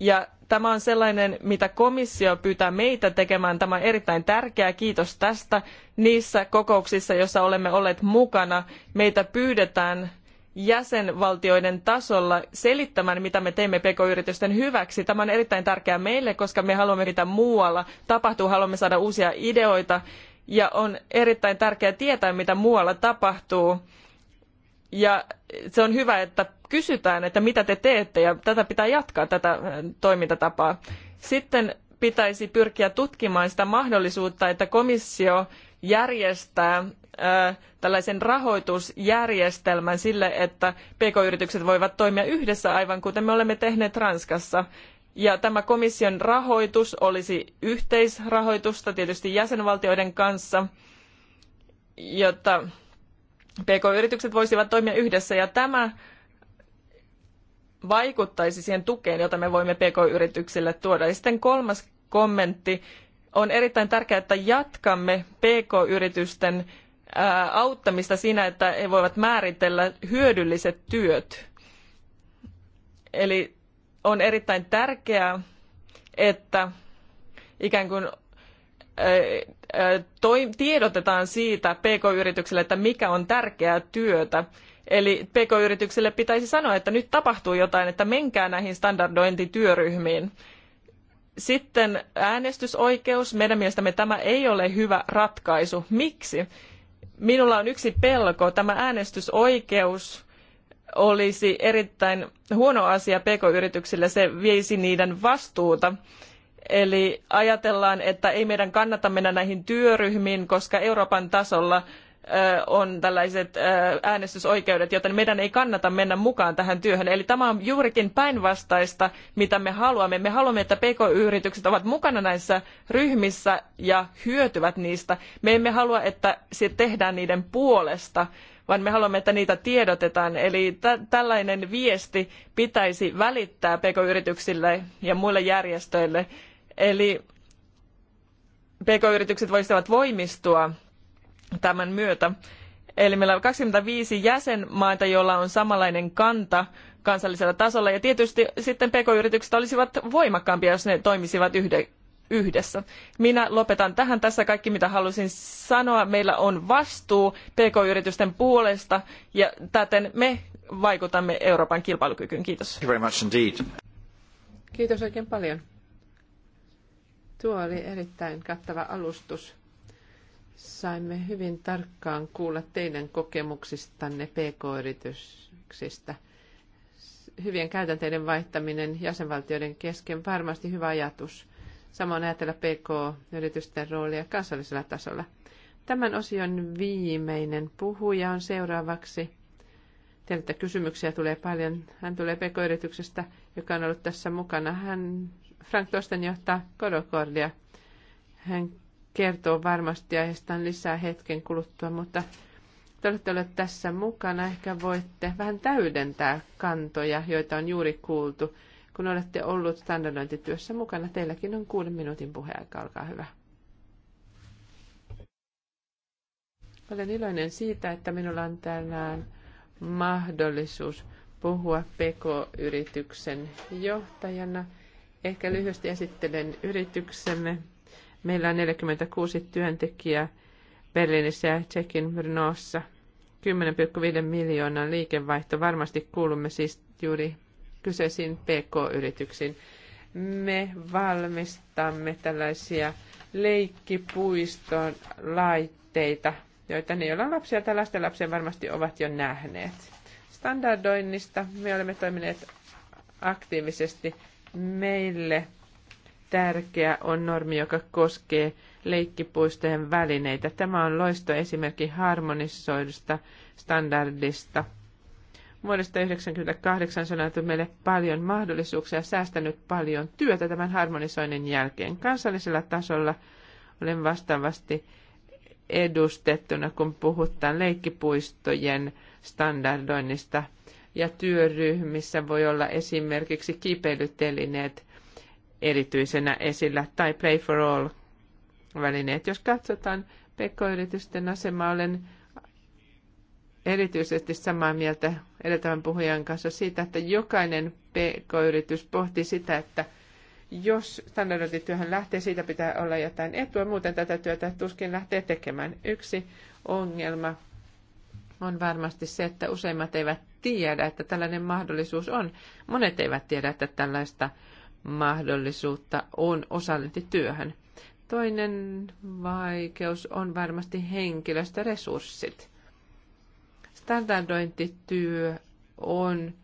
Ja tämä on sellainen, mitä komissio pyytää meitä tekemään. Tämä on erittäin tärkeää. Kiitos tästä. Niissä kokouksissa, joissa olemme olleet mukana, meitä pyydetään jäsenvaltioiden tasolla selittämään, mitä me teemme pk-yritysten hyväksi. Tämä on erittäin tärkeää meille, koska me haluamme, mitä muualla tapahtuu, haluamme saada uusia ideoita ja on erittäin tärkeää tietää, mitä muualla tapahtuu ja se on hyvä, että kysytään, että mitä te teette, ja tätä pitää jatkaa, tätä äh, toimintatapaa. Sitten pitäisi pyrkiä tutkimaan sitä mahdollisuutta, että komissio järjestää äh, tällaisen rahoitusjärjestelmän sille, että pk-yritykset voivat toimia yhdessä, aivan kuten me olemme tehneet Ranskassa. Ja tämä komission rahoitus olisi yhteisrahoitusta tietysti jäsenvaltioiden kanssa, jotta PK-yritykset voisivat toimia yhdessä ja tämä vaikuttaisi siihen tukeen, jota me voimme PK-yrityksille tuoda. Ja sitten kolmas kommentti. On erittäin tärkeää, että jatkamme PK-yritysten auttamista siinä, että he voivat määritellä hyödylliset työt. Eli on erittäin tärkeää, että ikään kuin tiedotetaan siitä pk-yritykselle, että mikä on tärkeää työtä. Eli pk-yritykselle pitäisi sanoa, että nyt tapahtuu jotain, että menkää näihin standardointityöryhmiin. Sitten äänestysoikeus. Meidän mielestämme tämä ei ole hyvä ratkaisu. Miksi? Minulla on yksi pelko. Tämä äänestysoikeus olisi erittäin huono asia pk-yrityksille. Se viisi niiden vastuuta Eli ajatellaan, että ei meidän kannata mennä näihin työryhmiin, koska Euroopan tasolla on tällaiset äänestysoikeudet, joten meidän ei kannata mennä mukaan tähän työhön. Eli tämä on juurikin päinvastaista, mitä me haluamme. Me haluamme, että PK-yritykset ovat mukana näissä ryhmissä ja hyötyvät niistä. Me emme halua, että se tehdään niiden puolesta, vaan me haluamme, että niitä tiedotetaan. Eli tällainen viesti pitäisi välittää PK-yrityksille ja muille järjestöille Eli PK-yritykset voisivat voimistua tämän myötä. Eli meillä on 25 jäsenmaata, joilla on samanlainen kanta kansallisella tasolla. Ja tietysti sitten PK-yritykset olisivat voimakkaampia, jos ne toimisivat yhdessä. Minä lopetan tähän tässä kaikki, mitä halusin sanoa. Meillä on vastuu PK-yritysten puolesta ja täten me vaikutamme Euroopan kilpailukykyyn. Kiitos. Kiitos oikein paljon. Tuo oli erittäin kattava alustus. Saimme hyvin tarkkaan kuulla teidän kokemuksistanne pk-yrityksistä. Hyvien käytänteiden vaihtaminen jäsenvaltioiden kesken varmasti hyvä ajatus. Samoin ajatella pk-yritysten roolia kansallisella tasolla. Tämän osion viimeinen puhuja on seuraavaksi. Teiltä kysymyksiä tulee paljon. Hän tulee pk joka on ollut tässä mukana. Hän Frank Tosten johtaa Kodokordia. Hän kertoo varmasti aiheestaan lisää hetken kuluttua, mutta te olette olleet tässä mukana. Ehkä voitte vähän täydentää kantoja, joita on juuri kuultu. Kun olette ollut standardointityössä mukana, teilläkin on kuuden minuutin puheaika. Olkaa hyvä. Olen iloinen siitä, että minulla on tänään mahdollisuus puhua PK-yrityksen johtajana – Ehkä lyhyesti esittelen yrityksemme. Meillä on 46 työntekijää Berliinissä ja Tsekin Brnoossa. 10,5 miljoonan liikevaihto. Varmasti kuulumme siis juuri kyseisiin PK-yrityksiin. Me valmistamme tällaisia leikkipuiston laitteita, joita ne, joilla on lapsia tai lastenlapsia, varmasti ovat jo nähneet. Standardoinnista me olemme toimineet aktiivisesti Meille tärkeä on normi, joka koskee leikkipuistojen välineitä. Tämä on esimerkki harmonisoidusta standardista. Vuodesta 1998 se on annettu meille paljon mahdollisuuksia ja säästänyt paljon työtä tämän harmonisoinnin jälkeen. Kansallisella tasolla olen vastaavasti edustettuna, kun puhutaan leikkipuistojen standardoinnista – ja työryhmissä voi olla esimerkiksi kipeilytelineet erityisenä esillä tai Play for All välineet. Jos katsotaan pk-yritysten asemaa, olen erityisesti samaa mieltä edeltävän puhujan kanssa siitä, että jokainen pk-yritys pohti sitä, että jos standardityöhön lähtee, siitä pitää olla jotain etua, muuten tätä työtä tuskin lähtee tekemään. Yksi ongelma on varmasti se, että useimmat eivät tiedä, että tällainen mahdollisuus on. Monet eivät tiedä, että tällaista mahdollisuutta on osallintityöhön. Toinen vaikeus on varmasti henkilöstöresurssit. Standardointityö on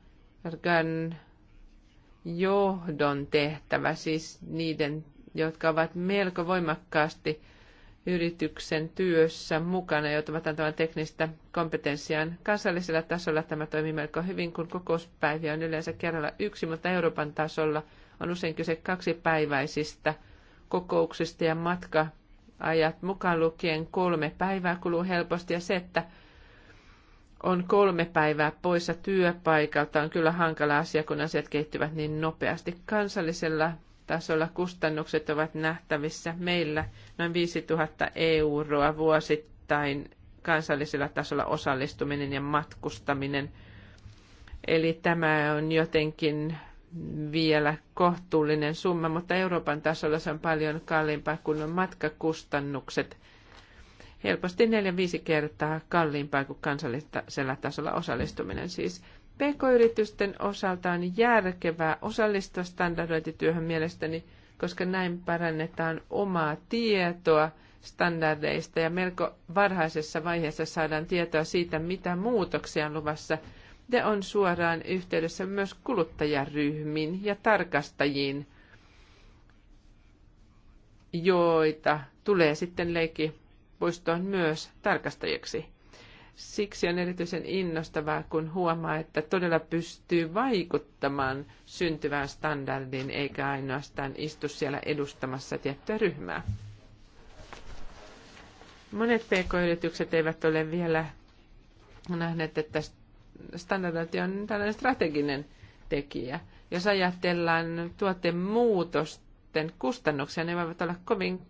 johdon tehtävä, siis niiden, jotka ovat melko voimakkaasti – yrityksen työssä mukana, joutuvat antamaan teknistä kompetenssiaan. Kansallisella tasolla tämä toimii melko hyvin, kun kokouspäiviä on yleensä kerralla yksi, mutta Euroopan tasolla on usein kyse kaksipäiväisistä kokouksista ja matkaajat mukaan lukien kolme päivää kuluu helposti ja se, että on kolme päivää poissa työpaikalta on kyllä hankala asia, kun asiat kehittyvät niin nopeasti. Kansallisella tasolla kustannukset ovat nähtävissä meillä noin 5000 euroa vuosittain kansallisella tasolla osallistuminen ja matkustaminen. Eli tämä on jotenkin vielä kohtuullinen summa, mutta Euroopan tasolla se on paljon kalliimpaa kuin on matkakustannukset. Helposti 4-5 kertaa kalliimpaa kuin kansallisella tasolla osallistuminen siis. PK-yritysten osalta on järkevää osallistua standardointityöhön mielestäni, koska näin parannetaan omaa tietoa standardeista ja melko varhaisessa vaiheessa saadaan tietoa siitä, mitä muutoksia on luvassa. Ne on suoraan yhteydessä myös kuluttajaryhmiin ja tarkastajiin, joita tulee sitten leikkipuistoon myös tarkastajiksi. Siksi on erityisen innostavaa, kun huomaa, että todella pystyy vaikuttamaan syntyvään standardiin, eikä ainoastaan istu siellä edustamassa tiettyä ryhmää. Monet pk-yritykset eivät ole vielä nähneet, että standardointi on tällainen strateginen tekijä. Jos ajatellaan tuotemuutosten kustannuksia, ne voivat olla kovin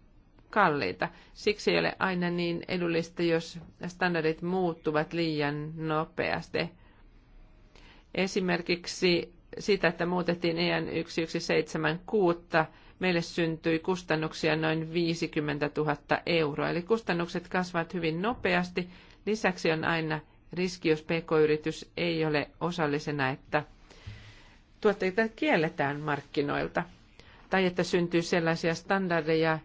kalliita. Siksi ei ole aina niin edullista, jos standardit muuttuvat liian nopeasti. Esimerkiksi sitä, että muutettiin EN 1176, meille syntyi kustannuksia noin 50 000 euroa. Eli kustannukset kasvavat hyvin nopeasti. Lisäksi on aina riski, jos pk-yritys ei ole osallisena, että tuotteita kielletään markkinoilta. Tai että syntyy sellaisia standardeja,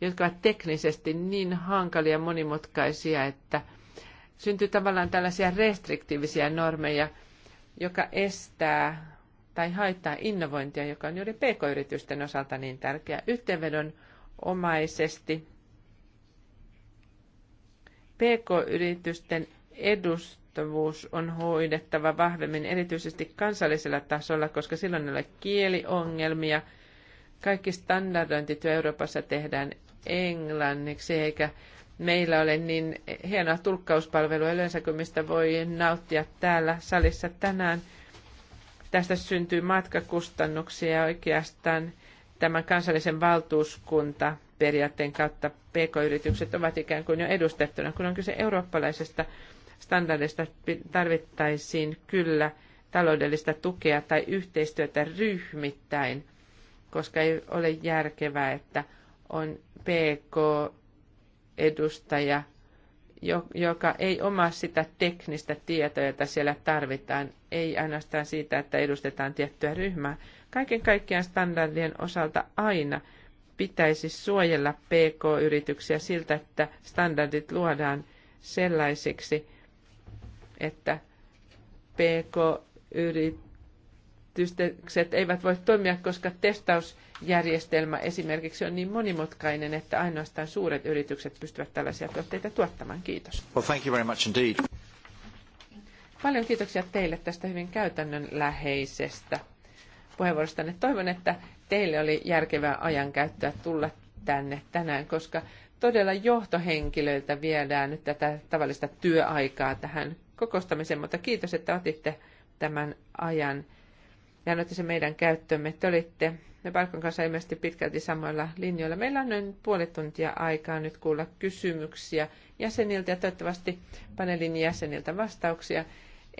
jotka ovat teknisesti niin hankalia ja monimutkaisia, että syntyy tavallaan tällaisia restriktiivisiä normeja, joka estää tai haittaa innovointia, joka on juuri pk-yritysten osalta niin tärkeä. Yhteenvedon omaisesti pk-yritysten edustavuus on hoidettava vahvemmin, erityisesti kansallisella tasolla, koska silloin ei ole kieliongelmia. Kaikki standardointityö Euroopassa tehdään englanniksi, eikä meillä ole niin hienoa tulkkauspalvelua yleensä kuin mistä voi nauttia täällä salissa tänään. Tästä syntyy matkakustannuksia oikeastaan tämän kansallisen valtuuskunta periaatteen kautta pk-yritykset ovat ikään kuin jo edustettuna. Kun on kyse eurooppalaisesta standardista, tarvittaisiin kyllä taloudellista tukea tai yhteistyötä ryhmittäin, koska ei ole järkevää, että – on PK-edustaja, joka ei omaa sitä teknistä tietoa, jota siellä tarvitaan, ei ainoastaan siitä, että edustetaan tiettyä ryhmää. Kaiken kaikkiaan standardien osalta aina pitäisi suojella PK-yrityksiä siltä, että standardit luodaan sellaisiksi, että pk yritys yritykset eivät voi toimia, koska testausjärjestelmä esimerkiksi on niin monimutkainen, että ainoastaan suuret yritykset pystyvät tällaisia tuotteita tuottamaan. Kiitos. Well, thank you very much indeed. Paljon kiitoksia teille tästä hyvin käytännönläheisestä puheenvuorostanne. Toivon, että teille oli järkevää ajankäyttöä tulla tänne tänään, koska todella johtohenkilöiltä viedään nyt tätä tavallista työaikaa tähän kokostamiseen, mutta kiitos, että otitte tämän ajan ja annoitte sen meidän käyttöömme. Te olitte ja Palkon kanssa ilmeisesti pitkälti samoilla linjoilla. Meillä on noin puoli tuntia aikaa nyt kuulla kysymyksiä jäseniltä ja toivottavasti paneelin jäseniltä vastauksia.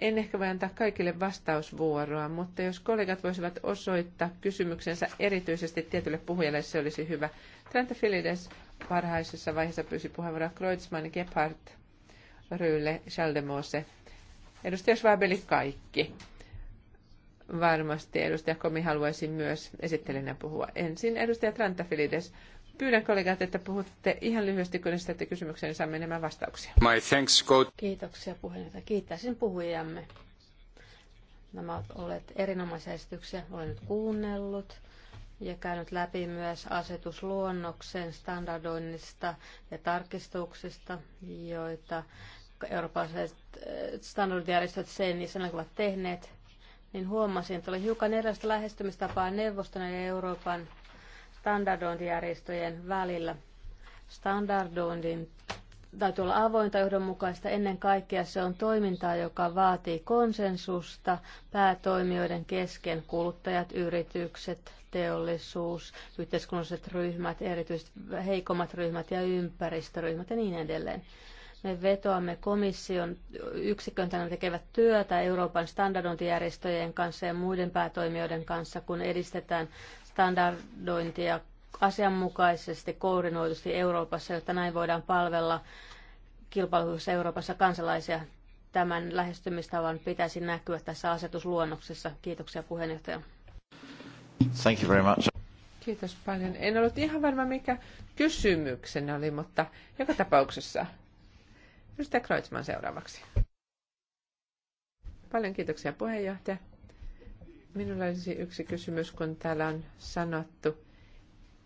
En ehkä voi antaa kaikille vastausvuoroa, mutta jos kollegat voisivat osoittaa kysymyksensä erityisesti tietylle puhujalle, se olisi hyvä. Trenta Filides varhaisessa vaiheessa pyysi puheenvuoroa Kreutzmann, Gebhardt, Ryyle, Schaldemose. Edustaja Schwabeli kaikki varmasti edustaja Komi haluaisi myös esittelijänä puhua. Ensin edustaja Trantafilides. Pyydän kollegat, että puhutte ihan lyhyesti, kun esitätte kysymyksen, niin saamme enemmän vastauksia. My thanks go- Kiitoksia puheenjohtaja. Kiittäisin puhujamme. Nämä olleet erinomaisia esityksiä. Olen nyt kuunnellut ja käynyt läpi myös asetusluonnoksen standardoinnista ja tarkistuksista, joita eurooppalaiset standardijärjestöt sen ja sen ovat tehneet niin huomasin, että oli hiukan erilaista lähestymistapaa neuvoston ja Euroopan standardointijärjestöjen välillä. Standardointin täytyy olla avointa johdonmukaista. Ennen kaikkea se on toimintaa, joka vaatii konsensusta päätoimijoiden kesken, kuluttajat, yritykset, teollisuus, yhteiskunnalliset ryhmät, erityisesti heikommat ryhmät ja ympäristöryhmät ja niin edelleen. Me vetoamme komission yksikön tänne tekevät työtä Euroopan standardointijärjestöjen kanssa ja muiden päätoimijoiden kanssa, kun edistetään standardointia asianmukaisesti, koordinoidusti Euroopassa, jotta näin voidaan palvella kilpailuissa Euroopassa kansalaisia. Tämän lähestymistavan pitäisi näkyä tässä asetusluonnoksessa. Kiitoksia puheenjohtaja. Thank you very much. Kiitos paljon. En ollut ihan varma, mikä kysymyksenä oli, mutta joka tapauksessa Edustaja Kreutzmann seuraavaksi. Paljon kiitoksia puheenjohtaja. Minulla olisi yksi kysymys, kun täällä on sanottu,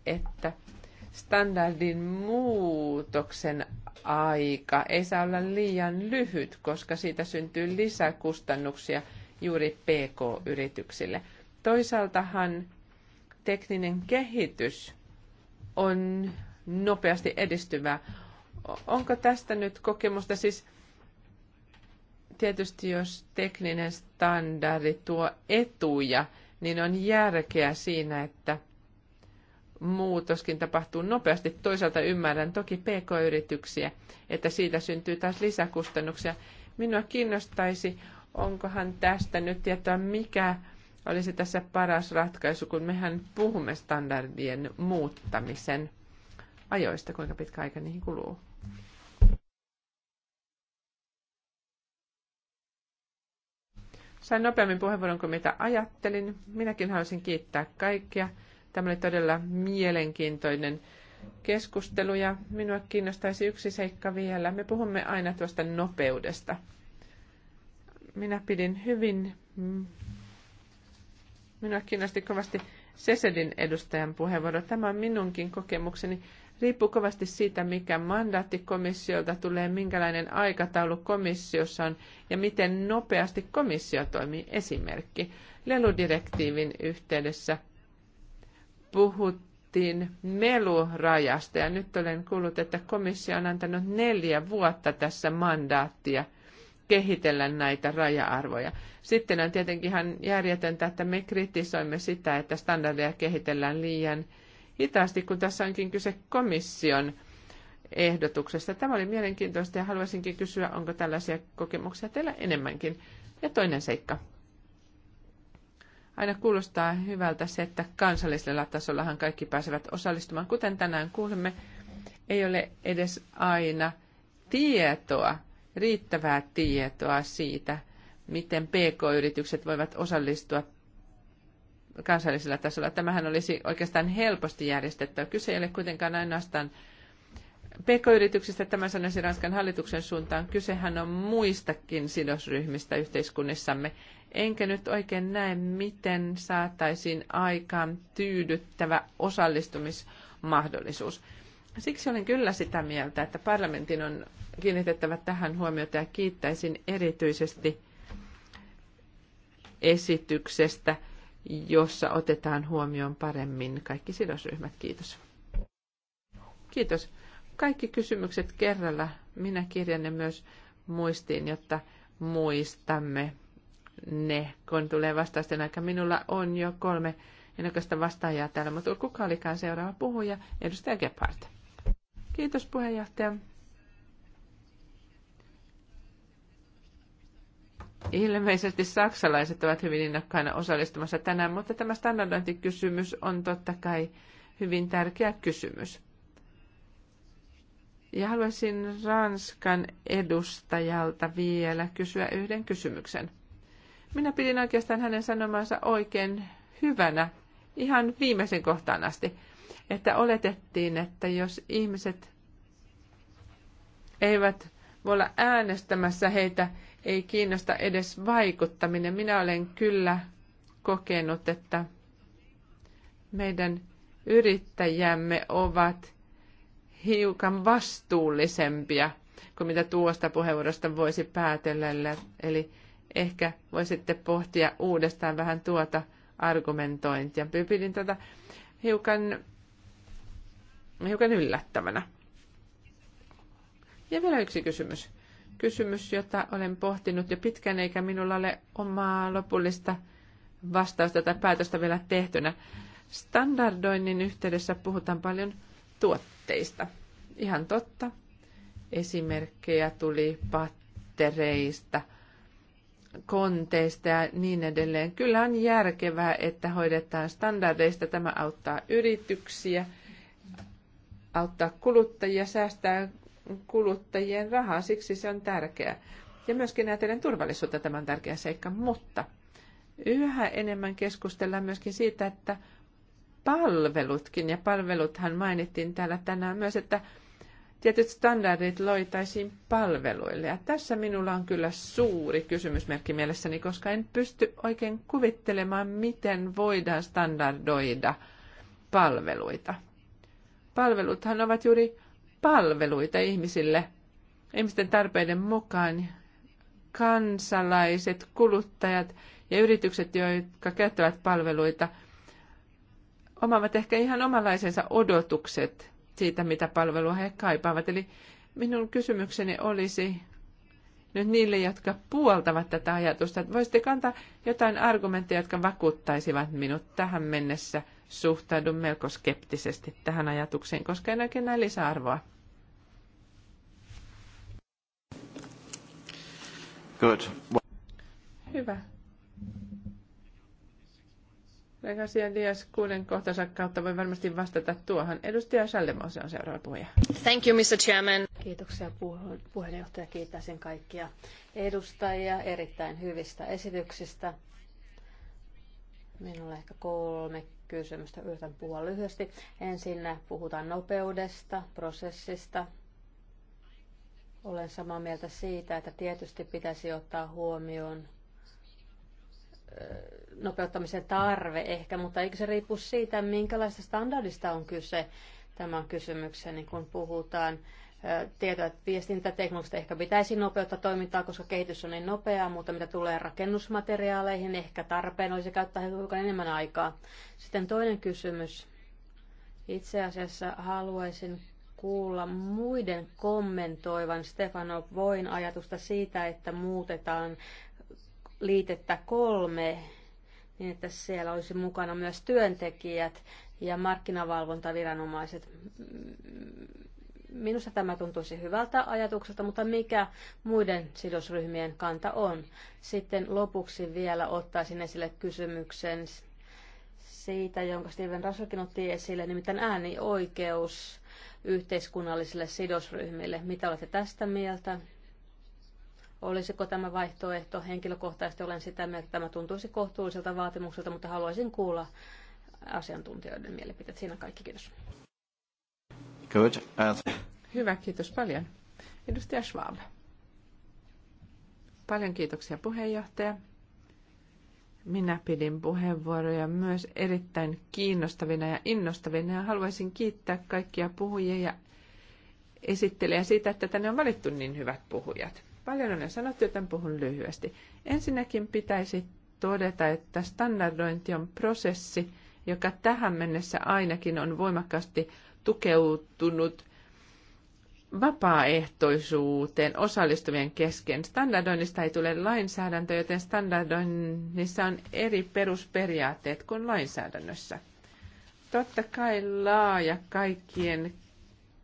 että standardin muutoksen aika ei saa olla liian lyhyt, koska siitä syntyy lisäkustannuksia juuri PK-yrityksille. Toisaaltahan tekninen kehitys on nopeasti edistyvää onko tästä nyt kokemusta? Siis tietysti jos tekninen standardi tuo etuja, niin on järkeä siinä, että muutoskin tapahtuu nopeasti. Toisaalta ymmärrän toki pk-yrityksiä, että siitä syntyy taas lisäkustannuksia. Minua kiinnostaisi, onkohan tästä nyt tietoa, mikä olisi tässä paras ratkaisu, kun mehän puhumme standardien muuttamisen ajoista, kuinka pitkä aika niihin kuluu. Sain nopeammin puheenvuoron kuin mitä ajattelin. Minäkin haluaisin kiittää kaikkia. Tämä oli todella mielenkiintoinen keskustelu ja minua kiinnostaisi yksi seikka vielä. Me puhumme aina tuosta nopeudesta. Minä pidin hyvin, mm, minua kiinnosti kovasti Sesedin edustajan puheenvuoro. Tämä on minunkin kokemukseni. Riippuu kovasti siitä, mikä mandaatti komissiolta tulee, minkälainen aikataulu komissiossa on ja miten nopeasti komissio toimii. Esimerkki. Leludirektiivin yhteydessä puhuttiin melurajasta ja nyt olen kuullut, että komissio on antanut neljä vuotta tässä mandaattia kehitellä näitä raja-arvoja. Sitten on tietenkin ihan järjetöntä, että me kritisoimme sitä, että standardeja kehitellään liian – hitaasti, kun tässä onkin kyse komission ehdotuksesta. Tämä oli mielenkiintoista ja haluaisinkin kysyä, onko tällaisia kokemuksia teillä enemmänkin. Ja toinen seikka. Aina kuulostaa hyvältä se, että kansallisella tasollahan kaikki pääsevät osallistumaan. Kuten tänään kuulemme, ei ole edes aina tietoa, riittävää tietoa siitä, miten PK-yritykset voivat osallistua kansallisella tasolla. Tämähän olisi oikeastaan helposti järjestettävä. Kyse ei ole kuitenkaan ainoastaan PK-yrityksistä, tämä sanoisi Ranskan hallituksen suuntaan. Kysehän on muistakin sidosryhmistä yhteiskunnissamme. Enkä nyt oikein näe, miten saataisiin aikaan tyydyttävä osallistumismahdollisuus. Siksi olen kyllä sitä mieltä, että parlamentin on kiinnitettävä tähän huomiota ja kiittäisin erityisesti esityksestä – jossa otetaan huomioon paremmin kaikki sidosryhmät. Kiitos. Kiitos. Kaikki kysymykset kerralla. Minä kirjan ne myös muistiin, jotta muistamme ne, kun tulee vastausten aika. Minulla on jo kolme ennakasta vastaajaa täällä, mutta kuka olikaan seuraava puhuja? Edustaja Gebhardt. Kiitos puheenjohtaja. Ilmeisesti saksalaiset ovat hyvin innokkaina osallistumassa tänään, mutta tämä standardointikysymys on totta kai hyvin tärkeä kysymys. Ja haluaisin Ranskan edustajalta vielä kysyä yhden kysymyksen. Minä pidin oikeastaan hänen sanomansa oikein hyvänä ihan viimeisen kohtaan asti, että oletettiin, että jos ihmiset eivät voi olla äänestämässä, heitä ei kiinnosta edes vaikuttaminen. Minä olen kyllä kokenut, että meidän yrittäjämme ovat hiukan vastuullisempia kuin mitä tuosta puheenvuorosta voisi päätellä. Eli ehkä voisitte pohtia uudestaan vähän tuota argumentointia. Pidin tätä hiukan, hiukan yllättävänä. Ja vielä yksi kysymys kysymys, jota olen pohtinut jo pitkään, eikä minulla ole omaa lopullista vastausta tai päätöstä vielä tehtynä. Standardoinnin yhteydessä puhutaan paljon tuotteista. Ihan totta. Esimerkkejä tuli pattereista, konteista ja niin edelleen. Kyllä on järkevää, että hoidetaan standardeista. Tämä auttaa yrityksiä, auttaa kuluttajia, säästää kuluttajien rahaa, siksi se on tärkeää. Ja myöskin ajatellen turvallisuutta tämä on tärkeä seikka, mutta yhä enemmän keskustellaan myöskin siitä, että palvelutkin, ja palveluthan mainittiin täällä tänään myös, että tietyt standardit loitaisiin palveluille. Ja tässä minulla on kyllä suuri kysymysmerkki mielessäni, koska en pysty oikein kuvittelemaan, miten voidaan standardoida palveluita. Palveluthan ovat juuri palveluita ihmisille, ihmisten tarpeiden mukaan. Kansalaiset, kuluttajat ja yritykset, jotka käyttävät palveluita, omaavat ehkä ihan omanlaisensa odotukset siitä, mitä palvelua he kaipaavat. Eli minun kysymykseni olisi nyt niille, jotka puoltavat tätä ajatusta, että voisitte antaa jotain argumentteja, jotka vakuuttaisivat minut tähän mennessä. Suhtaudun melko skeptisesti tähän ajatukseen, koska en oikein näe lisäarvoa. Good. Hyvä. voi varmasti vastata tuohon. Thank you, Mr. Chairman. Kiitoksia puheenjohtaja. Kiitäisin kaikkia edustajia erittäin hyvistä esityksistä. Minulla on ehkä kolme kysymystä. Yritän puhua lyhyesti. Ensin puhutaan nopeudesta, prosessista, olen samaa mieltä siitä, että tietysti pitäisi ottaa huomioon nopeuttamisen tarve ehkä, mutta eikö se riippu siitä, minkälaista standardista on kyse tämän kysymyksen, niin kun puhutaan tietoa, että viestintäteknologista ehkä pitäisi nopeuttaa toimintaa, koska kehitys on niin nopeaa, mutta mitä tulee rakennusmateriaaleihin, ehkä tarpeen olisi käyttää hiukan enemmän aikaa. Sitten toinen kysymys. Itse asiassa haluaisin kuulla muiden kommentoivan Stefano Voin ajatusta siitä, että muutetaan liitettä kolme niin, että siellä olisi mukana myös työntekijät ja markkinavalvontaviranomaiset. Minusta tämä tuntuisi hyvältä ajatukselta, mutta mikä muiden sidosryhmien kanta on? Sitten lopuksi vielä ottaisin esille kysymyksen siitä, jonka Steven Rasokin otti esille, nimittäin äänioikeus yhteiskunnallisille sidosryhmille. Mitä olette tästä mieltä? Olisiko tämä vaihtoehto? Henkilökohtaisesti olen sitä mieltä, että tämä tuntuisi kohtuulliselta vaatimukselta, mutta haluaisin kuulla asiantuntijoiden mielipiteet. Siinä kaikki, kiitos. Good. Hyvä, kiitos paljon. Edustaja Schwab. Paljon kiitoksia puheenjohtaja. Minä pidin puheenvuoroja myös erittäin kiinnostavina ja innostavina ja haluaisin kiittää kaikkia puhujia ja esittelejä siitä, että tänne on valittu niin hyvät puhujat. Paljon on jo sanottu, joten puhun lyhyesti. Ensinnäkin pitäisi todeta, että standardointi on prosessi, joka tähän mennessä ainakin on voimakkaasti tukeutunut – vapaaehtoisuuteen osallistuvien kesken. Standardoinnista ei tule lainsäädäntö, joten standardoinnissa on eri perusperiaatteet kuin lainsäädännössä. Totta kai laaja kaikkien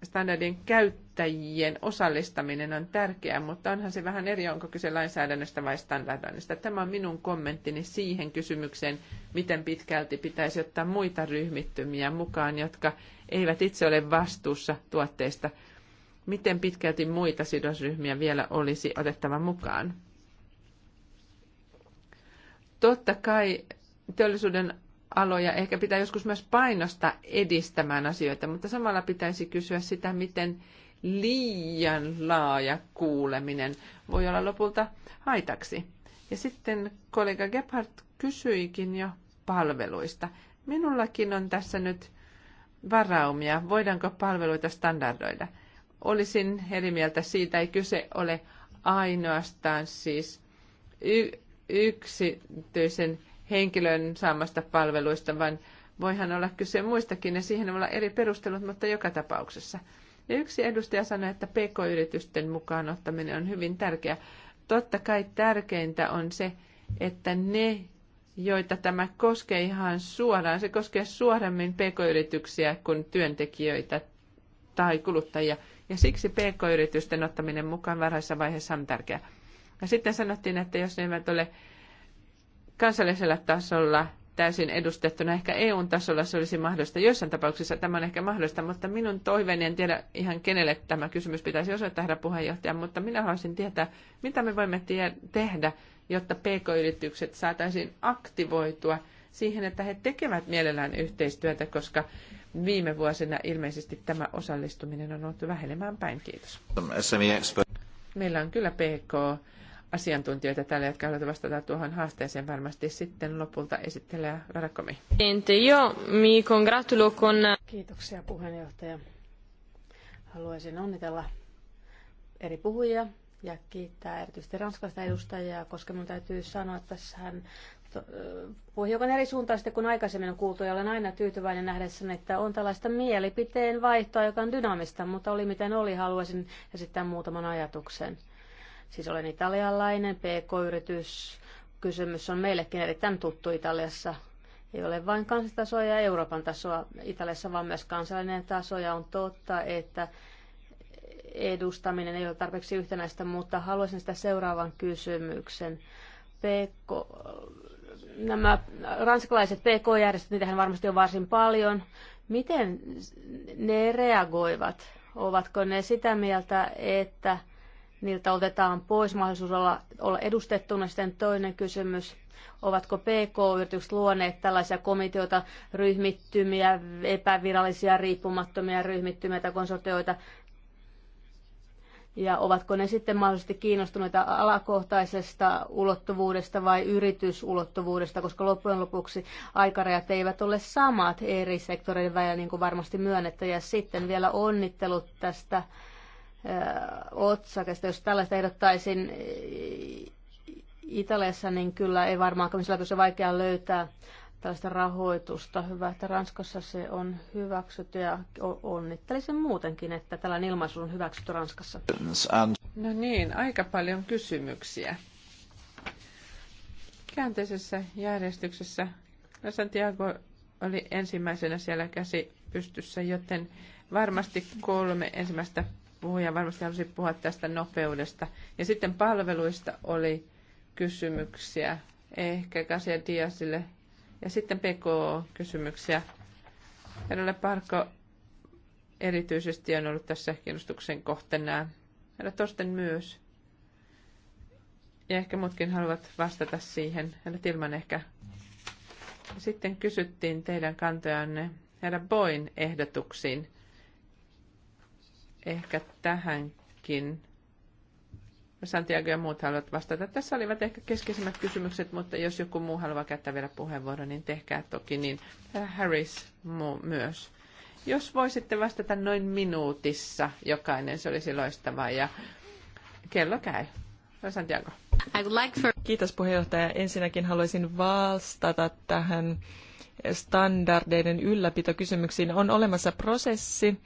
standardien käyttäjien osallistaminen on tärkeää, mutta onhan se vähän eri, onko kyse lainsäädännöstä vai standardoinnista. Tämä on minun kommenttini siihen kysymykseen, miten pitkälti pitäisi ottaa muita ryhmittymiä mukaan, jotka eivät itse ole vastuussa tuotteista – miten pitkälti muita sidosryhmiä vielä olisi otettava mukaan. Totta kai teollisuuden aloja ehkä pitää joskus myös painosta edistämään asioita, mutta samalla pitäisi kysyä sitä, miten liian laaja kuuleminen voi olla lopulta haitaksi. Ja sitten kollega Gebhardt kysyikin jo palveluista. Minullakin on tässä nyt varaumia, voidaanko palveluita standardoida olisin eri mieltä siitä, ei kyse ole ainoastaan siis y- yksityisen henkilön saamasta palveluista, vaan voihan olla kyse muistakin ja siihen voi olla eri perustelut, mutta joka tapauksessa. Ja yksi edustaja sanoi, että pk-yritysten mukaan ottaminen on hyvin tärkeä. Totta kai tärkeintä on se, että ne, joita tämä koskee ihan suoraan, se koskee suoremmin pk-yrityksiä kuin työntekijöitä tai kuluttajia. Ja siksi pk-yritysten ottaminen mukaan varhaisessa vaiheessa on tärkeää. Ja sitten sanottiin, että jos ne eivät ole kansallisella tasolla täysin edustettuna, ehkä eu tasolla se olisi mahdollista. Joissain tapauksissa tämä on ehkä mahdollista, mutta minun toiveeni, en tiedä ihan kenelle tämä kysymys pitäisi osoittaa, herra puheenjohtaja, mutta minä haluaisin tietää, mitä me voimme tehdä, jotta pk-yritykset saataisiin aktivoitua – siihen, että he tekevät mielellään yhteistyötä, koska viime vuosina ilmeisesti tämä osallistuminen on ollut vähenemään päin. Kiitos. E Meillä on kyllä PK asiantuntijoita tällä jotka haluavat vastata tuohon haasteeseen varmasti sitten lopulta esittelee Rarakomi. mi congratulo con... Kiitoksia puheenjohtaja. Haluaisin onnitella eri puhujia ja kiittää erityisesti ranskalaista edustajia, koska minun täytyy sanoa, että tässähän Äh, hiukan eri suuntaisesti kuin aikaisemmin on kuultu, ja olen aina tyytyväinen nähdessäni, että on tällaista mielipiteen vaihtoa, joka on dynaamista, mutta oli miten oli, haluaisin esittää muutaman ajatuksen. Siis olen italialainen, PK-yritys, kysymys on meillekin erittäin tuttu Italiassa. Ei ole vain kansantasoa ja Euroopan tasoa Italiassa, vaan myös kansallinen taso, ja on totta, että edustaminen ei ole tarpeeksi yhtenäistä, mutta haluaisin sitä seuraavan kysymyksen. PK, nämä ranskalaiset PK-järjestöt, niitähän varmasti on varsin paljon. Miten ne reagoivat? Ovatko ne sitä mieltä, että niiltä otetaan pois mahdollisuus olla, olla edustettuna? Sitten toinen kysymys, ovatko PK-yritykset luoneet tällaisia komiteoita, ryhmittymiä, epävirallisia, riippumattomia ryhmittymiä tai konsortioita, ja ovatko ne sitten mahdollisesti kiinnostuneita alakohtaisesta ulottuvuudesta vai yritysulottuvuudesta, koska loppujen lopuksi aikarajat eivät ole samat eri sektoreiden välillä, niin kuin varmasti myönnettä. Ja sitten vielä onnittelut tästä otsakesta, jos tällaista ehdottaisin e, Italiassa, niin kyllä ei varmaan kun se vaikea löytää tällaista rahoitusta. Hyvä, että Ranskassa se on hyväksytty ja onnittelisin muutenkin, että tällainen ilmaisu on hyväksytty Ranskassa. No niin, aika paljon kysymyksiä. Käänteisessä järjestyksessä no Santiago oli ensimmäisenä siellä käsi pystyssä, joten varmasti kolme ensimmäistä puhujaa varmasti halusi puhua tästä nopeudesta. Ja sitten palveluista oli kysymyksiä ehkä Kasia Diasille ja sitten PK-kysymyksiä. Herralle Parko erityisesti on ollut tässä kiinnostuksen kohteena. Herra Torsten myös. Ja ehkä muutkin haluavat vastata siihen. Herra Tilman ehkä. Sitten kysyttiin teidän kantojanne herra Boin ehdotuksiin. Ehkä tähänkin Santiago ja muut haluavat vastata. Tässä olivat ehkä keskeisimmät kysymykset, mutta jos joku muu haluaa käyttää vielä puheenvuoron, niin tehkää toki niin. Harris myös. Jos voisitte vastata noin minuutissa jokainen, se olisi loistavaa ja kello käy. Santiago. I would like for... Kiitos puheenjohtaja. Ensinnäkin haluaisin vastata tähän standardeiden ylläpitokysymyksiin. On olemassa prosessi,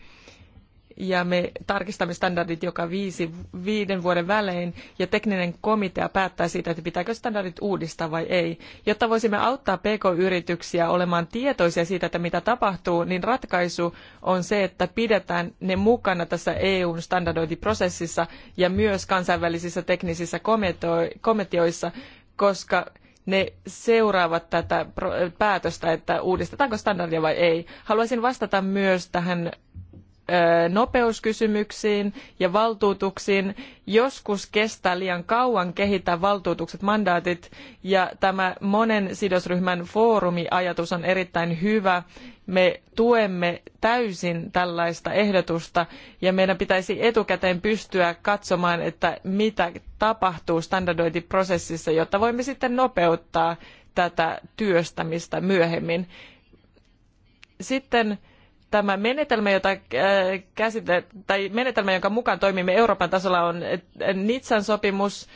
ja me tarkistamme standardit joka viisi, viiden vuoden välein ja tekninen komitea päättää siitä, että pitääkö standardit uudistaa vai ei. Jotta voisimme auttaa pk-yrityksiä olemaan tietoisia siitä, että mitä tapahtuu, niin ratkaisu on se, että pidetään ne mukana tässä EUn standardointiprosessissa ja myös kansainvälisissä teknisissä komiteoissa, koska ne seuraavat tätä päätöstä, että uudistetaanko standardia vai ei. Haluaisin vastata myös tähän nopeuskysymyksiin ja valtuutuksiin. Joskus kestää liian kauan kehittää valtuutukset, mandaatit ja tämä monen sidosryhmän foorumiajatus on erittäin hyvä. Me tuemme täysin tällaista ehdotusta ja meidän pitäisi etukäteen pystyä katsomaan, että mitä tapahtuu standardointiprosessissa, jotta voimme sitten nopeuttaa tätä työstämistä myöhemmin. Sitten tämä menetelmä, jota äh, käsite, tai menetelmä, jonka mukaan toimimme Euroopan tasolla, on äh, Nitsan sopimus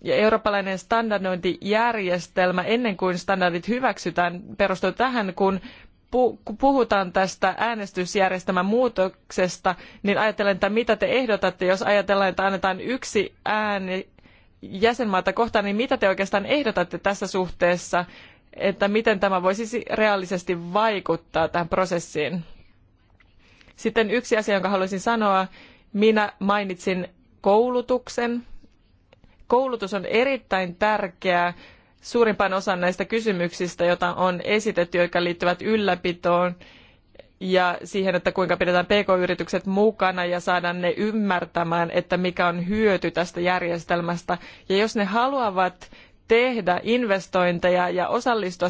ja eurooppalainen standardointijärjestelmä ennen kuin standardit hyväksytään perustuu tähän, kun puhutaan tästä äänestysjärjestelmän muutoksesta, niin ajattelen, että mitä te ehdotatte, jos ajatellaan, että annetaan yksi ääni jäsenmaata kohtaan, niin mitä te oikeastaan ehdotatte tässä suhteessa, että miten tämä voisi reaalisesti vaikuttaa tähän prosessiin? Sitten yksi asia, jonka haluaisin sanoa, minä mainitsin koulutuksen. Koulutus on erittäin tärkeää suurimpaan osan näistä kysymyksistä, joita on esitetty, jotka liittyvät ylläpitoon ja siihen, että kuinka pidetään pk-yritykset mukana ja saadaan ne ymmärtämään, että mikä on hyöty tästä järjestelmästä. Ja jos ne haluavat tehdä investointeja ja osallistua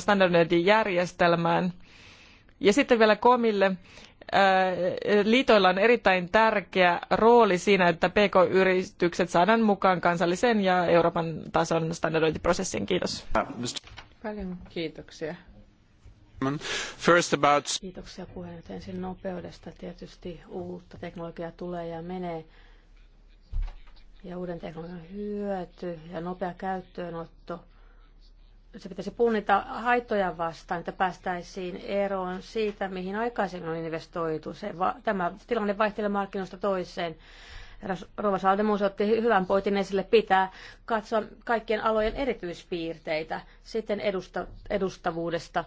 järjestelmään, ja sitten vielä komille liitoilla on erittäin tärkeä rooli siinä, että PK-yritykset saadaan mukaan kansallisen ja Euroopan tason standardointiprosessiin. Kiitos. Paljon kiitoksia. First about... Kiitoksia puheenjohtaja. Ensin nopeudesta tietysti uutta teknologiaa tulee ja menee. Ja uuden teknologian hyöty ja nopea käyttöönotto – se pitäisi punnita haittoja vastaan, että päästäisiin eroon siitä, mihin aikaisemmin on investoitu. Se va- tämä tilanne vaihtelee markkinoista toiseen. Rova Saldemus otti hyvän pointin esille, pitää katsoa kaikkien alojen erityispiirteitä, sitten edusta- edustavuudesta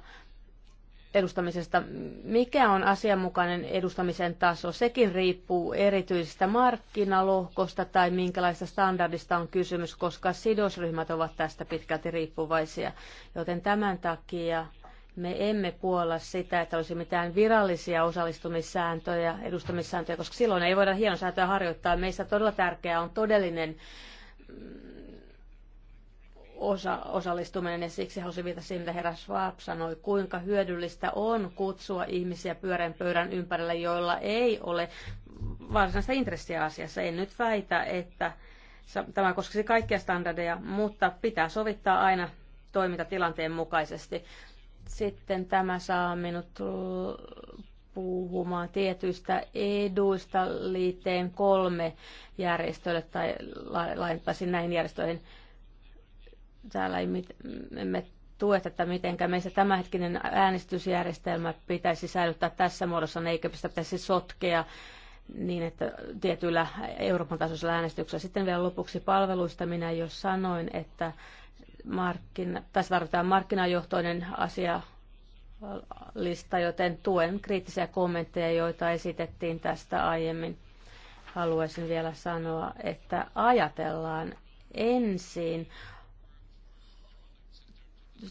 edustamisesta. Mikä on asianmukainen edustamisen taso? Sekin riippuu erityisestä markkinalohkosta tai minkälaista standardista on kysymys, koska sidosryhmät ovat tästä pitkälti riippuvaisia. Joten tämän takia me emme puolla sitä, että olisi mitään virallisia osallistumissääntöjä, edustamissääntöjä, koska silloin ei voida hienosäätöä harjoittaa. Meistä todella tärkeää on todellinen osa, osallistuminen, ja siksi halusin viitata siihen, mitä herra Schwab sanoi, kuinka hyödyllistä on kutsua ihmisiä pyörän pöydän ympärille, joilla ei ole varsinaista intressiä asiassa. En nyt väitä, että tämä koskisi kaikkia standardeja, mutta pitää sovittaa aina toimintatilanteen mukaisesti. Sitten tämä saa minut puhumaan tietyistä eduista liitteen kolme järjestölle tai laajentaisin näihin järjestöihin täällä ei mit, emme tue tätä miten Meistä tämänhetkinen äänestysjärjestelmä pitäisi säilyttää tässä muodossa, niin eikä sitä pitäisi sotkea niin, että tietyillä Euroopan tasoisilla äänestyksillä. Sitten vielä lopuksi palveluista minä jo sanoin, että markkina, tässä tarvitaan markkinajohtoinen asia lista, joten tuen kriittisiä kommentteja, joita esitettiin tästä aiemmin. Haluaisin vielä sanoa, että ajatellaan ensin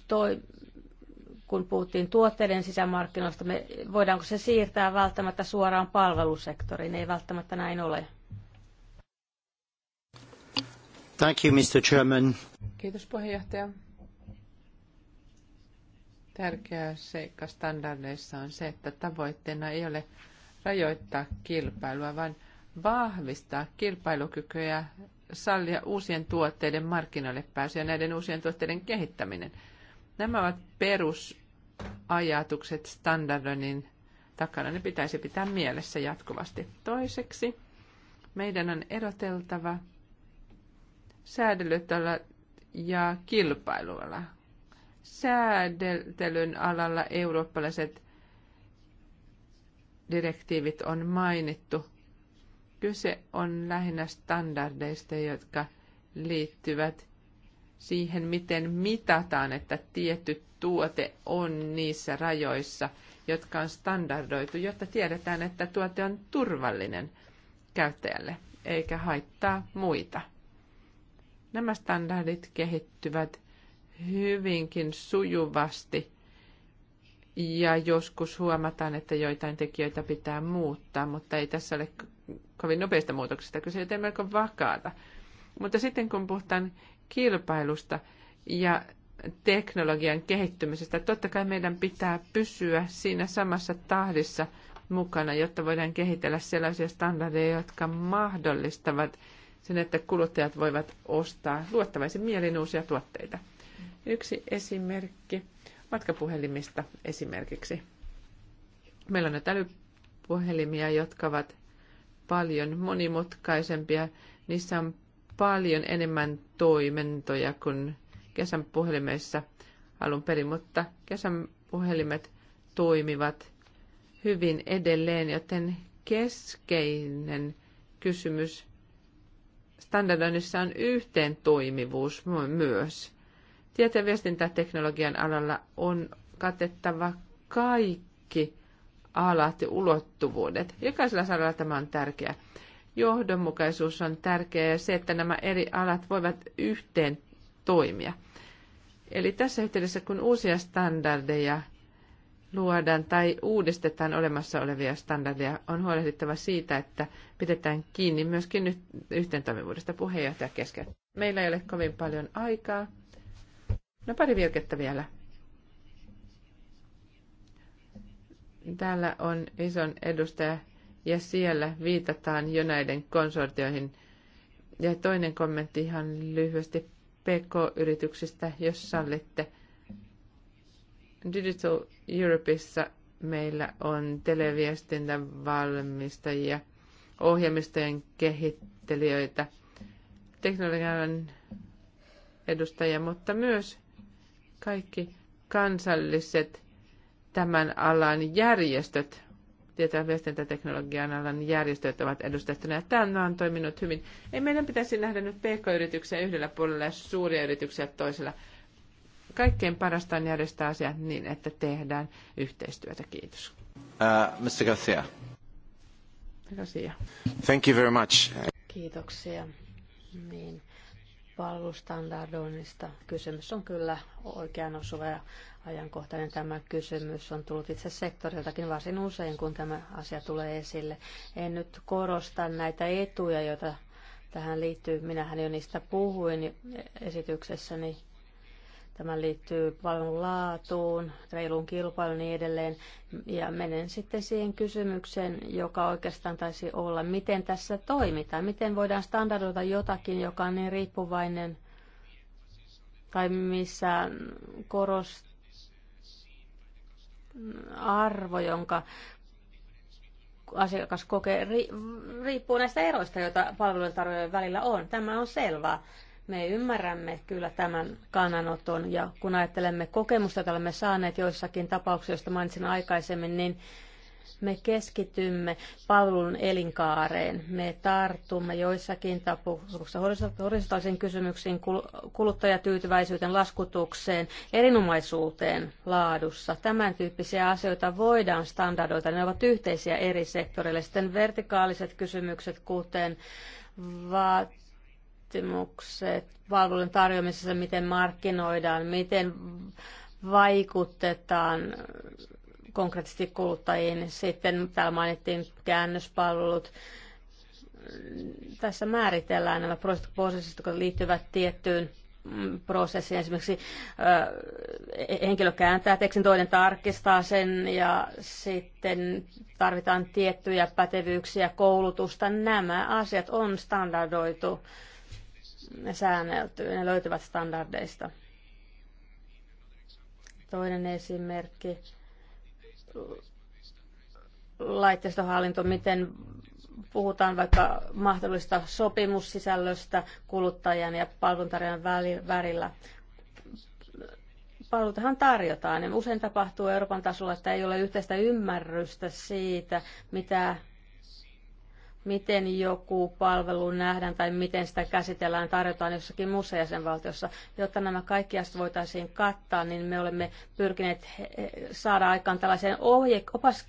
toi, kun puhuttiin tuotteiden sisämarkkinoista, me, voidaanko se siirtää välttämättä suoraan palvelusektoriin? Ei välttämättä näin ole. Thank you, Mr. Chairman. Kiitos puheenjohtaja. Tärkeä seikka standardeissa on se, että tavoitteena ei ole rajoittaa kilpailua, vaan vahvistaa kilpailukykyä ja sallia uusien tuotteiden markkinoille pääsy ja näiden uusien tuotteiden kehittäminen – Nämä ovat perusajatukset standardoinnin takana. Ne pitäisi pitää mielessä jatkuvasti. Toiseksi meidän on eroteltava säädelytöllä ja kilpailuilla. Säädeltelyn alalla eurooppalaiset direktiivit on mainittu. Kyse on lähinnä standardeista, jotka liittyvät siihen, miten mitataan, että tietty tuote on niissä rajoissa, jotka on standardoitu, jotta tiedetään, että tuote on turvallinen käyttäjälle eikä haittaa muita. Nämä standardit kehittyvät hyvinkin sujuvasti ja joskus huomataan, että joitain tekijöitä pitää muuttaa, mutta ei tässä ole kovin nopeista muutoksista se on melko vakaata. Mutta sitten kun puhutaan kilpailusta ja teknologian kehittymisestä. Totta kai meidän pitää pysyä siinä samassa tahdissa mukana, jotta voidaan kehitellä sellaisia standardeja, jotka mahdollistavat sen, että kuluttajat voivat ostaa luottavaisin mielin uusia tuotteita. Yksi esimerkki matkapuhelimista esimerkiksi. Meillä on näitä älypuhelimia, jotka ovat paljon monimutkaisempia. Niissä on paljon enemmän toimintoja kuin kesän puhelimeissa alun perin, mutta kesän puhelimet toimivat hyvin edelleen, joten keskeinen kysymys standardoinnissa on yhteen toimivuus myös. Tieto- ja viestintäteknologian alalla on katettava kaikki alat ja ulottuvuudet. Jokaisella saralla tämä on tärkeää johdonmukaisuus on tärkeää ja se, että nämä eri alat voivat yhteen toimia. Eli tässä yhteydessä, kun uusia standardeja luodaan tai uudistetaan olemassa olevia standardeja, on huolehdittava siitä, että pidetään kiinni myöskin yhteen toimivuudesta puheenjohtaja kesken. Meillä ei ole kovin paljon aikaa. No pari virkettä vielä. Täällä on ison edustaja ja siellä viitataan jo näiden konsortioihin. Ja toinen kommentti ihan lyhyesti PK-yrityksistä, jos sallitte. Digital Europeissa meillä on televiestintävalmistajia, ohjelmistojen kehittelijöitä, teknologian edustajia, mutta myös kaikki kansalliset tämän alan järjestöt tieto- ja viestintäteknologian alan järjestöt ovat edustettuna. Tämä on toiminut hyvin. Ei meidän pitäisi nähdä nyt pk-yrityksiä yhdellä puolella ja suuria yrityksiä toisella. Kaikkein parasta on järjestää asiat niin, että tehdään yhteistyötä. Kiitos. Uh, Mr. Garcia. Garcia. Thank you very much. Kiitoksia. Niin palvelustandardoinnista. Kysymys on kyllä oikean osuva ja ajankohtainen tämä kysymys on tullut itse sektoriltakin varsin usein, kun tämä asia tulee esille. En nyt korosta näitä etuja, joita tähän liittyy. Minähän jo niistä puhuin esityksessäni Tämä liittyy palvelun laatuun, reiluun kilpailuun ja niin edelleen. Ja menen sitten siihen kysymykseen, joka oikeastaan taisi olla, miten tässä toimitaan, miten voidaan standardoida jotakin, joka on niin riippuvainen tai missä korost arvo, jonka asiakas kokee, riippuu näistä eroista, joita palvelujen tarjoajien välillä on. Tämä on selvää. Me ymmärrämme kyllä tämän kannanoton ja kun ajattelemme kokemusta, jota olemme saaneet joissakin tapauksissa, joista mainitsin aikaisemmin, niin me keskitymme palvelun elinkaareen. Me tartumme joissakin tapauksissa horisontaalisiin kysymyksiin, kuluttajatyytyväisyyteen, laskutukseen, erinomaisuuteen laadussa. Tämän tyyppisiä asioita voidaan standardoida. Ne ovat yhteisiä eri sektoreille. Sitten vertikaaliset kysymykset, kuten vaat vaatimukset palvelun tarjoamisessa, miten markkinoidaan, miten vaikutetaan konkreettisesti kuluttajiin. Sitten täällä mainittiin käännöspalvelut. Tässä määritellään nämä prosessit, jotka liittyvät tiettyyn prosessiin. Esimerkiksi henkilö kääntää tekstin, toinen tarkistaa sen ja sitten tarvitaan tiettyjä pätevyyksiä, koulutusta. Nämä asiat on standardoitu säännelty. Ne löytyvät standardeista. Toinen esimerkki, laitteistohallinto, miten puhutaan vaikka mahdollista sopimussisällöstä kuluttajan ja palveluntarjoajan välillä. Palvelutahan tarjotaan ja usein tapahtuu Euroopan tasolla, että ei ole yhteistä ymmärrystä siitä, mitä miten joku palvelu nähdään tai miten sitä käsitellään, tarjotaan jossakin muussa jäsenvaltiossa. Jotta nämä kaikki asiat voitaisiin kattaa, niin me olemme pyrkineet saada aikaan tällaisen ohje, opas,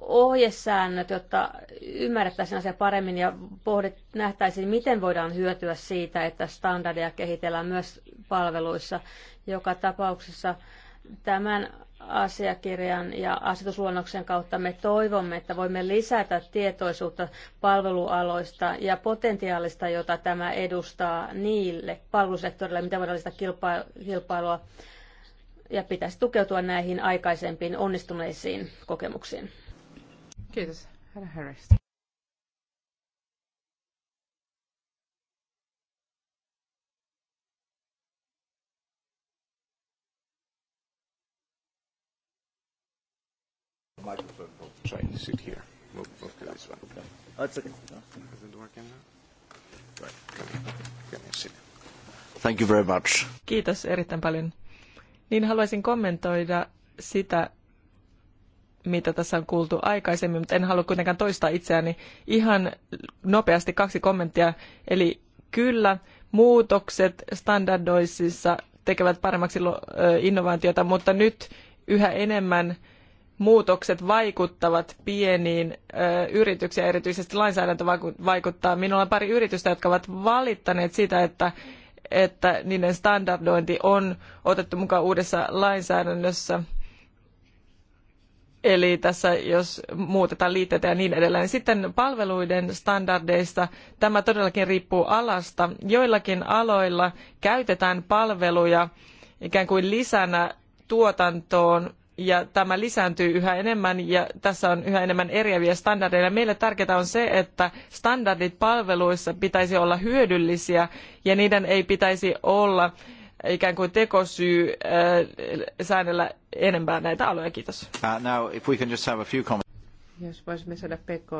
ohjesäännöt, jotta ymmärrettäisiin asia paremmin ja pohdit, nähtäisiin, miten voidaan hyötyä siitä, että standardeja kehitellään myös palveluissa. Joka tapauksessa Tämän asiakirjan ja asetusluonnoksen kautta me toivomme, että voimme lisätä tietoisuutta palvelualoista ja potentiaalista, jota tämä edustaa niille palvelusektorille, mitä voidaan lisätä kilpailua ja pitäisi tukeutua näihin aikaisempiin onnistuneisiin kokemuksiin. Kiitos. Herra Harris. microphone problem. Try and sit here. Move, move to this one. Oh, it's okay. working now? Right. Come here. Come here, sit. Thank you very much. Kiitos erittäin paljon. Niin haluaisin kommentoida sitä, mitä tässä on kuultu aikaisemmin, mutta en halua kuitenkaan toistaa itseäni. Ihan nopeasti kaksi kommenttia. Eli kyllä, muutokset standardoisissa tekevät paremmaksi innovaatiota, mutta nyt yhä enemmän – muutokset vaikuttavat pieniin ö, yrityksiin, erityisesti lainsäädäntö vaikuttaa. Minulla on pari yritystä, jotka ovat valittaneet sitä, että, että niiden standardointi on otettu mukaan uudessa lainsäädännössä. Eli tässä, jos muutetaan liitteitä ja niin edelleen. Sitten palveluiden standardeista tämä todellakin riippuu alasta. Joillakin aloilla käytetään palveluja ikään kuin lisänä tuotantoon ja tämä lisääntyy yhä enemmän ja tässä on yhä enemmän eriäviä standardeja. Meille tärkeää on se, että standardit palveluissa pitäisi olla hyödyllisiä ja niiden ei pitäisi olla ikään kuin tekosyy äh, säännellä enempää näitä aloja. Kiitos. Uh, now, Jos voisimme saada PK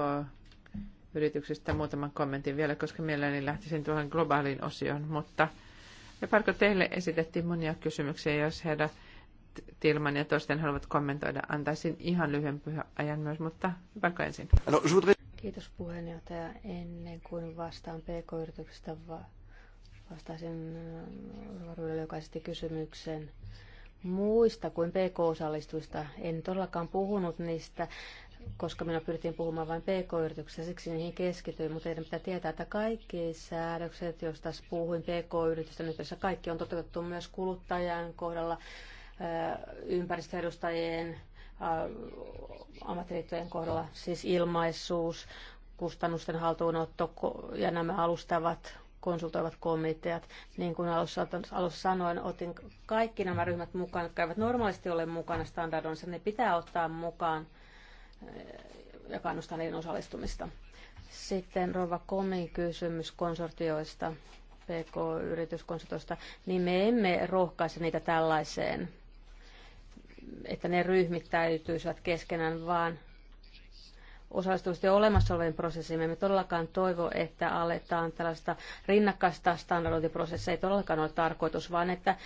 yrityksistä muutaman kommentin vielä, koska mielelläni lähtisin tuohon globaaliin osioon, mutta Parko, teille esitettiin monia kysymyksiä, jos heidän Tilman ja Toisten haluavat kommentoida. Antaisin ihan lyhyen ajan myös, mutta vaikka ensin. Kiitos puheenjohtaja. Ennen kuin vastaan PK-yrityksestä vastaisin äh, varmuudella jokaisesti kysymyksen muista kuin pk osallistuista En todellakaan puhunut niistä, koska minä pyrittiin puhumaan vain PK-yrityksistä, siksi niihin keskityin, mutta teidän pitää tietää, että kaikki säädökset, joista puhuin pk nyt tässä kaikki on toteutettu myös kuluttajan kohdalla ympäristöedustajien ammattiliittojen kohdalla, siis ilmaisuus, kustannusten haltuunotto ja nämä alustavat konsultoivat komiteat. Niin kuin alussa, alussa sanoin, otin kaikki nämä ryhmät mukaan, jotka eivät normaalisti ole mukana standardoissa. Ne pitää ottaa mukaan ja kannustaa niiden osallistumista. Sitten Rova Komin kysymys konsortioista, PK-yrityskonsortioista, niin me emme rohkaise niitä tällaiseen että ne ryhmittäytyisivät keskenään, vaan osallistuvat jo olemassa olevien prosessiin. Me emme todellakaan toivo, että aletaan tällaista rinnakkaista standardointiprosessia. Ei todellakaan ole tarkoitus, vaan että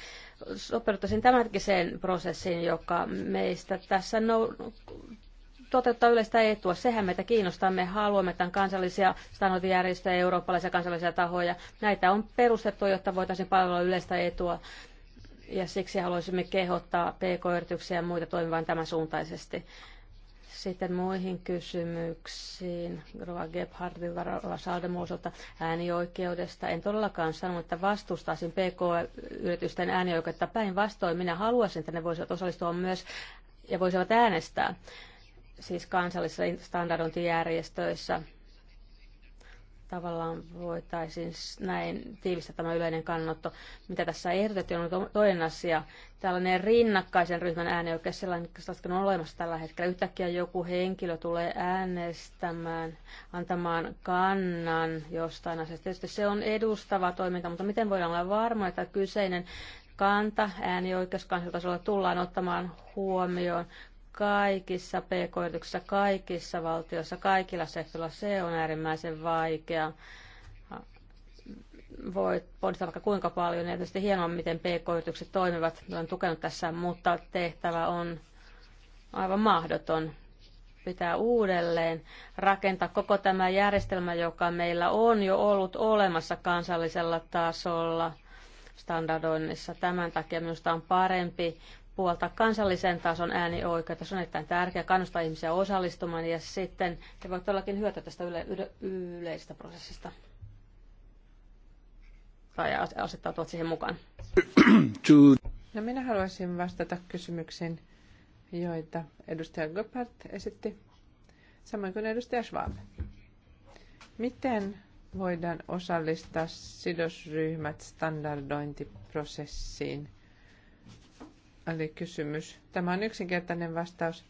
sopeuduttaisiin sen prosessiin, joka meistä tässä nou- toteuttaa yleistä etua. Sehän meitä kiinnostaa. Me haluamme tämän kansallisia standardijärjestöjä, eurooppalaisia kansallisia tahoja. Näitä on perustettu, jotta voitaisiin palvella yleistä etua ja siksi haluaisimme kehottaa pk-yrityksiä ja muita toimivan tämän suuntaisesti. Sitten muihin kysymyksiin. Rova Gebhardin varalla Saldemuusolta äänioikeudesta. En todellakaan sano, että vastustaisin PK-yritysten äänioikeutta. Päinvastoin minä haluaisin, että ne voisivat osallistua myös ja voisivat äänestää siis kansallisissa standardointijärjestöissä tavallaan voitaisiin näin tiivistää tämä yleinen kannanotto, mitä tässä ehdotettiin, on toinen asia. Tällainen rinnakkaisen ryhmän äänioikeus, sellainen on olemassa tällä hetkellä. Yhtäkkiä joku henkilö tulee äänestämään, antamaan kannan jostain asiasta. Tietysti se on edustava toiminta, mutta miten voidaan olla varma, että kyseinen kanta äänioikeuskansaltasolla tullaan ottamaan huomioon kaikissa pk-yrityksissä, kaikissa valtioissa, kaikilla sektoreilla. Se on äärimmäisen vaikea. Voit ponnistaa vaikka kuinka paljon. Ja tietysti hienoa, miten pk-yritykset toimivat. Olen tukenut tässä, mutta tehtävä on aivan mahdoton pitää uudelleen rakentaa koko tämä järjestelmä, joka meillä on jo ollut olemassa kansallisella tasolla standardoinnissa. Tämän takia minusta on parempi puolta kansallisen tason äänioikeutta. Se on erittäin tärkeää kannustaa ihmisiä osallistumaan ja sitten he voivat todellakin hyötyä tästä yle- yle- yleisestä prosessista tai asettautuvat siihen mukaan. [CLEARS THROAT] No minä haluaisin vastata kysymyksiin, joita edustaja Gopart esitti, samoin kuin edustaja Schwab. Miten voidaan osallistaa sidosryhmät standardointiprosessiin – oli kysymys. Tämä on yksinkertainen vastaus.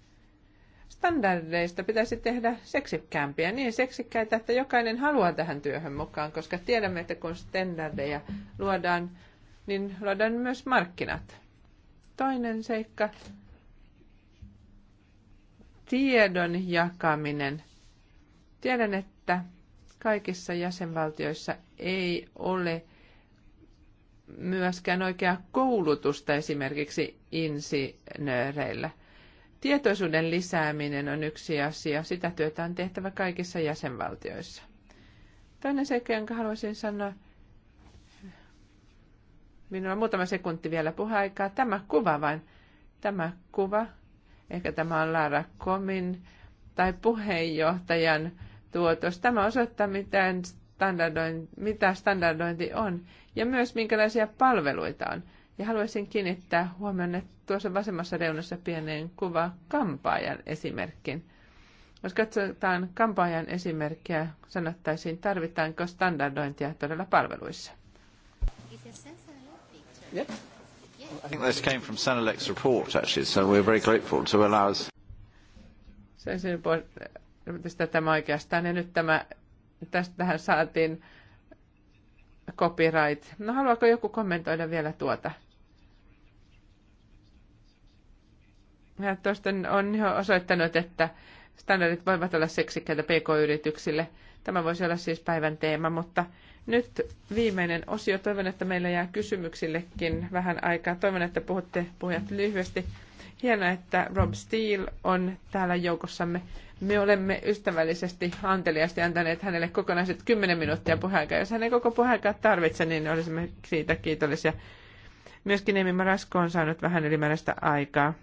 Standardeista pitäisi tehdä seksikkäämpiä, niin seksikkäitä, että jokainen haluaa tähän työhön mukaan, koska tiedämme, että kun standardeja luodaan, niin luodaan myös markkinat. Toinen seikka, tiedon jakaminen. Tiedän, että kaikissa jäsenvaltioissa ei ole – myöskään oikeaa koulutusta esimerkiksi insinööreillä. Tietoisuuden lisääminen on yksi asia. Sitä työtä on tehtävä kaikissa jäsenvaltioissa. Toinen seikka, jonka haluaisin sanoa, minulla on muutama sekunti vielä puheaikaa. Tämä kuva vain, tämä kuva, ehkä tämä on Lara Komin tai puheenjohtajan tuotos. Tämä osoittaa, miten standardoin, mitä standardointi on ja myös minkälaisia palveluita on. Ja haluaisin kiinnittää huomioon tuossa vasemmassa reunassa pieneen kuva kampaajan esimerkkin. Jos katsotaan kampaajan esimerkkiä, sanottaisiin, tarvitaanko standardointia todella palveluissa. I think this came from Senelec's report, actually, so we're very grateful to allow us... Sen tämä oikeastaan, ja nyt tämä Tästähän saatiin copyright. No haluaako joku kommentoida vielä tuota? Ja tuosta on jo osoittanut, että standardit voivat olla seksikkäitä pk-yrityksille. Tämä voisi olla siis päivän teema, mutta nyt viimeinen osio. Toivon, että meillä jää kysymyksillekin vähän aikaa. Toivon, että puhutte puhujat lyhyesti. Hienoa, että Rob Steele on täällä joukossamme. Me olemme ystävällisesti, anteliasti antaneet hänelle kokonaiset 10 minuuttia puheaikaa. Jos hän ei koko puheaikaa tarvitse, niin olisimme siitä kiitollisia. Myöskin Emi Marasko on saanut vähän ylimääräistä aikaa.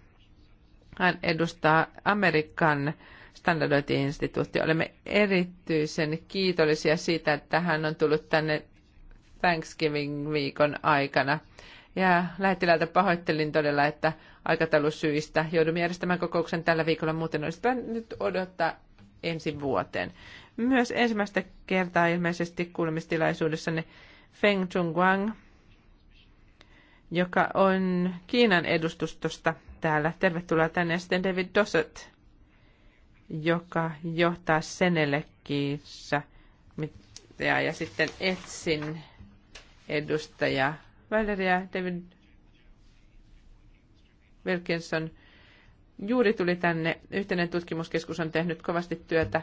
Hän edustaa Amerikan standardointiinstituuttia. Olemme erityisen kiitollisia siitä, että hän on tullut tänne Thanksgiving-viikon aikana ja lähettilältä pahoittelin todella, että aikataulusyistä joudumme järjestämään kokouksen tällä viikolla, muuten olisi nyt odottaa ensi vuoteen. Myös ensimmäistä kertaa ilmeisesti ne Feng Chungguang, joka on Kiinan edustustosta täällä. Tervetuloa tänne sitten David Dossett, joka johtaa Senelekiissä ja, ja sitten Etsin edustaja Valeria David Wilkinson juuri tuli tänne. Yhteinen tutkimuskeskus on tehnyt kovasti työtä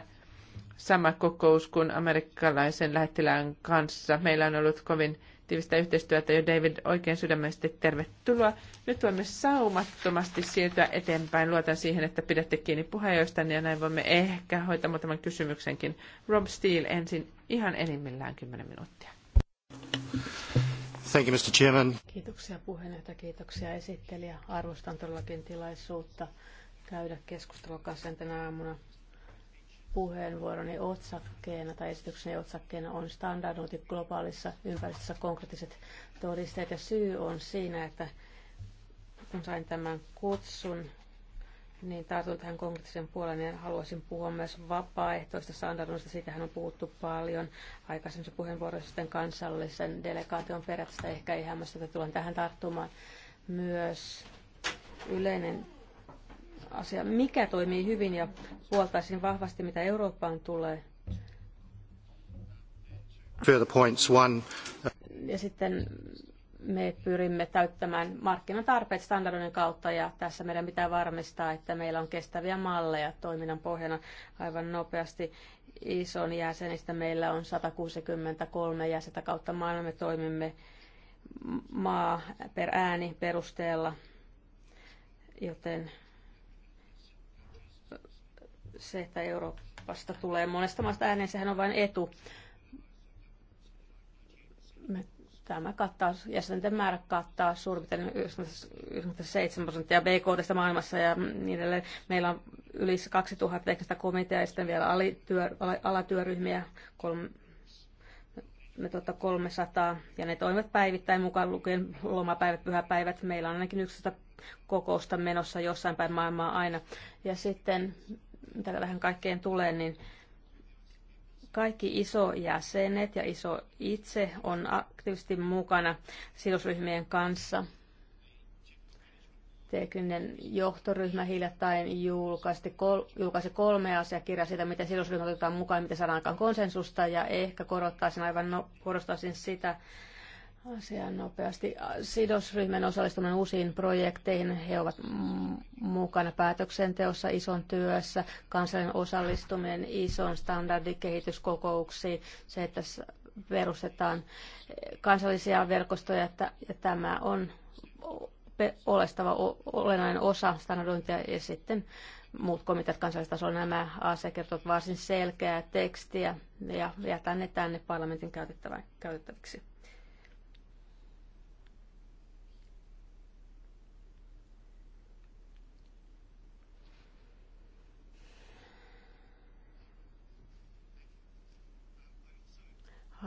sama kokous kuin amerikkalaisen lähettilään kanssa. Meillä on ollut kovin tiivistä yhteistyötä jo David oikein sydämellisesti tervetuloa. Nyt voimme saumattomasti siirtyä eteenpäin. Luotan siihen, että pidätte kiinni puheenjohtajani ja näin voimme ehkä hoitaa muutaman kysymyksenkin. Rob Steele ensin ihan enimmillään 10 minuuttia. Thank you, Mr. Chairman. Kiitoksia puheenjohtaja, kiitoksia esittelijä. Arvostan todellakin tilaisuutta käydä keskustelua kanssa tänä aamuna. Puheenvuoroni otsakkeena tai esitykseni otsakkeena on standardointi globaalissa ympäristössä konkreettiset todisteet. Ja syy on siinä, että kun sain tämän kutsun niin tartun tähän konkreettisen puolen ja haluaisin puhua myös vapaaehtoista standardoista. Siitähän on puhuttu paljon aikaisemmissa puheenvuoroissa sitten kansallisen delegaation perästä. Ehkä ei että tulen tähän tarttumaan. Myös yleinen asia, mikä toimii hyvin ja puoltaisin vahvasti, mitä Eurooppaan tulee. Further points. One. Ja sitten me pyrimme täyttämään markkinatarpeet standardoinnin kautta ja tässä meidän pitää varmistaa, että meillä on kestäviä malleja toiminnan pohjana aivan nopeasti. Ison jäsenistä meillä on 163 jäsentä kautta maailman. Me toimimme maa per ääni perusteella, joten se, että Euroopasta tulee monesta maasta ääneen, sehän on vain etu. Me Tämä kattaa, jäsenten määrä kattaa suurin piirtein 97 prosenttia BKT maailmassa ja niin edelleen. Meillä on yli 2000 teknistä komiteaa ja sitten vielä alityö, alatyöryhmiä, kolme, tuota 300 ja ne toimivat päivittäin mukaan lukien lomapäivät, pyhäpäivät. Meillä on ainakin yksi kokousta menossa jossain päin maailmaa aina. Ja sitten mitä tähän kaikkeen tulee, niin kaikki ISO-jäsenet ja ISO itse on aktiivisesti mukana sidosryhmien kanssa. Tekninen johtoryhmä hiljattain julkaisi, kol, julkaisi kolme asiakirjaa siitä, miten sidosryhmät otetaan mukaan, miten saadaan aikaan konsensusta ja ehkä korottaisin aivan no, korostaisin sitä, asiaan nopeasti. Sidosryhmän osallistuminen uusiin projekteihin, he ovat mukana päätöksenteossa, ison työssä, kansallinen osallistuminen ison standardikehityskokouksiin, se, että perustetaan kansallisia verkostoja, että tämä on olestava olennainen osa standardointia ja sitten muut komiteat kansallistasolla nämä asiakirjat varsin selkeää tekstiä ja jätän ne tänne parlamentin käytettäväksi.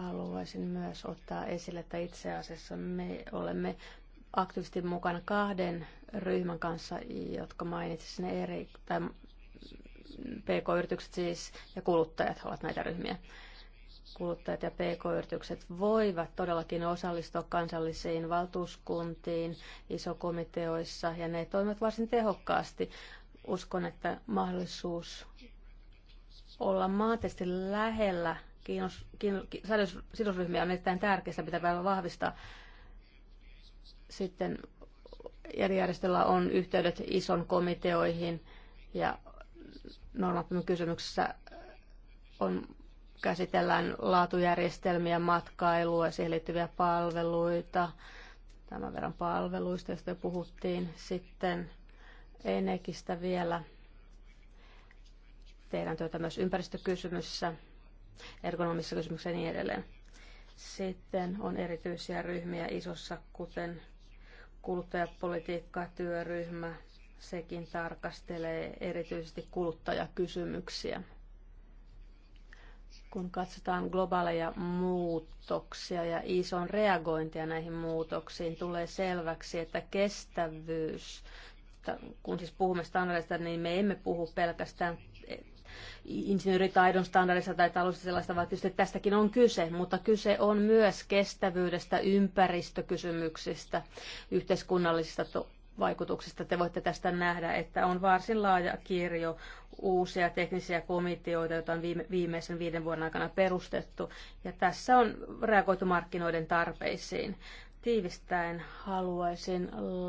Haluaisin myös ottaa esille, että itse asiassa me olemme aktiivisesti mukana kahden ryhmän kanssa, jotka mainitsin eri, tai PK-yritykset siis ja kuluttajat ovat näitä ryhmiä. Kuluttajat ja PK-yritykset voivat todellakin osallistua kansallisiin valtuuskuntiin isokomiteoissa ja ne toimivat varsin tehokkaasti. Uskon, että mahdollisuus olla maatesti lähellä kiinnos, kiinnos, sidosryhmiä on erittäin tärkeää, pitää pitää vahvistaa. Sitten järjestöllä on yhteydet ison komiteoihin ja normaalin kysymyksessä on, käsitellään laatujärjestelmiä, matkailua ja siihen liittyviä palveluita. Tämän verran palveluista, joista jo puhuttiin. Sitten Enekistä vielä teidän työtä myös ympäristökysymyssä ergonomisissa kysymyksissä ja niin edelleen. Sitten on erityisiä ryhmiä isossa, kuten kuluttajapolitiikka-työryhmä, Sekin tarkastelee erityisesti kuluttajakysymyksiä. Kun katsotaan globaaleja muutoksia ja ison reagointia näihin muutoksiin, tulee selväksi, että kestävyys kun siis puhumme standardista, niin me emme puhu pelkästään insinööritaidon standardissa tai taloudessa sellaista, vaan tietysti tästäkin on kyse, mutta kyse on myös kestävyydestä, ympäristökysymyksistä, yhteiskunnallisista vaikutuksista. Te voitte tästä nähdä, että on varsin laaja kirjo uusia teknisiä komiteoita, joita on viime, viimeisen viiden vuoden aikana perustettu. Ja tässä on reagoitu markkinoiden tarpeisiin. Tiivistäen haluaisin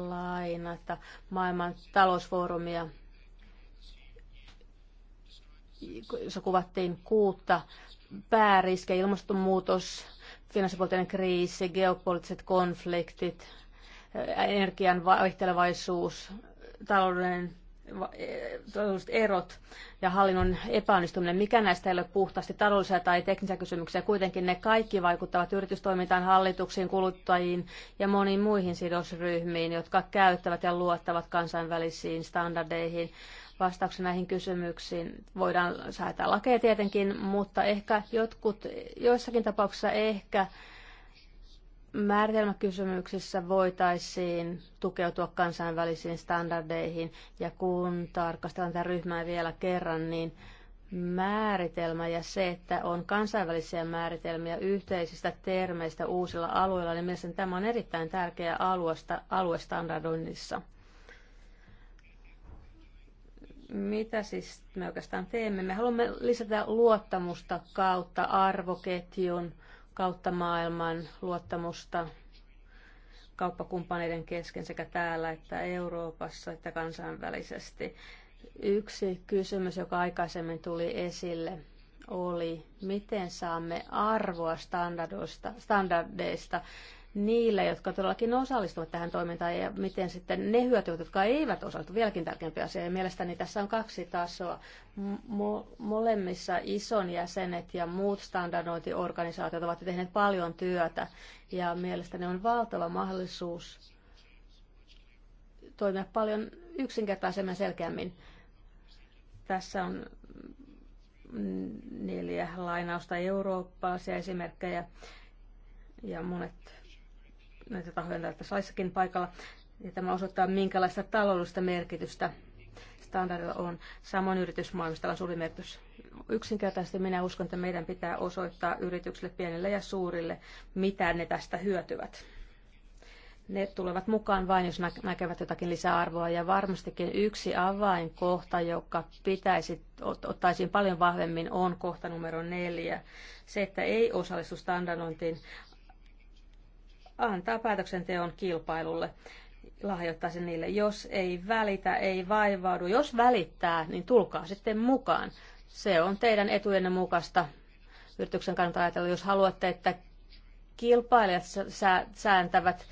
lainata maailman talousfoorumia jossa kuvattiin kuutta pääriskejä, ilmastonmuutos, finanssipoliittinen kriisi, geopoliittiset konfliktit, energian vaihtelevaisuus, talouden e- erot ja hallinnon epäonnistuminen. Mikä näistä ei ole puhtaasti taloudellisia tai teknisiä kysymyksiä? Kuitenkin ne kaikki vaikuttavat yritystoimintaan, hallituksiin, kuluttajiin ja moniin muihin sidosryhmiin, jotka käyttävät ja luottavat kansainvälisiin standardeihin vastauksia näihin kysymyksiin. Voidaan säätää lakeja tietenkin, mutta ehkä jotkut, joissakin tapauksissa ehkä määritelmäkysymyksissä voitaisiin tukeutua kansainvälisiin standardeihin. Ja kun tarkastellaan tätä ryhmää vielä kerran, niin määritelmä ja se, että on kansainvälisiä määritelmiä yhteisistä termeistä uusilla alueilla, niin mielestäni tämä on erittäin tärkeä alue standardoinnissa. Mitä siis me oikeastaan teemme? Me haluamme lisätä luottamusta kautta arvoketjun, kautta maailman luottamusta kauppakumppaneiden kesken sekä täällä että Euroopassa että kansainvälisesti. Yksi kysymys, joka aikaisemmin tuli esille, oli, miten saamme arvoa standardeista niille, jotka todellakin osallistuvat tähän toimintaan ja miten sitten ne hyötyvät, jotka eivät osallistu, vieläkin tärkeämpi asia. Ja mielestäni tässä on kaksi tasoa. Mo- molemmissa ison jäsenet ja muut standardointiorganisaatiot ovat tehneet paljon työtä ja mielestäni on valtava mahdollisuus toimia paljon yksinkertaisemmin ja selkeämmin. Tässä on neljä lainausta Eurooppaa, esimerkkejä ja monet näitä tahoja täältä saissakin paikalla. Ja tämä osoittaa, minkälaista taloudellista merkitystä standardilla on. Samoin yritysmaailmassa on suuri merkitys. Yksinkertaisesti minä uskon, että meidän pitää osoittaa yrityksille, pienille ja suurille, mitä ne tästä hyötyvät. Ne tulevat mukaan vain, jos näkevät jotakin lisäarvoa. Ja varmastikin yksi avainkohta, joka pitäisi ottaisiin paljon vahvemmin, on kohta numero neljä. Se, että ei osallistu standardointiin, antaa päätöksenteon kilpailulle, lahjoittaa sen niille. Jos ei välitä, ei vaivaudu. Jos välittää, niin tulkaa sitten mukaan. Se on teidän etujenne mukaista yrityksen kannalta ajatella, jos haluatte, että kilpailijat sääntävät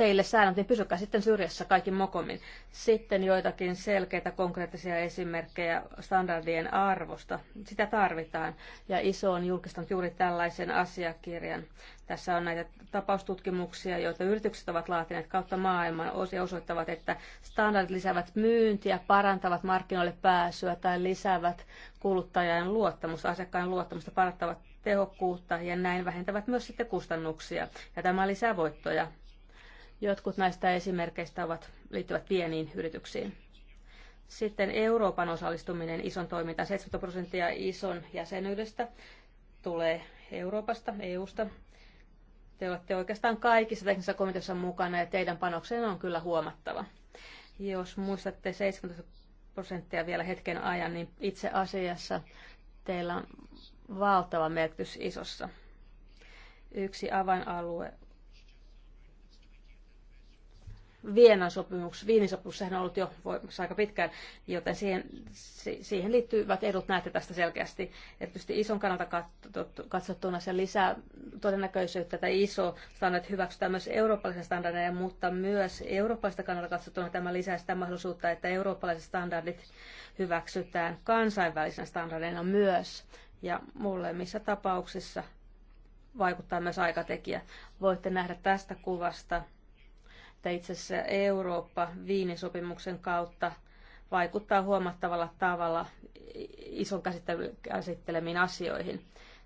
teille säännöt, niin pysykää sitten syrjässä kaikki mokomin. Sitten joitakin selkeitä konkreettisia esimerkkejä standardien arvosta. Sitä tarvitaan. Ja ISO on julkistanut juuri tällaisen asiakirjan. Tässä on näitä tapaustutkimuksia, joita yritykset ovat laatineet kautta maailman. Osia osoittavat, että standardit lisäävät myyntiä, parantavat markkinoille pääsyä tai lisäävät kuluttajan luottamusta, asiakkaan luottamusta, parantavat tehokkuutta ja näin vähentävät myös sitten kustannuksia. Ja tämä lisää voittoja Jotkut näistä esimerkkeistä ovat, liittyvät pieniin yrityksiin. Sitten Euroopan osallistuminen ison toimintaan. 70 prosenttia ison jäsenyydestä tulee Euroopasta, EUsta. Te olette oikeastaan kaikissa teknisissä komiteoissa mukana ja teidän panoksenne on kyllä huomattava. Jos muistatte 70 prosenttia vielä hetken ajan, niin itse asiassa teillä on valtava merkitys isossa. Yksi avainalue Vienan sopimus, Viinin sopimus on ollut jo voimassa aika pitkään, joten siihen, siihen liittyvät edut näette tästä selkeästi. Erityisesti ison kannalta katsottuna se lisää todennäköisyyttä, että iso standard hyväksytään myös eurooppalaisen standardeja, mutta myös eurooppalaisesta kannalta katsottuna tämä lisää sitä mahdollisuutta, että eurooppalaiset standardit hyväksytään kansainvälisen standardeina myös. Ja molemmissa tapauksissa vaikuttaa myös aikatekijä. Voitte nähdä tästä kuvasta että itse asiassa Eurooppa viinisopimuksen kautta vaikuttaa huomattavalla tavalla ison käsittelemiin asioihin.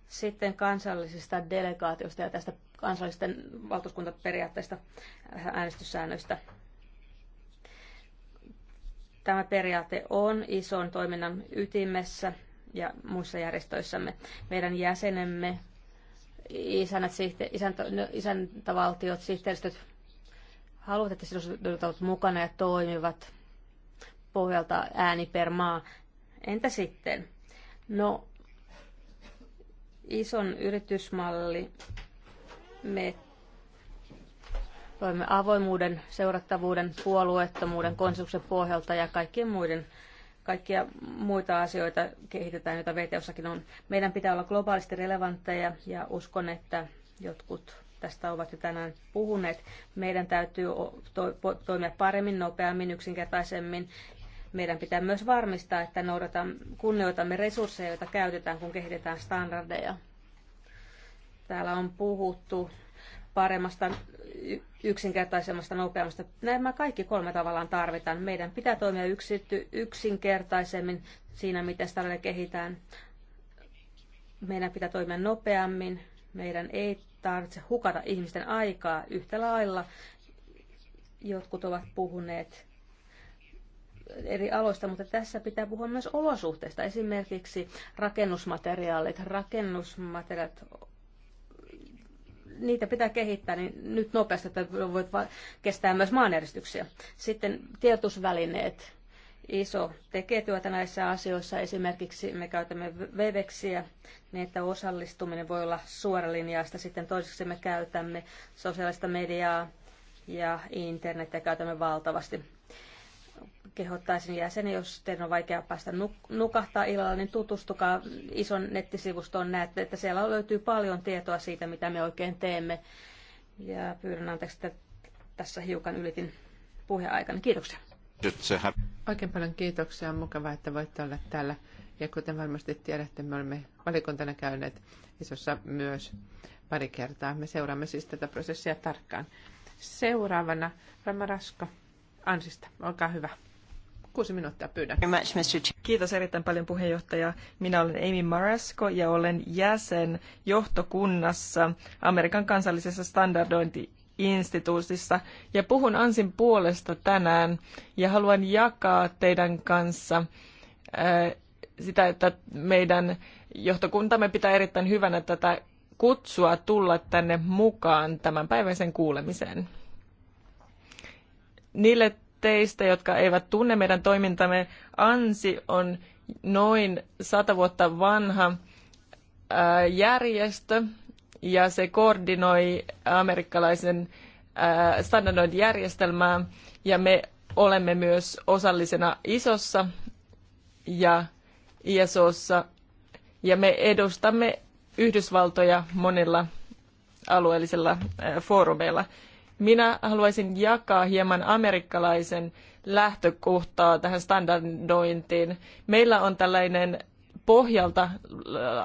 Sitten kansallisista delegaatioista ja tästä kansallisten valtuuskuntaperiaatteista äh, äänestyssäännöistä. Tämä periaate on ison toiminnan ytimessä ja muissa järjestöissämme. Meidän jäsenemme, isännät, isäntä, no, isäntävaltiot, sihteeristöt, haluat, että sidosryhmät ovat mukana ja toimivat pohjalta ääni per maa. Entä sitten? No, ison yritysmalli. Me toimme avoimuuden, seurattavuuden, puolueettomuuden, konsensuksen pohjalta ja kaikkien muiden kaikkia muita asioita kehitetään, joita VTOssakin on. Meidän pitää olla globaalisti relevantteja ja uskon, että jotkut tästä ovat jo tänään puhuneet. Meidän täytyy toimia paremmin, nopeammin, yksinkertaisemmin. Meidän pitää myös varmistaa, että kunnioitamme resursseja, joita käytetään, kun kehitetään standardeja. Täällä on puhuttu paremmasta, yksinkertaisemmasta, nopeammasta. Nämä kaikki kolme tavallaan tarvitaan. Meidän pitää toimia yksity, yksinkertaisemmin siinä, miten standardeja kehitään. Meidän pitää toimia nopeammin, meidän ei tarvitse hukata ihmisten aikaa yhtä lailla. Jotkut ovat puhuneet eri aloista, mutta tässä pitää puhua myös olosuhteista. Esimerkiksi rakennusmateriaalit. Rakennusmateriaalit niitä pitää kehittää niin nyt nopeasti, että voit kestää myös maanjäristyksiä. Sitten tiedotusvälineet, ISO tekee työtä näissä asioissa. Esimerkiksi me käytämme Webexiä niin, että osallistuminen voi olla suoralinjaista. Sitten toiseksi me käytämme sosiaalista mediaa ja internetiä käytämme valtavasti. Kehottaisin jäseniä, jos teidän on vaikea päästä nukahtaa illalla, niin tutustukaa ison nettisivustoon. Näette, että siellä löytyy paljon tietoa siitä, mitä me oikein teemme. Ja pyydän anteeksi, että tässä hiukan ylitin puheaikana. Kiitoksia. Oikein paljon kiitoksia. On mukavaa, että voitte olla täällä. Ja kuten varmasti tiedätte, me olemme valikuntana käyneet isossa myös pari kertaa. Me seuraamme siis tätä prosessia tarkkaan. Seuraavana Rama Rasko Ansista. Olkaa hyvä. Kuusi minuuttia pyydän. Kiitos erittäin paljon puheenjohtaja. Minä olen Amy Marasko ja olen jäsen johtokunnassa Amerikan kansallisessa standardointi instituutissa ja puhun Ansin puolesta tänään ja haluan jakaa teidän kanssa äh, sitä, että meidän johtokuntamme pitää erittäin hyvänä tätä kutsua tulla tänne mukaan tämän päiväisen kuulemiseen. Niille teistä, jotka eivät tunne meidän toimintamme, ANSI on noin sata vuotta vanha äh, järjestö, ja se koordinoi amerikkalaisen standardointijärjestelmää ja me olemme myös osallisena isossa ja ISOssa ja me edustamme Yhdysvaltoja monilla alueellisilla foorumeilla. Minä haluaisin jakaa hieman amerikkalaisen lähtökohtaa tähän standardointiin. Meillä on tällainen pohjalta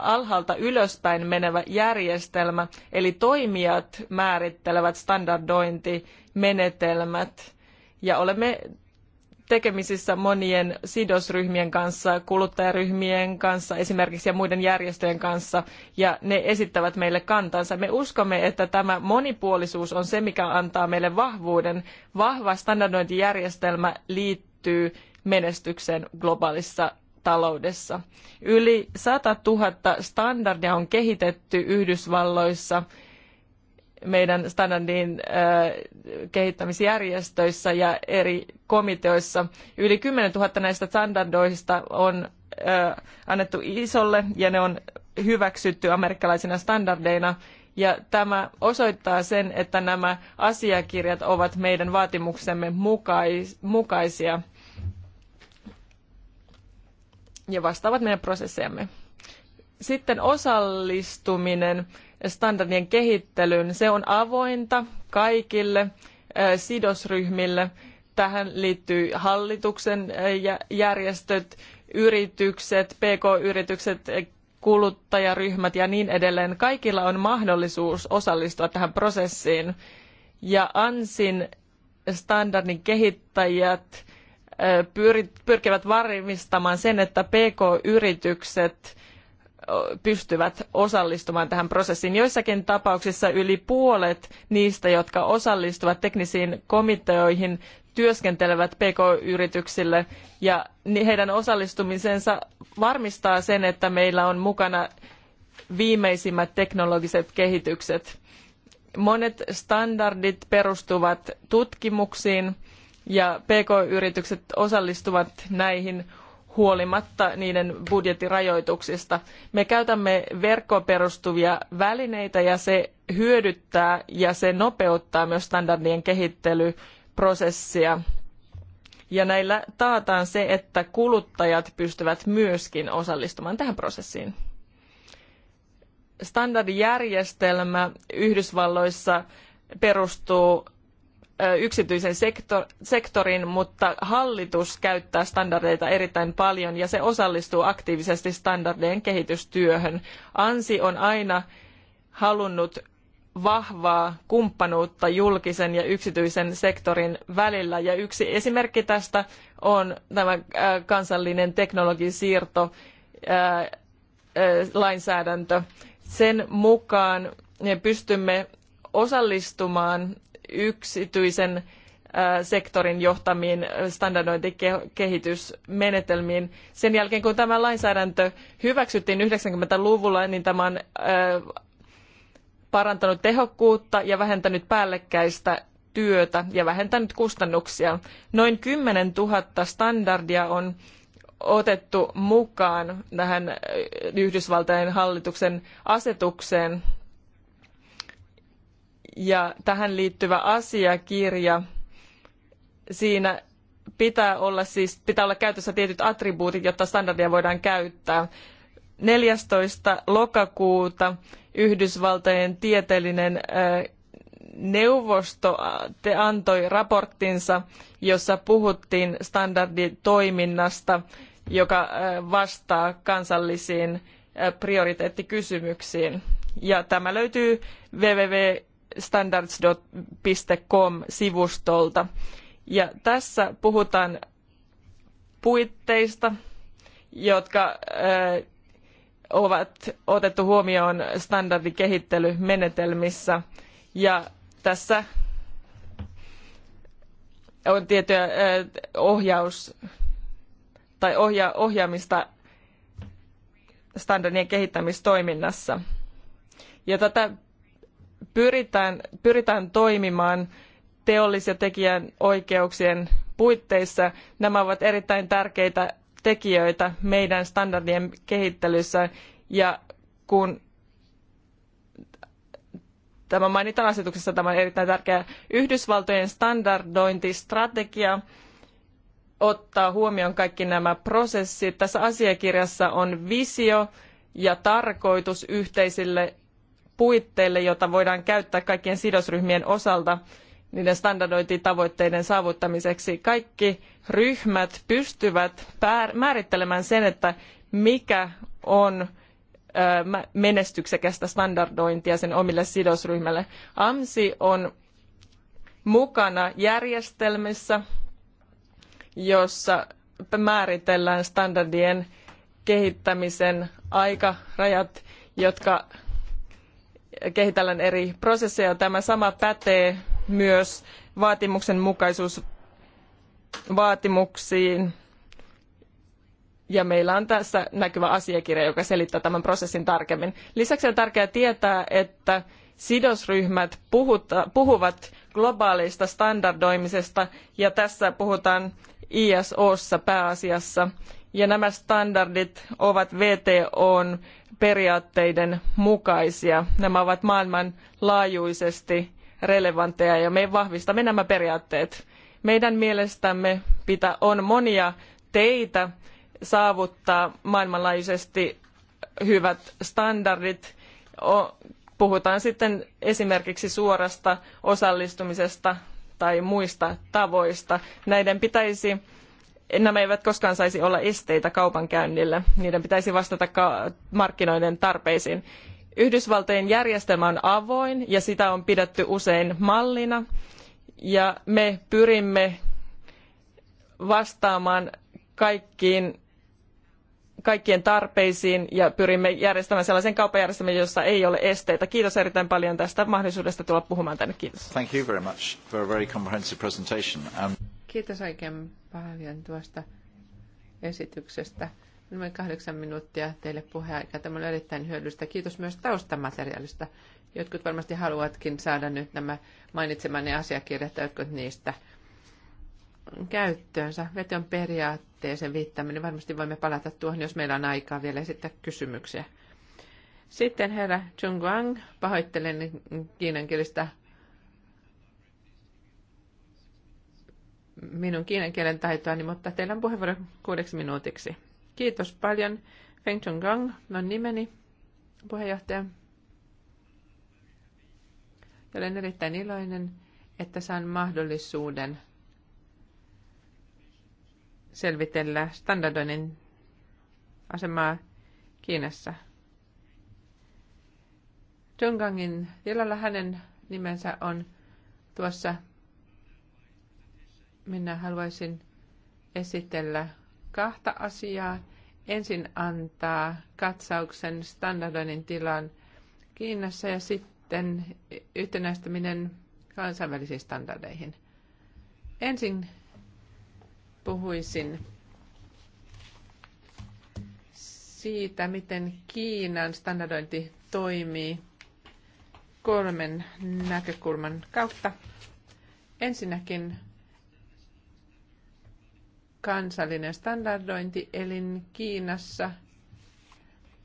alhaalta ylöspäin menevä järjestelmä, eli toimijat määrittelevät standardointimenetelmät. Ja olemme tekemisissä monien sidosryhmien kanssa, kuluttajaryhmien kanssa esimerkiksi ja muiden järjestöjen kanssa, ja ne esittävät meille kantansa. Me uskomme, että tämä monipuolisuus on se, mikä antaa meille vahvuuden. Vahva standardointijärjestelmä liittyy menestykseen globaalissa taloudessa. Yli 100 000 standardia on kehitetty Yhdysvalloissa meidän standardin kehittämisjärjestöissä ja eri komiteoissa. Yli 10 000 näistä standardoista on annettu isolle ja ne on hyväksytty amerikkalaisina standardeina. Ja tämä osoittaa sen, että nämä asiakirjat ovat meidän vaatimuksemme mukaisia ja vastaavat meidän prosessejamme. Sitten osallistuminen standardien kehittelyyn, se on avointa kaikille sidosryhmille. Tähän liittyy hallituksen järjestöt, yritykset, pk-yritykset, kuluttajaryhmät ja niin edelleen. Kaikilla on mahdollisuus osallistua tähän prosessiin. Ja ANSin standardin kehittäjät pyrkivät varmistamaan sen, että PK-yritykset pystyvät osallistumaan tähän prosessiin. Joissakin tapauksissa yli puolet niistä, jotka osallistuvat teknisiin komiteoihin, työskentelevät PK-yrityksille ja heidän osallistumisensa varmistaa sen, että meillä on mukana viimeisimmät teknologiset kehitykset. Monet standardit perustuvat tutkimuksiin – ja PK-yritykset osallistuvat näihin huolimatta niiden budjettirajoituksista. Me käytämme verkkoon perustuvia välineitä ja se hyödyttää ja se nopeuttaa myös standardien kehittelyprosessia. Ja näillä taataan se, että kuluttajat pystyvät myöskin osallistumaan tähän prosessiin. Standardijärjestelmä Yhdysvalloissa perustuu yksityisen sektorin, mutta hallitus käyttää standardeita erittäin paljon ja se osallistuu aktiivisesti standardien kehitystyöhön. ANSI on aina halunnut vahvaa kumppanuutta julkisen ja yksityisen sektorin välillä. Ja yksi esimerkki tästä on tämä kansallinen teknologisiirto lainsäädäntö. Sen mukaan me pystymme osallistumaan yksityisen sektorin johtamiin standardointikehitysmenetelmiin. Sen jälkeen kun tämä lainsäädäntö hyväksyttiin 90-luvulla, niin tämä on parantanut tehokkuutta ja vähentänyt päällekkäistä työtä ja vähentänyt kustannuksia. Noin 10 000 standardia on otettu mukaan tähän Yhdysvaltain hallituksen asetukseen ja tähän liittyvä asiakirja. Siinä pitää olla siis pitää olla käytössä tietyt attribuutit, jotta standardia voidaan käyttää. 14. lokakuuta Yhdysvaltojen tieteellinen neuvosto antoi raporttinsa, jossa puhuttiin standarditoiminnasta, joka vastaa kansallisiin prioriteettikysymyksiin. Ja tämä löytyy www standards.com-sivustolta. Ja tässä puhutaan puitteista, jotka äh, ovat otettu huomioon standardikehittelymenetelmissä. Ja tässä on tiettyä äh, ohjaus tai ohja, ohjaamista standardien kehittämistoiminnassa. Ja tätä pyritään, pyritään toimimaan teollis- ja tekijän oikeuksien puitteissa. Nämä ovat erittäin tärkeitä tekijöitä meidän standardien kehittelyssä ja kun tämä mainitaan asetuksessa, tämä on erittäin tärkeä Yhdysvaltojen standardointistrategia ottaa huomioon kaikki nämä prosessit. Tässä asiakirjassa on visio ja tarkoitus yhteisille puitteille, jota voidaan käyttää kaikkien sidosryhmien osalta niiden standardointitavoitteiden saavuttamiseksi. Kaikki ryhmät pystyvät määrittelemään sen, että mikä on menestyksekästä standardointia sen omille sidosryhmälle. AMSI on mukana järjestelmissä, jossa määritellään standardien kehittämisen aikarajat, jotka kehitellään eri prosesseja. Tämä sama pätee myös vaatimuksenmukaisuusvaatimuksiin. Ja meillä on tässä näkyvä asiakirja, joka selittää tämän prosessin tarkemmin. Lisäksi on tärkeää tietää, että sidosryhmät puhuta, puhuvat globaalista standardoimisesta ja tässä puhutaan ISOssa pääasiassa. Ja nämä standardit ovat VTOn periaatteiden mukaisia. Nämä ovat maailmanlaajuisesti relevantteja ja me vahvistamme nämä periaatteet. Meidän mielestämme pitää on monia teitä saavuttaa maailmanlaajuisesti hyvät standardit. Puhutaan sitten esimerkiksi suorasta osallistumisesta tai muista tavoista. Näiden pitäisi nämä eivät koskaan saisi olla esteitä kaupankäynnille. Niiden pitäisi vastata markkinoiden tarpeisiin. Yhdysvaltojen järjestelmä on avoin ja sitä on pidetty usein mallina ja me pyrimme vastaamaan kaikkiin kaikkien tarpeisiin ja pyrimme järjestämään sellaisen kauppajärjestelmän, jossa ei ole esteitä. Kiitos erittäin paljon tästä mahdollisuudesta tulla puhumaan tänne. Kiitos. Thank you very much for a very comprehensive presentation. Um... Kiitos oikein paljon tuosta esityksestä. Noin kahdeksan minuuttia teille puheaikaa. Tämä oli erittäin hyödyllistä. Kiitos myös taustamateriaalista. Jotkut varmasti haluatkin saada nyt nämä mainitsemanne asiakirjat, jotkut niistä käyttöönsä. Veton periaatteeseen viittaminen Varmasti voimme palata tuohon, jos meillä on aikaa vielä esittää kysymyksiä. Sitten herra Wang, pahoittelen kiinankielistä minun taitoa, niin mutta teillä on puheenvuoro kuudeksi minuutiksi. Kiitos paljon. Feng Gang on nimeni, puheenjohtaja. Olen erittäin iloinen, että saan mahdollisuuden selvitellä standardoinnin asemaa Kiinassa. Chongangin tilalla hänen nimensä on tuossa minä haluaisin esitellä kahta asiaa. Ensin antaa katsauksen standardoinnin tilaan Kiinassa ja sitten yhtenäistäminen kansainvälisiin standardeihin. Ensin puhuisin siitä, miten Kiinan standardointi toimii kolmen näkökulman kautta. Ensinnäkin kansallinen standardointielin Kiinassa.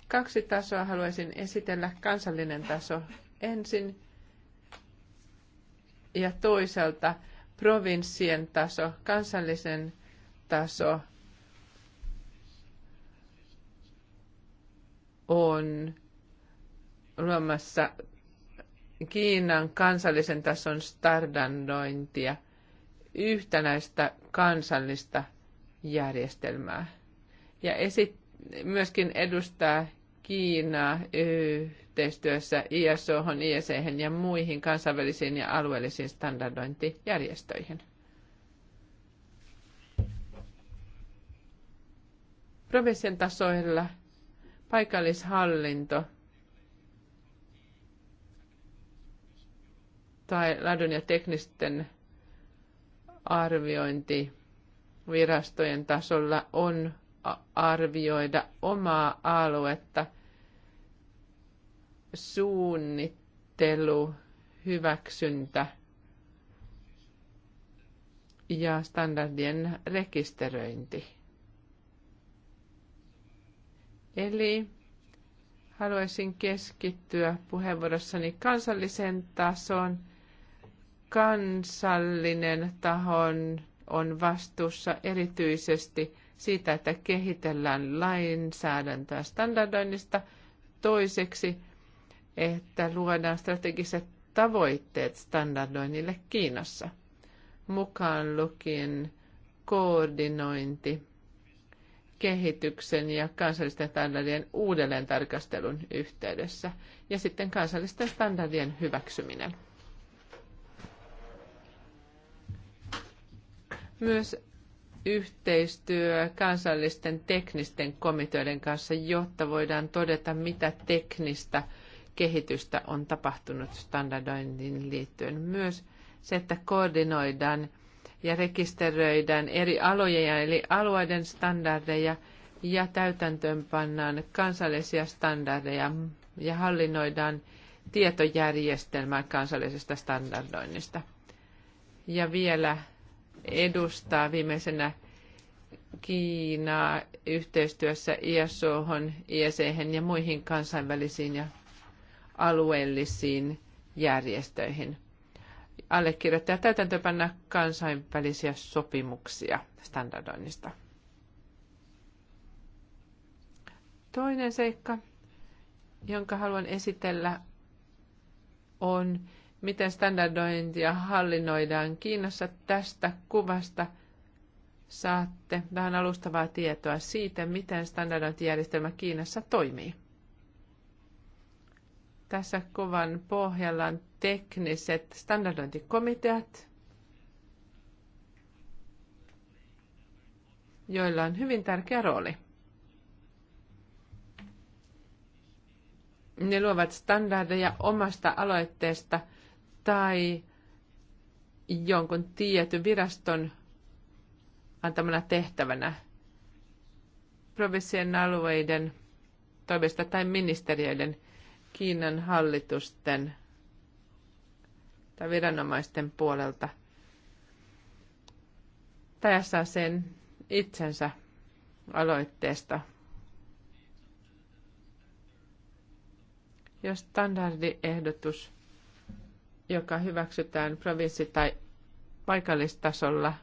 Kaksi tasoa haluaisin esitellä. Kansallinen taso ensin ja toiselta provinssien taso, kansallisen taso on luomassa Kiinan kansallisen tason standardointia, yhtenäistä kansallista järjestelmää. Ja esit, myöskin edustaa Kiinaa yhteistyössä ISO, ISE ja muihin kansainvälisiin ja alueellisiin standardointijärjestöihin. Provinssien tasoilla paikallishallinto tai ladun ja teknisten arviointi virastojen tasolla on arvioida omaa aluetta suunnittelu, hyväksyntä ja standardien rekisteröinti. Eli haluaisin keskittyä puheenvuorossani kansallisen tasoon. Kansallinen tahon on vastuussa erityisesti siitä, että kehitellään lainsäädäntöä standardoinnista. Toiseksi, että luodaan strategiset tavoitteet standardoinnille Kiinassa, mukaan lukien koordinointi kehityksen ja kansallisten standardien uudelleen tarkastelun yhteydessä ja sitten kansallisten standardien hyväksyminen. Myös yhteistyö kansallisten teknisten komiteoiden kanssa, jotta voidaan todeta, mitä teknistä kehitystä on tapahtunut standardointiin liittyen. Myös se, että koordinoidaan ja rekisteröidään eri alojen eli alueiden standardeja ja täytäntöönpannaan kansallisia standardeja ja hallinnoidaan tietojärjestelmää kansallisesta standardoinnista. Ja vielä edustaa viimeisenä Kiinaa yhteistyössä ISO, ISE ja muihin kansainvälisiin ja alueellisiin järjestöihin. Allekirjoittaja täytäntöpanna kansainvälisiä sopimuksia standardoinnista. Toinen seikka, jonka haluan esitellä, on miten standardointia hallinnoidaan Kiinassa. Tästä kuvasta saatte vähän alustavaa tietoa siitä, miten standardointijärjestelmä Kiinassa toimii. Tässä kuvan pohjalla on tekniset standardointikomiteat, joilla on hyvin tärkeä rooli. Ne luovat standardeja omasta aloitteesta – tai jonkun tietyn viraston antamana tehtävänä provinssien alueiden toimesta tai ministeriöiden Kiinan hallitusten tai viranomaisten puolelta tai sen itsensä aloitteesta. Jos standardiehdotus joka hyväksytään provinssi- tai paikallistasolla,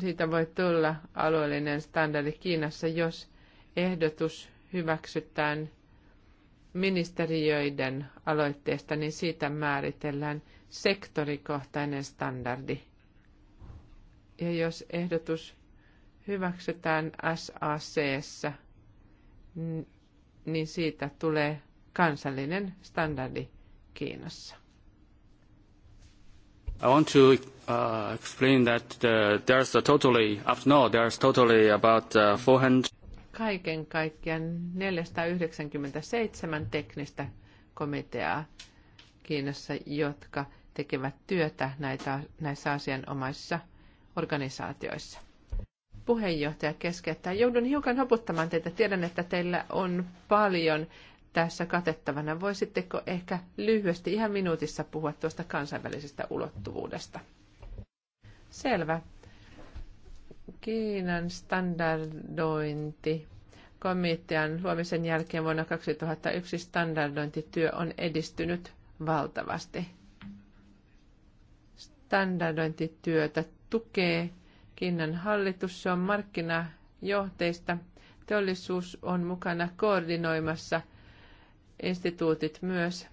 siitä voi tulla alueellinen standardi Kiinassa, jos ehdotus hyväksytään ministeriöiden aloitteesta, niin siitä määritellään sektorikohtainen standardi. Ja jos ehdotus hyväksytään SACssä, niin siitä tulee kansallinen standardi Kiinassa. I want to uh, explain that the, uh, there's a totally, after no there's totally about uh, 400... Kaiken kaikkiaan 497 teknistä komiteaa Kiinassa, jotka tekevät työtä näitä, näissä asianomaisissa organisaatioissa puheenjohtaja keskeyttää. Joudun hiukan hoputtamaan teitä. Tiedän, että teillä on paljon tässä katettavana. Voisitteko ehkä lyhyesti ihan minuutissa puhua tuosta kansainvälisestä ulottuvuudesta? Selvä. Kiinan standardointi komitean luomisen jälkeen vuonna 2001 standardointityö on edistynyt valtavasti. Standardointityötä tukee Kiinan hallitus, se on markkinajohteista. Teollisuus on mukana koordinoimassa instituutit myös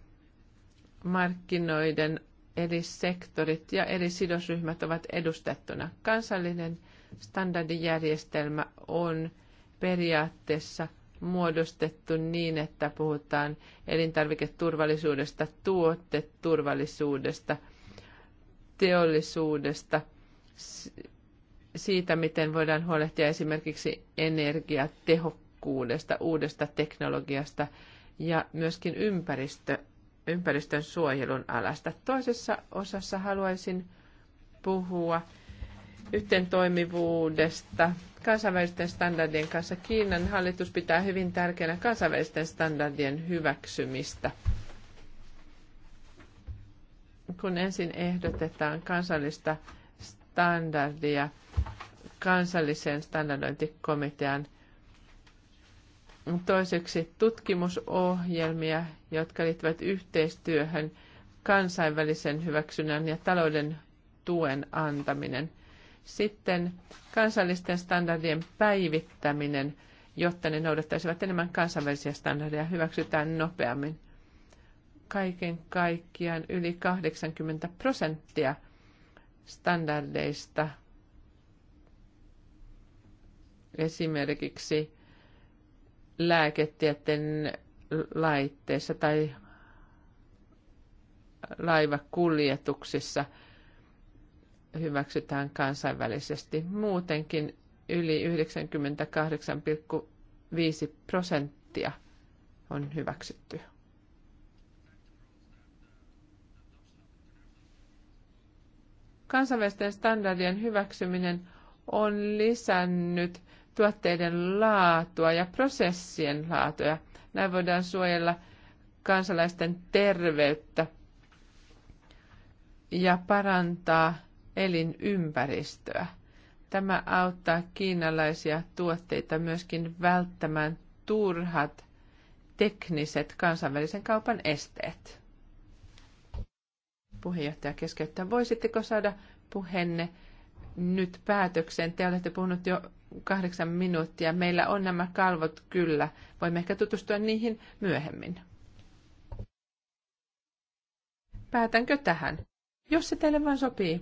markkinoiden eri sektorit ja eri sidosryhmät ovat edustettuna. Kansallinen standardijärjestelmä on periaatteessa muodostettu niin, että puhutaan elintarviketurvallisuudesta, tuoteturvallisuudesta, teollisuudesta, siitä, miten voidaan huolehtia esimerkiksi energiatehokkuudesta, uudesta teknologiasta ja myöskin ympäristö, ympäristön suojelun alasta. Toisessa osassa haluaisin puhua yhteen toimivuudesta kansainvälisten standardien kanssa. Kiinan hallitus pitää hyvin tärkeänä kansainvälisten standardien hyväksymistä. Kun ensin ehdotetaan kansallista standardia kansallisen standardointikomitean toiseksi tutkimusohjelmia, jotka liittyvät yhteistyöhön, kansainvälisen hyväksynnän ja talouden tuen antaminen. Sitten kansallisten standardien päivittäminen, jotta ne noudattaisivat enemmän kansainvälisiä standardeja, hyväksytään nopeammin. Kaiken kaikkiaan yli 80 prosenttia – standardeista. Esimerkiksi lääketieteen laitteissa tai laivakuljetuksissa hyväksytään kansainvälisesti. Muutenkin yli 98,5 prosenttia on hyväksytty. Kansainvälisten standardien hyväksyminen on lisännyt tuotteiden laatua ja prosessien laatuja. Näin voidaan suojella kansalaisten terveyttä ja parantaa elinympäristöä. Tämä auttaa kiinalaisia tuotteita myöskin välttämään turhat tekniset kansainvälisen kaupan esteet puheenjohtaja keskeyttää. Voisitteko saada puheenne nyt päätöksen? Te olette puhunut jo kahdeksan minuuttia. Meillä on nämä kalvot kyllä. Voimme ehkä tutustua niihin myöhemmin. Päätänkö tähän? Jos se teille vain sopii,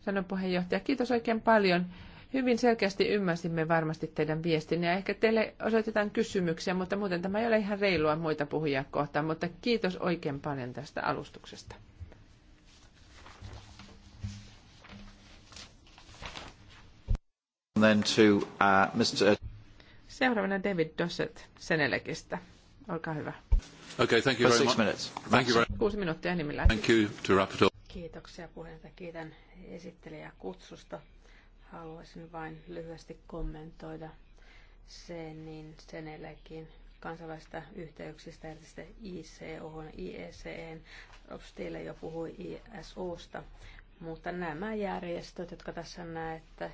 sanoi puheenjohtaja. Kiitos oikein paljon. Hyvin selkeästi ymmärsimme varmasti teidän viestinne ja ehkä teille osoitetaan kysymyksiä, mutta muuten tämä ei ole ihan reilua muita puhujia kohtaan, mutta kiitos oikein paljon tästä alustuksesta. then to, uh, Mr. Seuraavana David Dossett Senelekistä. Olkaa hyvä. Okay, thank you very much. Minutes. Thank you very... Kuusi minuuttia enimmillään. Thank you to Rapporteur. Kiitoksia puheenjohtaja. Kiitän esittelijää kutsusta. Haluaisin vain lyhyesti kommentoida sen, niin Senelekin kansainvälisistä yhteyksistä, erityisesti ICO, IECEn, e Stille jo puhui ISOsta, mutta nämä järjestöt, jotka tässä näette,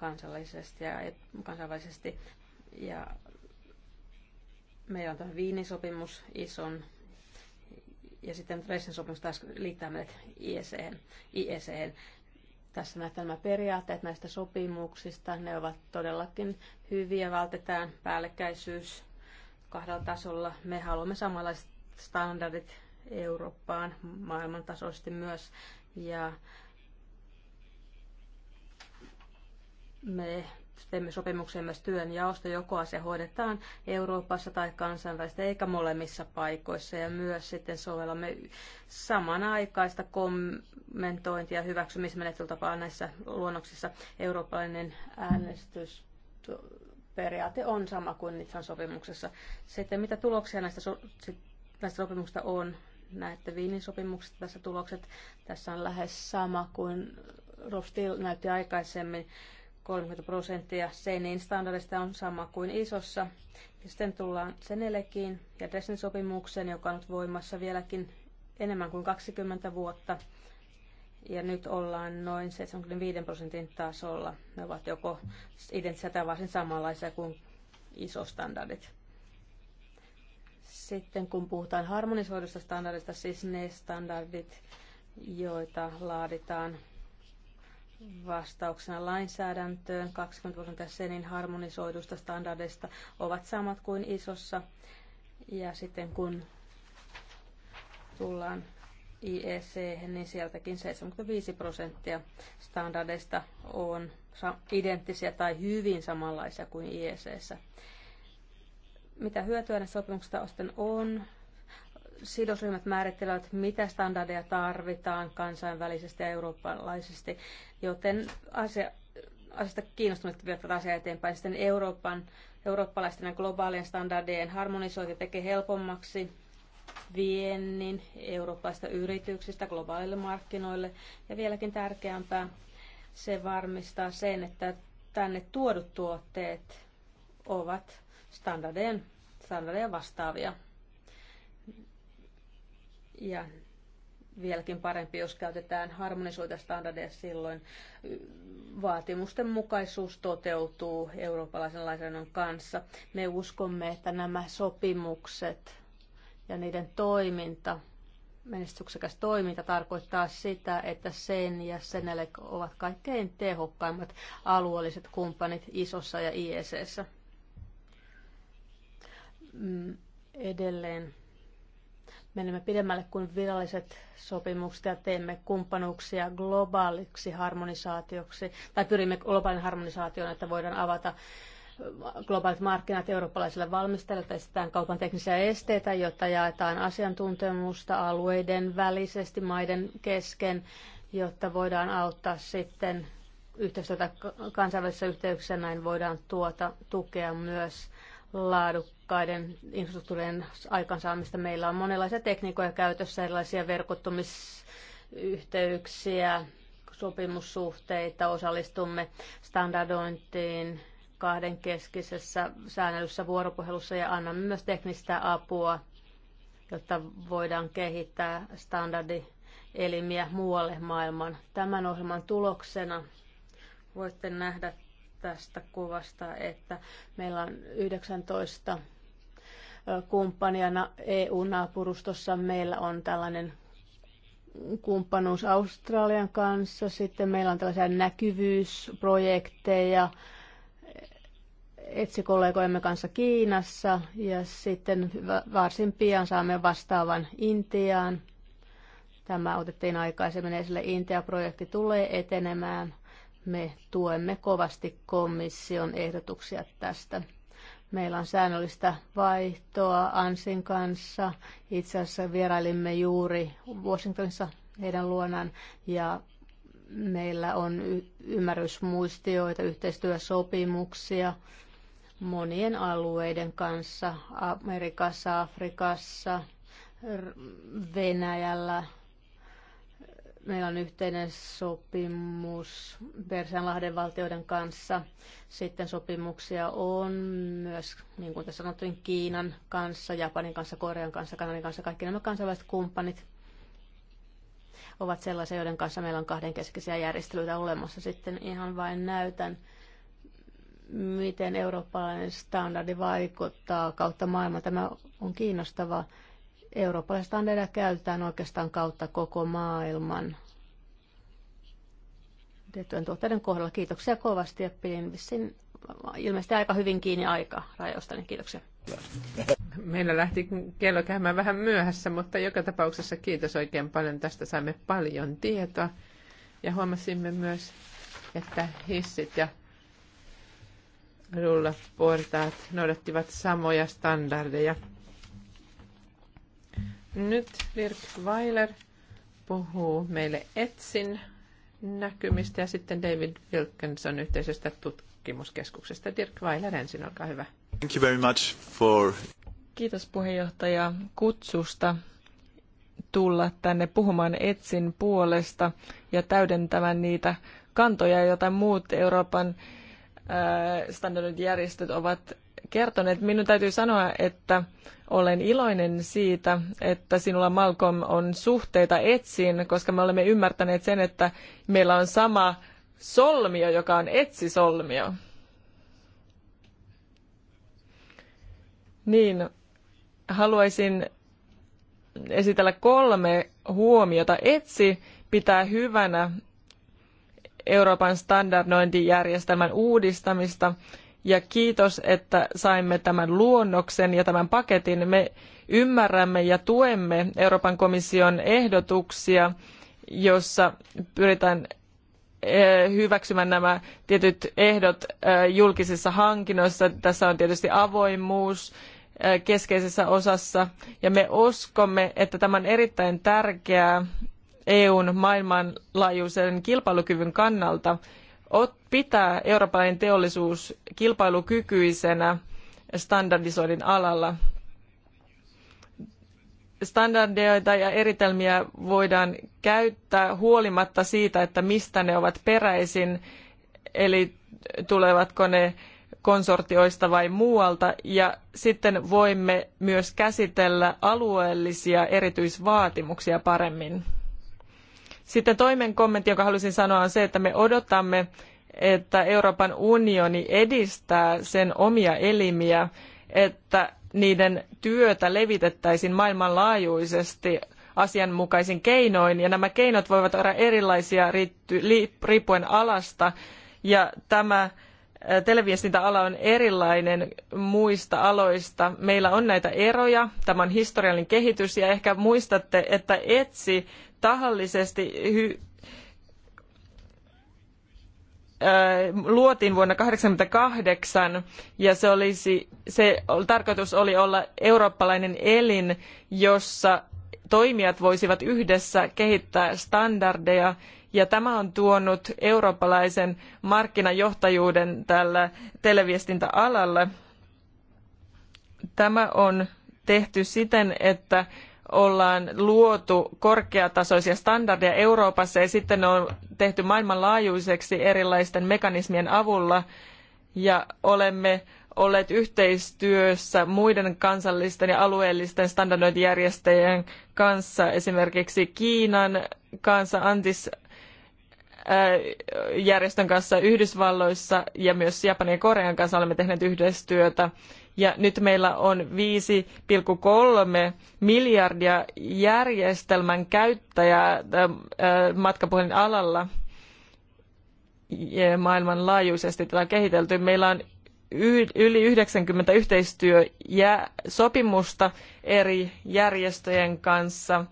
kansallisesti ja kansainvälisesti. Ja meillä on tämä Viinin sopimus, ison ja sitten Dresden sopimus taas liittää meidät IECen. IECen. Tässä näyttää nämä periaatteet näistä sopimuksista. Ne ovat todellakin hyviä. Vältetään päällekkäisyys kahdella tasolla. Me haluamme samanlaiset standardit Eurooppaan maailmantasoisesti myös. Ja Me teemme sopimuksia myös jaosta joko asia hoidetaan Euroopassa tai kansainvälisesti, eikä molemmissa paikoissa. Ja myös sitten sovellamme samanaikaista kommentointia ja hyväksymismenettelytapaa näissä luonnoksissa. Eurooppalainen äänestys periaate on sama kuin Nitsan sopimuksessa. Sitten mitä tuloksia näistä, so- näistä sopimuksista on? Näette Viinin sopimuksesta tässä tulokset. Tässä on lähes sama kuin Rostil näytti aikaisemmin. 30 prosenttia Seinin standardista on sama kuin isossa. Ja sitten tullaan Senelekiin ja Dresden sopimukseen, joka on nyt voimassa vieläkin enemmän kuin 20 vuotta. Ja nyt ollaan noin 75 prosentin tasolla. Ne ovat joko identtisiä tai varsin samanlaisia kuin isostandardit. Sitten kun puhutaan harmonisoidusta standardista, siis ne standardit, joita laaditaan vastauksena lainsäädäntöön 20 prosenttia senin harmonisoidusta standardeista ovat samat kuin isossa. Ja sitten kun tullaan IEC, niin sieltäkin 75 prosenttia standardeista on identtisiä tai hyvin samanlaisia kuin IECssä. Mitä hyötyä näistä sopimuksista sitten on? sidosryhmät määrittelevät, mitä standardeja tarvitaan kansainvälisesti ja eurooppalaisesti, joten asia, asiasta kiinnostuneet vievät tätä asiaa eteenpäin. Sitten Euroopan, eurooppalaisten ja globaalien standardien harmonisointi tekee helpommaksi viennin eurooppalaisista yrityksistä globaalille markkinoille. Ja vieläkin tärkeämpää, se varmistaa sen, että tänne tuodut tuotteet ovat standardeja vastaavia. Ja vieläkin parempi, jos käytetään harmonisoita standardeja silloin. Vaatimusten mukaisuus toteutuu eurooppalaisen lainsäädännön kanssa. Me uskomme, että nämä sopimukset ja niiden toiminta, menestyksekäs toiminta tarkoittaa sitä, että sen ja senelle ovat kaikkein tehokkaimmat alueelliset kumppanit isossa ja IECssä. Mm, edelleen menemme pidemmälle kuin viralliset sopimukset ja teemme kumppanuuksia globaaliksi harmonisaatioksi, tai pyrimme globaalin harmonisaatioon, että voidaan avata globaalit markkinat eurooppalaisille valmistajille, tai esitetään kaupan teknisiä esteitä, jotta jaetaan asiantuntemusta alueiden välisesti maiden kesken, jotta voidaan auttaa sitten yhteistyötä kansainvälisissä yhteyksissä, näin voidaan tuota tukea myös laadukkaiden infrastruktuurien aikansaamista. Meillä on monenlaisia tekniikoja käytössä, erilaisia verkottumisyhteyksiä, sopimussuhteita, osallistumme standardointiin kahdenkeskisessä säännöllisessä vuoropuhelussa ja annamme myös teknistä apua, jotta voidaan kehittää standardielimiä muualle maailman. Tämän ohjelman tuloksena voitte nähdä tästä kuvasta, että meillä on 19 kumppania EU-naapurustossa. Meillä on tällainen kumppanuus Australian kanssa, sitten meillä on tällaisia näkyvyysprojekteja etsikollegojemme kanssa Kiinassa ja sitten varsin pian saamme vastaavan Intiaan. Tämä otettiin aikaisemmin esille. Intia-projekti tulee etenemään me tuemme kovasti komission ehdotuksia tästä. Meillä on säännöllistä vaihtoa Ansin kanssa. Itse asiassa vierailimme juuri Washingtonissa heidän luonaan ja meillä on y- ymmärrysmuistioita, yhteistyösopimuksia monien alueiden kanssa, Amerikassa, Afrikassa, Venäjällä, Meillä on yhteinen sopimus Persianlahden valtioiden kanssa. Sitten sopimuksia on myös, niin kuin tässä sanottiin, Kiinan kanssa, Japanin kanssa, Korean kanssa, Kanadan kanssa. Kaikki nämä kansainväliset kumppanit ovat sellaisia, joiden kanssa meillä on kahdenkeskisiä järjestelyitä olemassa. Sitten ihan vain näytän, miten eurooppalainen standardi vaikuttaa kautta maailman. Tämä on kiinnostavaa. Eurooppalaiset standardia käytetään oikeastaan kautta koko maailman tiettyjen tuotteiden kohdalla. Kiitoksia kovasti ja pidin vissiin ilmeisesti aika hyvin kiinni aika rajoista, niin kiitoksia. Meillä lähti kello käymään vähän myöhässä, mutta joka tapauksessa kiitos oikein paljon. Tästä saimme paljon tietoa ja huomasimme myös, että hissit ja rullaportaat noudattivat samoja standardeja. Nyt Dirk Weiler puhuu meille Etsin näkymistä ja sitten David Wilkinson yhteisestä tutkimuskeskuksesta. Dirk Weiler ensin, olkaa hyvä. Thank you very much for... Kiitos puheenjohtaja kutsusta tulla tänne puhumaan Etsin puolesta ja täydentämään niitä kantoja, joita muut Euroopan standardit järjestöt ovat kertoneet. Minun täytyy sanoa, että olen iloinen siitä, että sinulla Malcolm on suhteita etsiin, koska me olemme ymmärtäneet sen, että meillä on sama solmio, joka on etsisolmio. Niin, haluaisin esitellä kolme huomiota. Etsi pitää hyvänä Euroopan standardointijärjestelmän uudistamista ja kiitos, että saimme tämän luonnoksen ja tämän paketin. Me ymmärrämme ja tuemme Euroopan komission ehdotuksia, jossa pyritään eh, hyväksymään nämä tietyt ehdot eh, julkisissa hankinnoissa. Tässä on tietysti avoimuus eh, keskeisessä osassa ja me uskomme, että tämä on erittäin tärkeää EUn maailmanlaajuisen kilpailukyvyn kannalta pitää eurooppalainen teollisuus kilpailukykyisenä standardisoinnin alalla. Standardeita ja eritelmiä voidaan käyttää huolimatta siitä, että mistä ne ovat peräisin, eli tulevatko ne konsortioista vai muualta, ja sitten voimme myös käsitellä alueellisia erityisvaatimuksia paremmin. Sitten toinen kommentti, jonka halusin sanoa, on se, että me odotamme, että Euroopan unioni edistää sen omia elimiä, että niiden työtä levitettäisiin maailmanlaajuisesti asianmukaisin keinoin. Ja nämä keinot voivat olla erilaisia riippuen alasta. Ja tämä televiestintäala on erilainen muista aloista. Meillä on näitä eroja, tämä on historiallinen kehitys ja ehkä muistatte, että etsi tahallisesti luotiin vuonna 1988 ja se, olisi, se tarkoitus oli olla eurooppalainen elin, jossa toimijat voisivat yhdessä kehittää standardeja ja tämä on tuonut eurooppalaisen markkinajohtajuuden tällä televiestintäalalla. Tämä on tehty siten, että ollaan luotu korkeatasoisia standardeja Euroopassa ja sitten ne on tehty maailmanlaajuiseksi erilaisten mekanismien avulla ja olemme olleet yhteistyössä muiden kansallisten ja alueellisten standardointijärjestäjien kanssa, esimerkiksi Kiinan kanssa, Antis järjestön kanssa Yhdysvalloissa ja myös Japanin ja Korean kanssa olemme tehneet yhteistyötä. Ja nyt meillä on viisi kolme miljardia järjestelmän käyttäjää matkapuhelin alalla maailmanlaajuisesti tätä on kehitelty. Meillä on yli 90 yhteistyösopimusta eri järjestöjen kanssa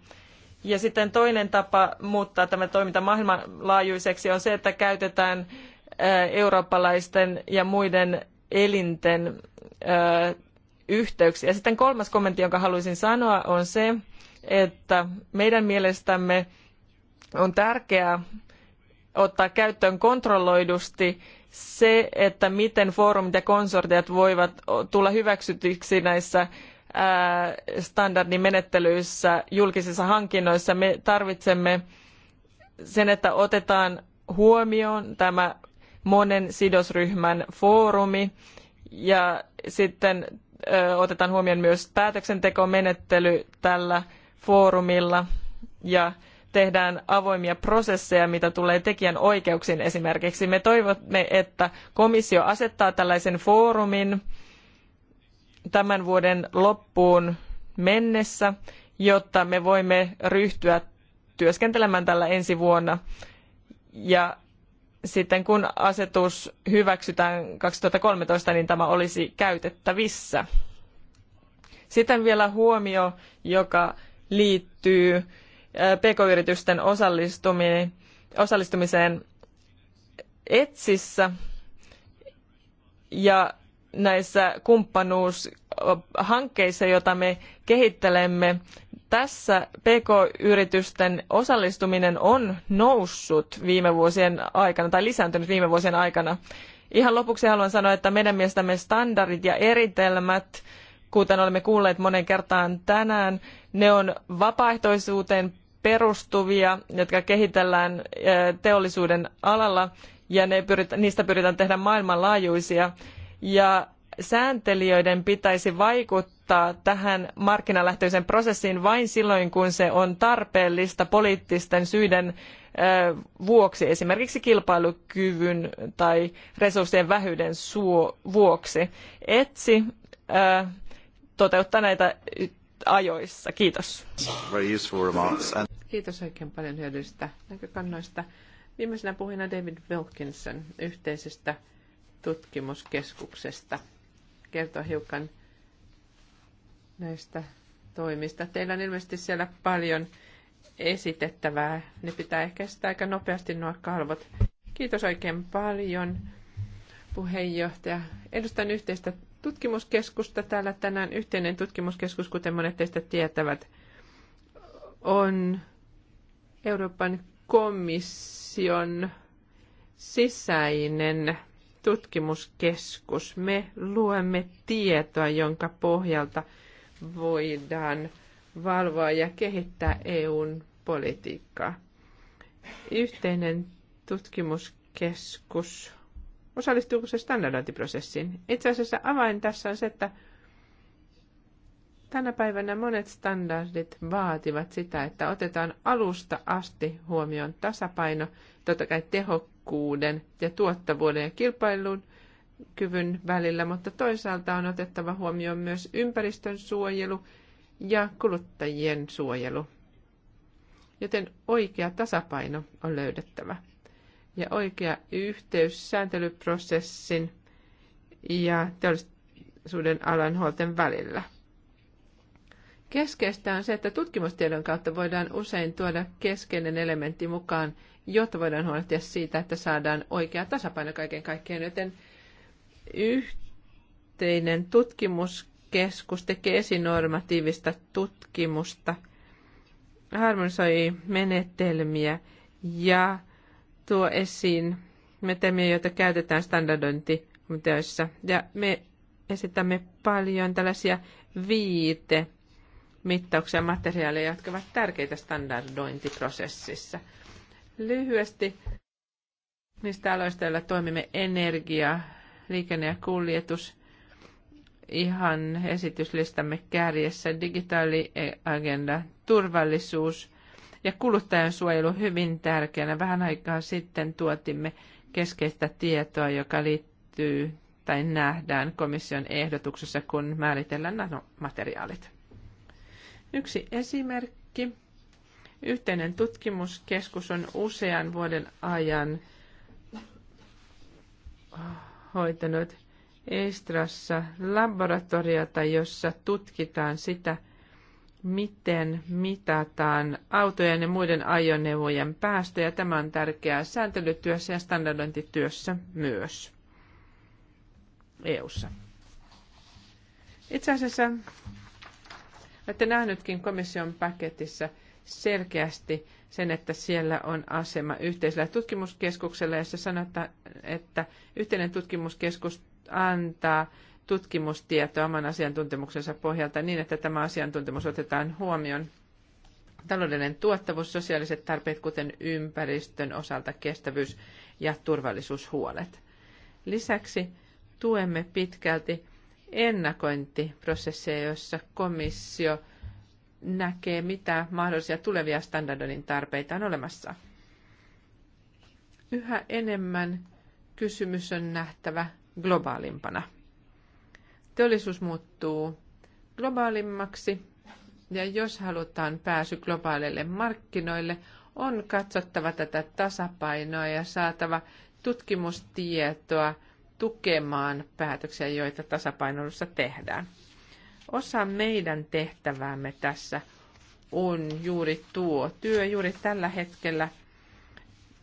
ja sitten toinen tapa muuttaa tämä toiminta maailmanlaajuiseksi on se, että käytetään äh, eurooppalaisten ja muiden elinten äh, yhteyksiä. Sitten kolmas kommentti, jonka haluaisin sanoa, on se, että meidän mielestämme on tärkeää ottaa käyttöön kontrolloidusti se, että miten foorumit ja konsortiot voivat tulla hyväksytyiksi näissä standardimenettelyissä julkisissa hankinnoissa. Me tarvitsemme sen, että otetaan huomioon tämä monen sidosryhmän foorumi ja sitten otetaan huomioon myös päätöksentekomenettely tällä foorumilla ja tehdään avoimia prosesseja, mitä tulee tekijän oikeuksiin esimerkiksi. Me toivomme, että komissio asettaa tällaisen foorumin, tämän vuoden loppuun mennessä, jotta me voimme ryhtyä työskentelemään tällä ensi vuonna. Ja sitten kun asetus hyväksytään 2013, niin tämä olisi käytettävissä. Sitten vielä huomio, joka liittyy pk-yritysten osallistumiseen ETSissä ja näissä kumppanuushankkeissa, joita me kehittelemme, tässä PK-yritysten osallistuminen on noussut viime vuosien aikana tai lisääntynyt viime vuosien aikana. Ihan lopuksi haluan sanoa, että meidän mielestämme standardit ja eritelmät, kuten olemme kuulleet monen kertaan tänään, ne on vapaaehtoisuuteen perustuvia, jotka kehitellään eh, teollisuuden alalla ja ne niistä pyritään tehdä maailmanlaajuisia ja sääntelijöiden pitäisi vaikuttaa tähän markkinalähtöiseen prosessiin vain silloin, kun se on tarpeellista poliittisten syiden vuoksi, esimerkiksi kilpailukyvyn tai resurssien vähyyden vuoksi. Etsi toteuttaa näitä ajoissa. Kiitos. Kiitos oikein paljon hyödyllisistä näkökannoista. Viimeisenä puhujana David Wilkinson yhteisestä tutkimuskeskuksesta kertoa hiukan näistä toimista. Teillä on ilmeisesti siellä paljon esitettävää. Ne pitää ehkä sitä aika nopeasti nuo kalvot. Kiitos oikein paljon puheenjohtaja. Edustan yhteistä tutkimuskeskusta täällä tänään. Yhteinen tutkimuskeskus, kuten monet teistä tietävät, on Euroopan komission sisäinen tutkimuskeskus. Me luemme tietoa, jonka pohjalta voidaan valvoa ja kehittää EUn politiikkaa. Yhteinen tutkimuskeskus. Osallistuuko se standardointiprosessiin? Itse asiassa avain tässä on se, että tänä päivänä monet standardit vaativat sitä, että otetaan alusta asti huomioon tasapaino, totta kai tehokkuus, tehokkuuden ja tuottavuuden ja kilpailun kyvyn välillä, mutta toisaalta on otettava huomioon myös ympäristön suojelu ja kuluttajien suojelu. Joten oikea tasapaino on löydettävä ja oikea yhteys sääntelyprosessin ja teollisuuden alan huolten välillä. Keskeistä on se, että tutkimustiedon kautta voidaan usein tuoda keskeinen elementti mukaan jotta voidaan huolehtia siitä, että saadaan oikea tasapaino kaiken kaikkiaan. Joten yhteinen tutkimuskeskus tekee esinormatiivista tutkimusta, harmonisoi menetelmiä ja tuo esiin menetelmiä, joita käytetään standardointikomiteoissa. Ja me esitämme paljon tällaisia viite mittauksia materiaaleja, jotka ovat tärkeitä standardointiprosessissa lyhyesti niistä aloista, joilla toimimme energia, liikenne ja kuljetus. Ihan esityslistamme kärjessä digitaaliagenda, turvallisuus ja kuluttajan suojelu hyvin tärkeänä. Vähän aikaa sitten tuotimme keskeistä tietoa, joka liittyy tai nähdään komission ehdotuksessa, kun määritellään nanomateriaalit. Yksi esimerkki Yhteinen tutkimuskeskus on usean vuoden ajan hoitanut Estrassa laboratoriota, jossa tutkitaan sitä, miten mitataan autojen ja muiden ajoneuvojen päästöjä. Tämä on tärkeää sääntelytyössä ja standardointityössä myös EU:ssa. Itse asiassa olette nähnytkin komission paketissa – selkeästi sen, että siellä on asema yhteisellä tutkimuskeskuksella, jossa sanotaan, että yhteinen tutkimuskeskus antaa tutkimustietoa oman asiantuntemuksensa pohjalta niin, että tämä asiantuntemus otetaan huomioon. Taloudellinen tuottavuus, sosiaaliset tarpeet, kuten ympäristön osalta kestävyys ja turvallisuushuolet. Lisäksi tuemme pitkälti ennakointiprosesseja, joissa komissio – näkee, mitä mahdollisia tulevia standardoinnin tarpeita on olemassa. Yhä enemmän kysymys on nähtävä globaalimpana. Teollisuus muuttuu globaalimmaksi ja jos halutaan pääsy globaaleille markkinoille, on katsottava tätä tasapainoa ja saatava tutkimustietoa tukemaan päätöksiä, joita tasapainoissa tehdään. Osa meidän tehtäväämme tässä on juuri tuo työ. Juuri tällä hetkellä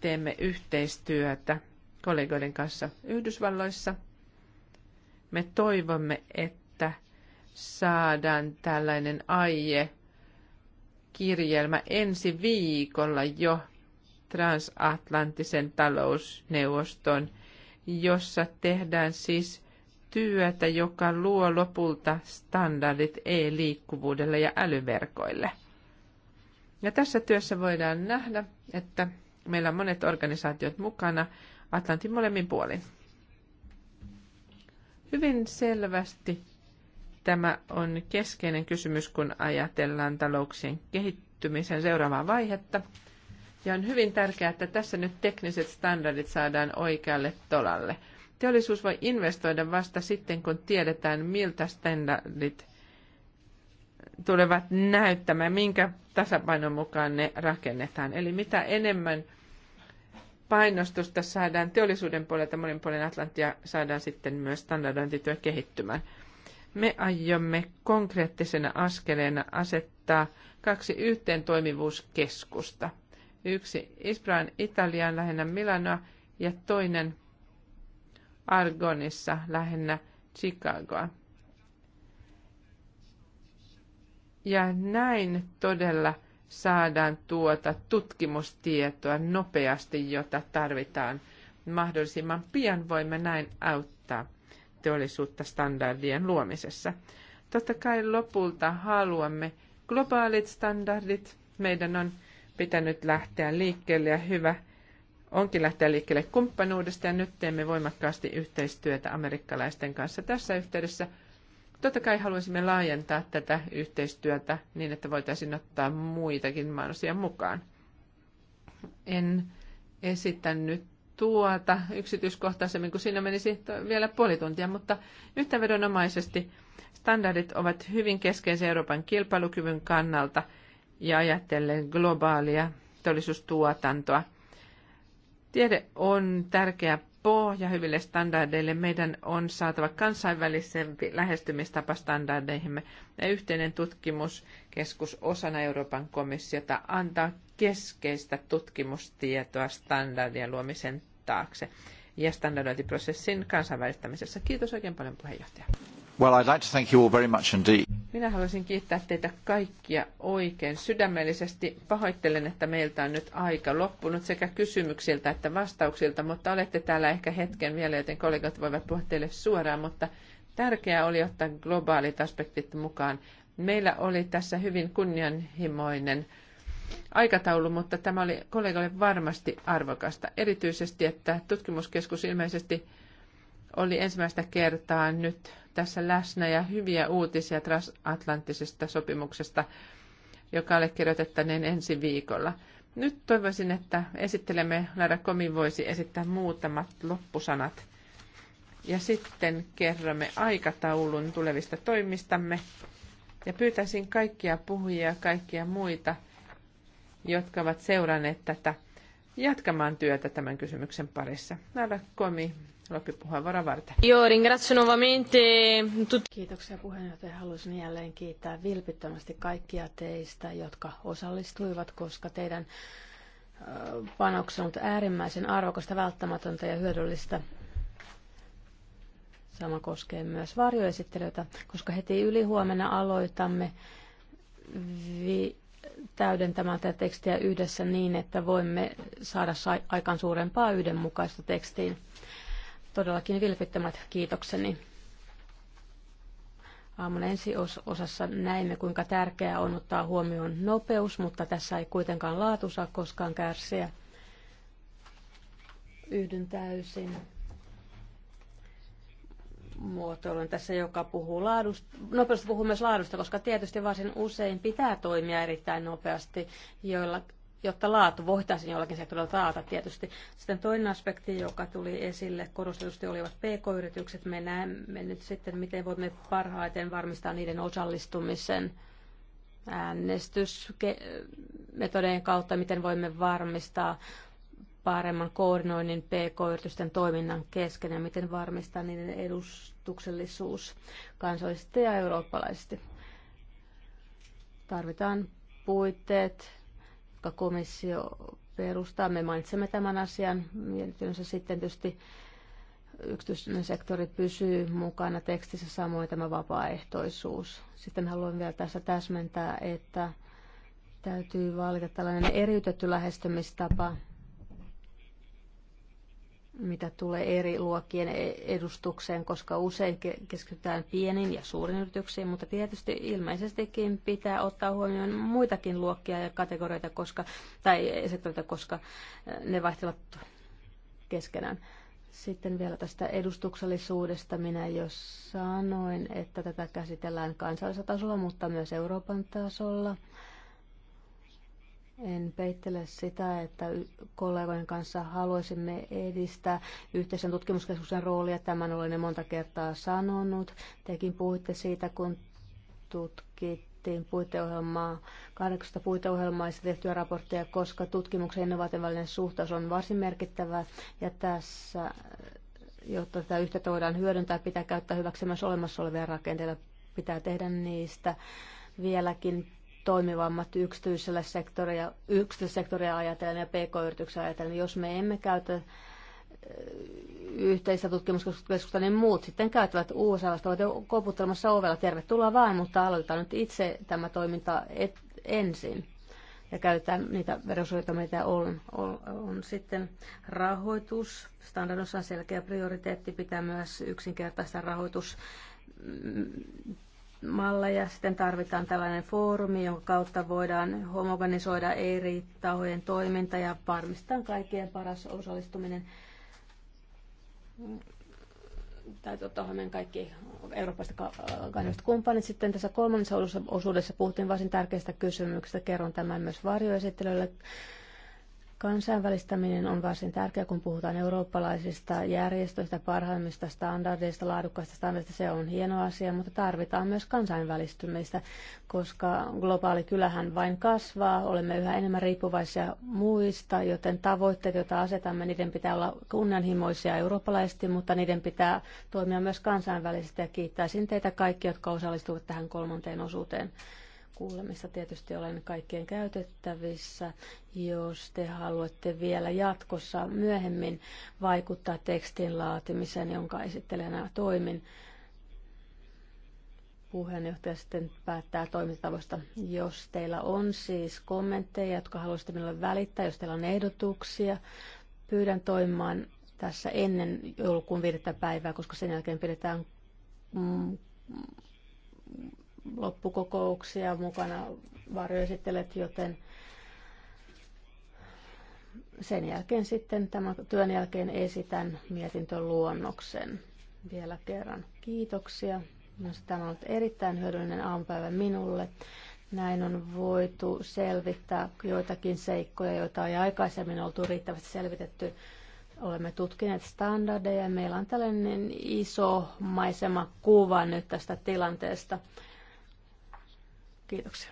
teemme yhteistyötä kollegoiden kanssa Yhdysvalloissa. Me toivomme, että saadaan tällainen aie kirjelmä ensi viikolla jo transatlanttisen talousneuvoston, jossa tehdään siis työtä, joka luo lopulta standardit e-liikkuvuudelle ja älyverkoille. Ja tässä työssä voidaan nähdä, että meillä on monet organisaatiot mukana Atlantin molemmin puolin. Hyvin selvästi tämä on keskeinen kysymys, kun ajatellaan talouksien kehittymisen seuraavaa vaihetta. Ja on hyvin tärkeää, että tässä nyt tekniset standardit saadaan oikealle tolalle – Teollisuus voi investoida vasta sitten, kun tiedetään, miltä standardit tulevat näyttämään, minkä tasapainon mukaan ne rakennetaan. Eli mitä enemmän painostusta saadaan teollisuuden puolelta, monin puolen Atlantia saadaan sitten myös standardointityö kehittymään. Me aiomme konkreettisena askeleena asettaa kaksi yhteen toimivuuskeskusta. Yksi Ispraan Italiaan lähinnä Milanoa ja toinen Argonissa lähinnä Chicagoa. Ja näin todella saadaan tuota tutkimustietoa nopeasti, jota tarvitaan mahdollisimman pian. Voimme näin auttaa teollisuutta standardien luomisessa. Totta kai lopulta haluamme globaalit standardit. Meidän on pitänyt lähteä liikkeelle ja hyvä onkin lähteä liikkeelle kumppanuudesta ja nyt teemme voimakkaasti yhteistyötä amerikkalaisten kanssa tässä yhteydessä. Totta kai haluaisimme laajentaa tätä yhteistyötä niin, että voitaisiin ottaa muitakin maanosia mukaan. En esitä nyt tuota yksityiskohtaisemmin, kun siinä menisi vielä puoli tuntia, mutta yhtävedonomaisesti standardit ovat hyvin keskeisiä Euroopan kilpailukyvyn kannalta ja ajatellen globaalia teollisuustuotantoa – Tiede on tärkeä pohja hyville standardeille. Meidän on saatava kansainvälisempi lähestymistapa standardeihimme ja yhteinen tutkimuskeskus osana Euroopan komissiota antaa keskeistä tutkimustietoa standardien luomisen taakse ja standardointiprosessin kansainvälistämisessä. Kiitos oikein paljon puheenjohtaja. Well, I'd like to thank you all very much indeed. Minä haluaisin kiittää teitä kaikkia oikein sydämellisesti. Pahoittelen, että meiltä on nyt aika loppunut sekä kysymyksiltä että vastauksilta, mutta olette täällä ehkä hetken vielä, joten kollegat voivat puhua teille suoraan, mutta tärkeää oli ottaa globaalit aspektit mukaan. Meillä oli tässä hyvin kunnianhimoinen aikataulu, mutta tämä oli kollegalle varmasti arvokasta. Erityisesti, että tutkimuskeskus ilmeisesti oli ensimmäistä kertaa nyt tässä läsnä ja hyviä uutisia transatlanttisesta sopimuksesta, joka allekirjoitettaneen ensi viikolla. Nyt toivoisin, että esittelemme, Lara Komi voisi esittää muutamat loppusanat. Ja sitten kerromme aikataulun tulevista toimistamme. Ja pyytäisin kaikkia puhujia ja kaikkia muita, jotka ovat seuranneet tätä, jatkamaan työtä tämän kysymyksen parissa. Lara Komi, loppupuheenvuoron varten. Joo, ringrazio nuovamente. Kiitoksia puheenjohtaja. Haluaisin jälleen kiittää vilpittömästi kaikkia teistä, jotka osallistuivat, koska teidän panoksen on äärimmäisen arvokasta, välttämätöntä ja hyödyllistä. Sama koskee myös varjoesittelyitä, koska heti yli huomenna aloitamme vi- täydentämään tätä tekstiä yhdessä niin, että voimme saada aikaan suurempaa yhdenmukaista tekstiin todellakin vilpittömät kiitokseni. Aamun ensiosassa näimme, kuinka tärkeää on ottaa huomioon nopeus, mutta tässä ei kuitenkaan laatu saa koskaan kärsiä. Yhdyn täysin muotoilun tässä, joka puhuu laadusta. Nopeus puhuu myös laadusta, koska tietysti varsin usein pitää toimia erittäin nopeasti, joilla jotta laatu voitaisiin jollakin sektorilla taata tietysti. Sitten toinen aspekti, joka tuli esille korostetusti, olivat pk-yritykset. Me näemme nyt sitten, miten voimme parhaiten varmistaa niiden osallistumisen äänestysmetodeen kautta, miten voimme varmistaa paremman koordinoinnin pk-yritysten toiminnan kesken ja miten varmistaa niiden edustuksellisuus kansallisesti ja eurooppalaisesti. Tarvitaan puitteet jonka komissio perustaa. Me mainitsemme tämän asian. Mietinnössä sitten tietysti yksityinen sektori pysyy mukana tekstissä, samoin tämä vapaaehtoisuus. Sitten haluan vielä tässä täsmentää, että täytyy valita tällainen eriytetty lähestymistapa mitä tulee eri luokkien e- edustukseen, koska usein keskitytään pieniin ja suurin yrityksiin, mutta tietysti ilmeisestikin pitää ottaa huomioon muitakin luokkia ja kategorioita koska, tai sektoreita, koska ne vaihtelevat keskenään. Sitten vielä tästä edustuksellisuudesta. Minä jo sanoin, että tätä käsitellään kansallisella tasolla, mutta myös Euroopan tasolla. En peittele sitä, että kollegojen kanssa haluaisimme edistää yhteisen tutkimuskeskuksen roolia. Tämän olen jo monta kertaa sanonut. Tekin puhuitte siitä, kun tutkittiin puiteohjelmaa, 18 puiteohjelmaa ja tehtyä raportteja, koska tutkimuksen innovaation suhtaus on varsin merkittävä. Ja tässä, jotta tätä yhteyttä voidaan hyödyntää, pitää käyttää hyväksi myös olemassa olevia rakenteita, pitää tehdä niistä vieläkin toimivammat yksityisellä sektoria, yksityissektoria ajatellen ja pk-yrityksiä ajatellen. Jos me emme käytä yhteistä tutkimuskeskusta, niin muut sitten käyttävät USA, ovat jo koputtelemassa ovella. Tervetuloa vaan, mutta aloitetaan nyt itse tämä toiminta et, ensin ja käytetään niitä verosuojelta, mitä on, on, on. Sitten rahoitus. Standardossa on selkeä prioriteetti, pitää myös yksinkertaista rahoitus malleja. Sitten tarvitaan tällainen foorumi, jonka kautta voidaan homogenisoida eri tahojen toiminta ja varmistetaan kaikkien paras osallistuminen. Täytyy ottaa meidän kaikki eurooppalaiset kansalliset kumppanit. Sitten tässä kolmannessa osuudessa puhuttiin varsin tärkeistä kysymyksistä. Kerron tämän myös varjoesittelylle. Kansainvälistäminen on varsin tärkeää, kun puhutaan eurooppalaisista järjestöistä, parhaimmista standardeista, laadukkaista standardeista. Se on hieno asia, mutta tarvitaan myös kansainvälistymistä, koska globaali kylähän vain kasvaa. Olemme yhä enemmän riippuvaisia muista, joten tavoitteet, joita asetamme, niiden pitää olla kunnianhimoisia eurooppalaisesti, mutta niiden pitää toimia myös kansainvälisesti. Ja kiittäisin teitä kaikki, jotka osallistuvat tähän kolmanteen osuuteen kuulemissa tietysti olen kaikkien käytettävissä. Jos te haluatte vielä jatkossa myöhemmin vaikuttaa tekstin laatimiseen, jonka esittelijänä toimin, puheenjohtaja sitten päättää toimintatavoista. Jos teillä on siis kommentteja, jotka haluaisitte minulle välittää, jos teillä on ehdotuksia, pyydän toimimaan tässä ennen joulukuun viidettä päivää, koska sen jälkeen pidetään mm, loppukokouksia mukana varjoesittelet, joten sen jälkeen sitten tämän työn jälkeen esitän mietintöluonnoksen vielä kerran. Kiitoksia. Myös tämä on ollut erittäin hyödyllinen aamupäivä minulle. Näin on voitu selvittää joitakin seikkoja, joita ei aikaisemmin oltu riittävästi selvitetty. Olemme tutkineet standardeja meillä on tällainen iso maisema kuva nyt tästä tilanteesta. Kiitoksia.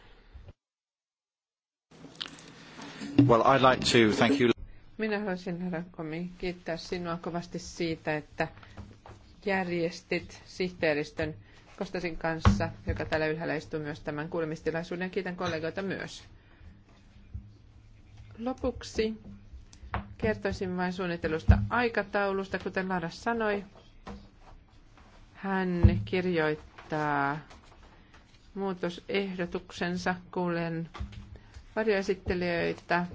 Well, I'd like to thank you. Minä haluaisin, herra Komi, kiittää sinua kovasti siitä, että järjestit sihteeristön Kostasin kanssa, joka täällä ylhäällä istuu myös tämän kuulemistilaisuuden. Kiitän kollegoita myös. Lopuksi kertoisin vain suunnitelusta aikataulusta, kuten Lara sanoi. Hän kirjoittaa muutosehdotuksensa. Kuulen varjoesittelijöitä.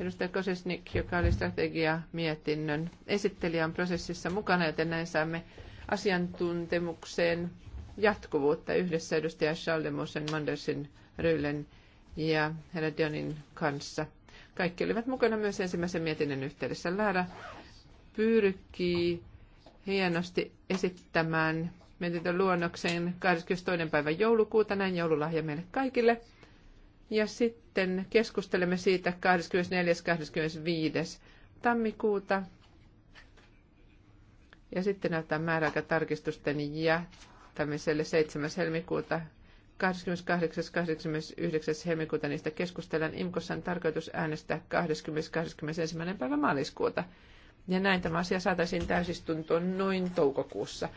Edustaja Kosesnik, joka oli strategiamietinnön esittelijä, on prosessissa mukana, joten näin saamme asiantuntemukseen jatkuvuutta yhdessä edustaja Schaldemosen, Mandersin, Ryllen ja Radionin kanssa. Kaikki olivat mukana myös ensimmäisen mietinnön yhteydessä. Lähdä pyrkii hienosti esittämään mietintö luonnokseen 22. päivä joulukuuta, näin joululahja meille kaikille. Ja sitten keskustelemme siitä 24. 25. tammikuuta. Ja sitten näytetään määräaika tarkistusten jättämiselle 7. helmikuuta 28. 29. helmikuuta niistä keskustellaan. on tarkoitus äänestää 20. 21. päivä maaliskuuta. Ja näin tämä asia saataisiin täysistuntoon noin toukokuussa.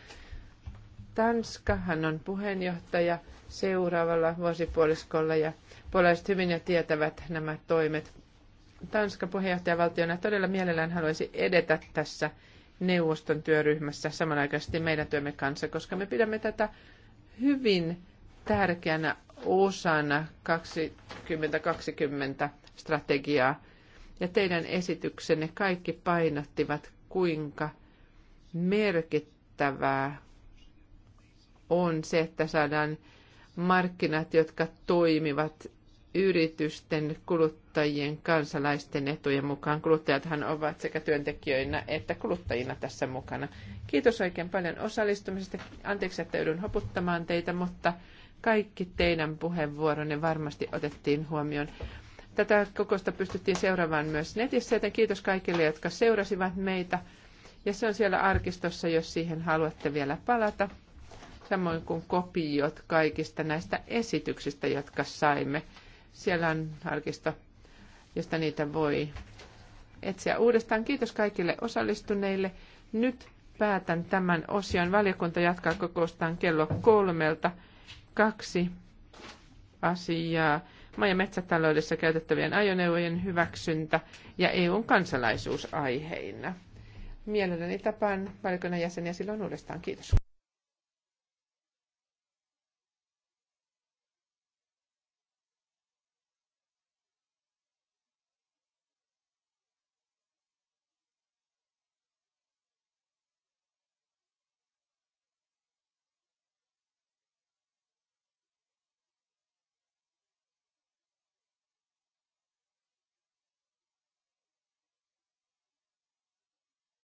Tanska hän on puheenjohtaja seuraavalla vuosipuoliskolla ja puolalaiset hyvin jo tietävät nämä toimet. Tanska puheenjohtajavaltiona todella mielellään haluaisi edetä tässä neuvoston työryhmässä samanaikaisesti meidän työmme kanssa, koska me pidämme tätä hyvin tärkeänä osana 2020 strategiaa. Ja teidän esityksenne kaikki painottivat, kuinka merkittävää on se, että saadaan markkinat, jotka toimivat yritysten, kuluttajien, kansalaisten etujen mukaan. Kuluttajathan ovat sekä työntekijöinä että kuluttajina tässä mukana. Kiitos oikein paljon osallistumisesta. Anteeksi, että joudun hoputtamaan teitä, mutta kaikki teidän puheenvuoronne varmasti otettiin huomioon. Tätä kokousta pystyttiin seuraamaan myös netissä, joten kiitos kaikille, jotka seurasivat meitä. Ja se on siellä arkistossa, jos siihen haluatte vielä palata samoin kuin kopiot kaikista näistä esityksistä, jotka saimme. Siellä on arkisto, josta niitä voi etsiä uudestaan. Kiitos kaikille osallistuneille. Nyt päätän tämän osion. Valiokunta jatkaa kokoustaan kello kolmelta. Kaksi asiaa. Maa- ja metsätaloudessa käytettävien ajoneuvojen hyväksyntä ja EUn kansalaisuusaiheina. aiheina. Mielelläni tapaan valiokunnan jäseniä silloin uudestaan. Kiitos.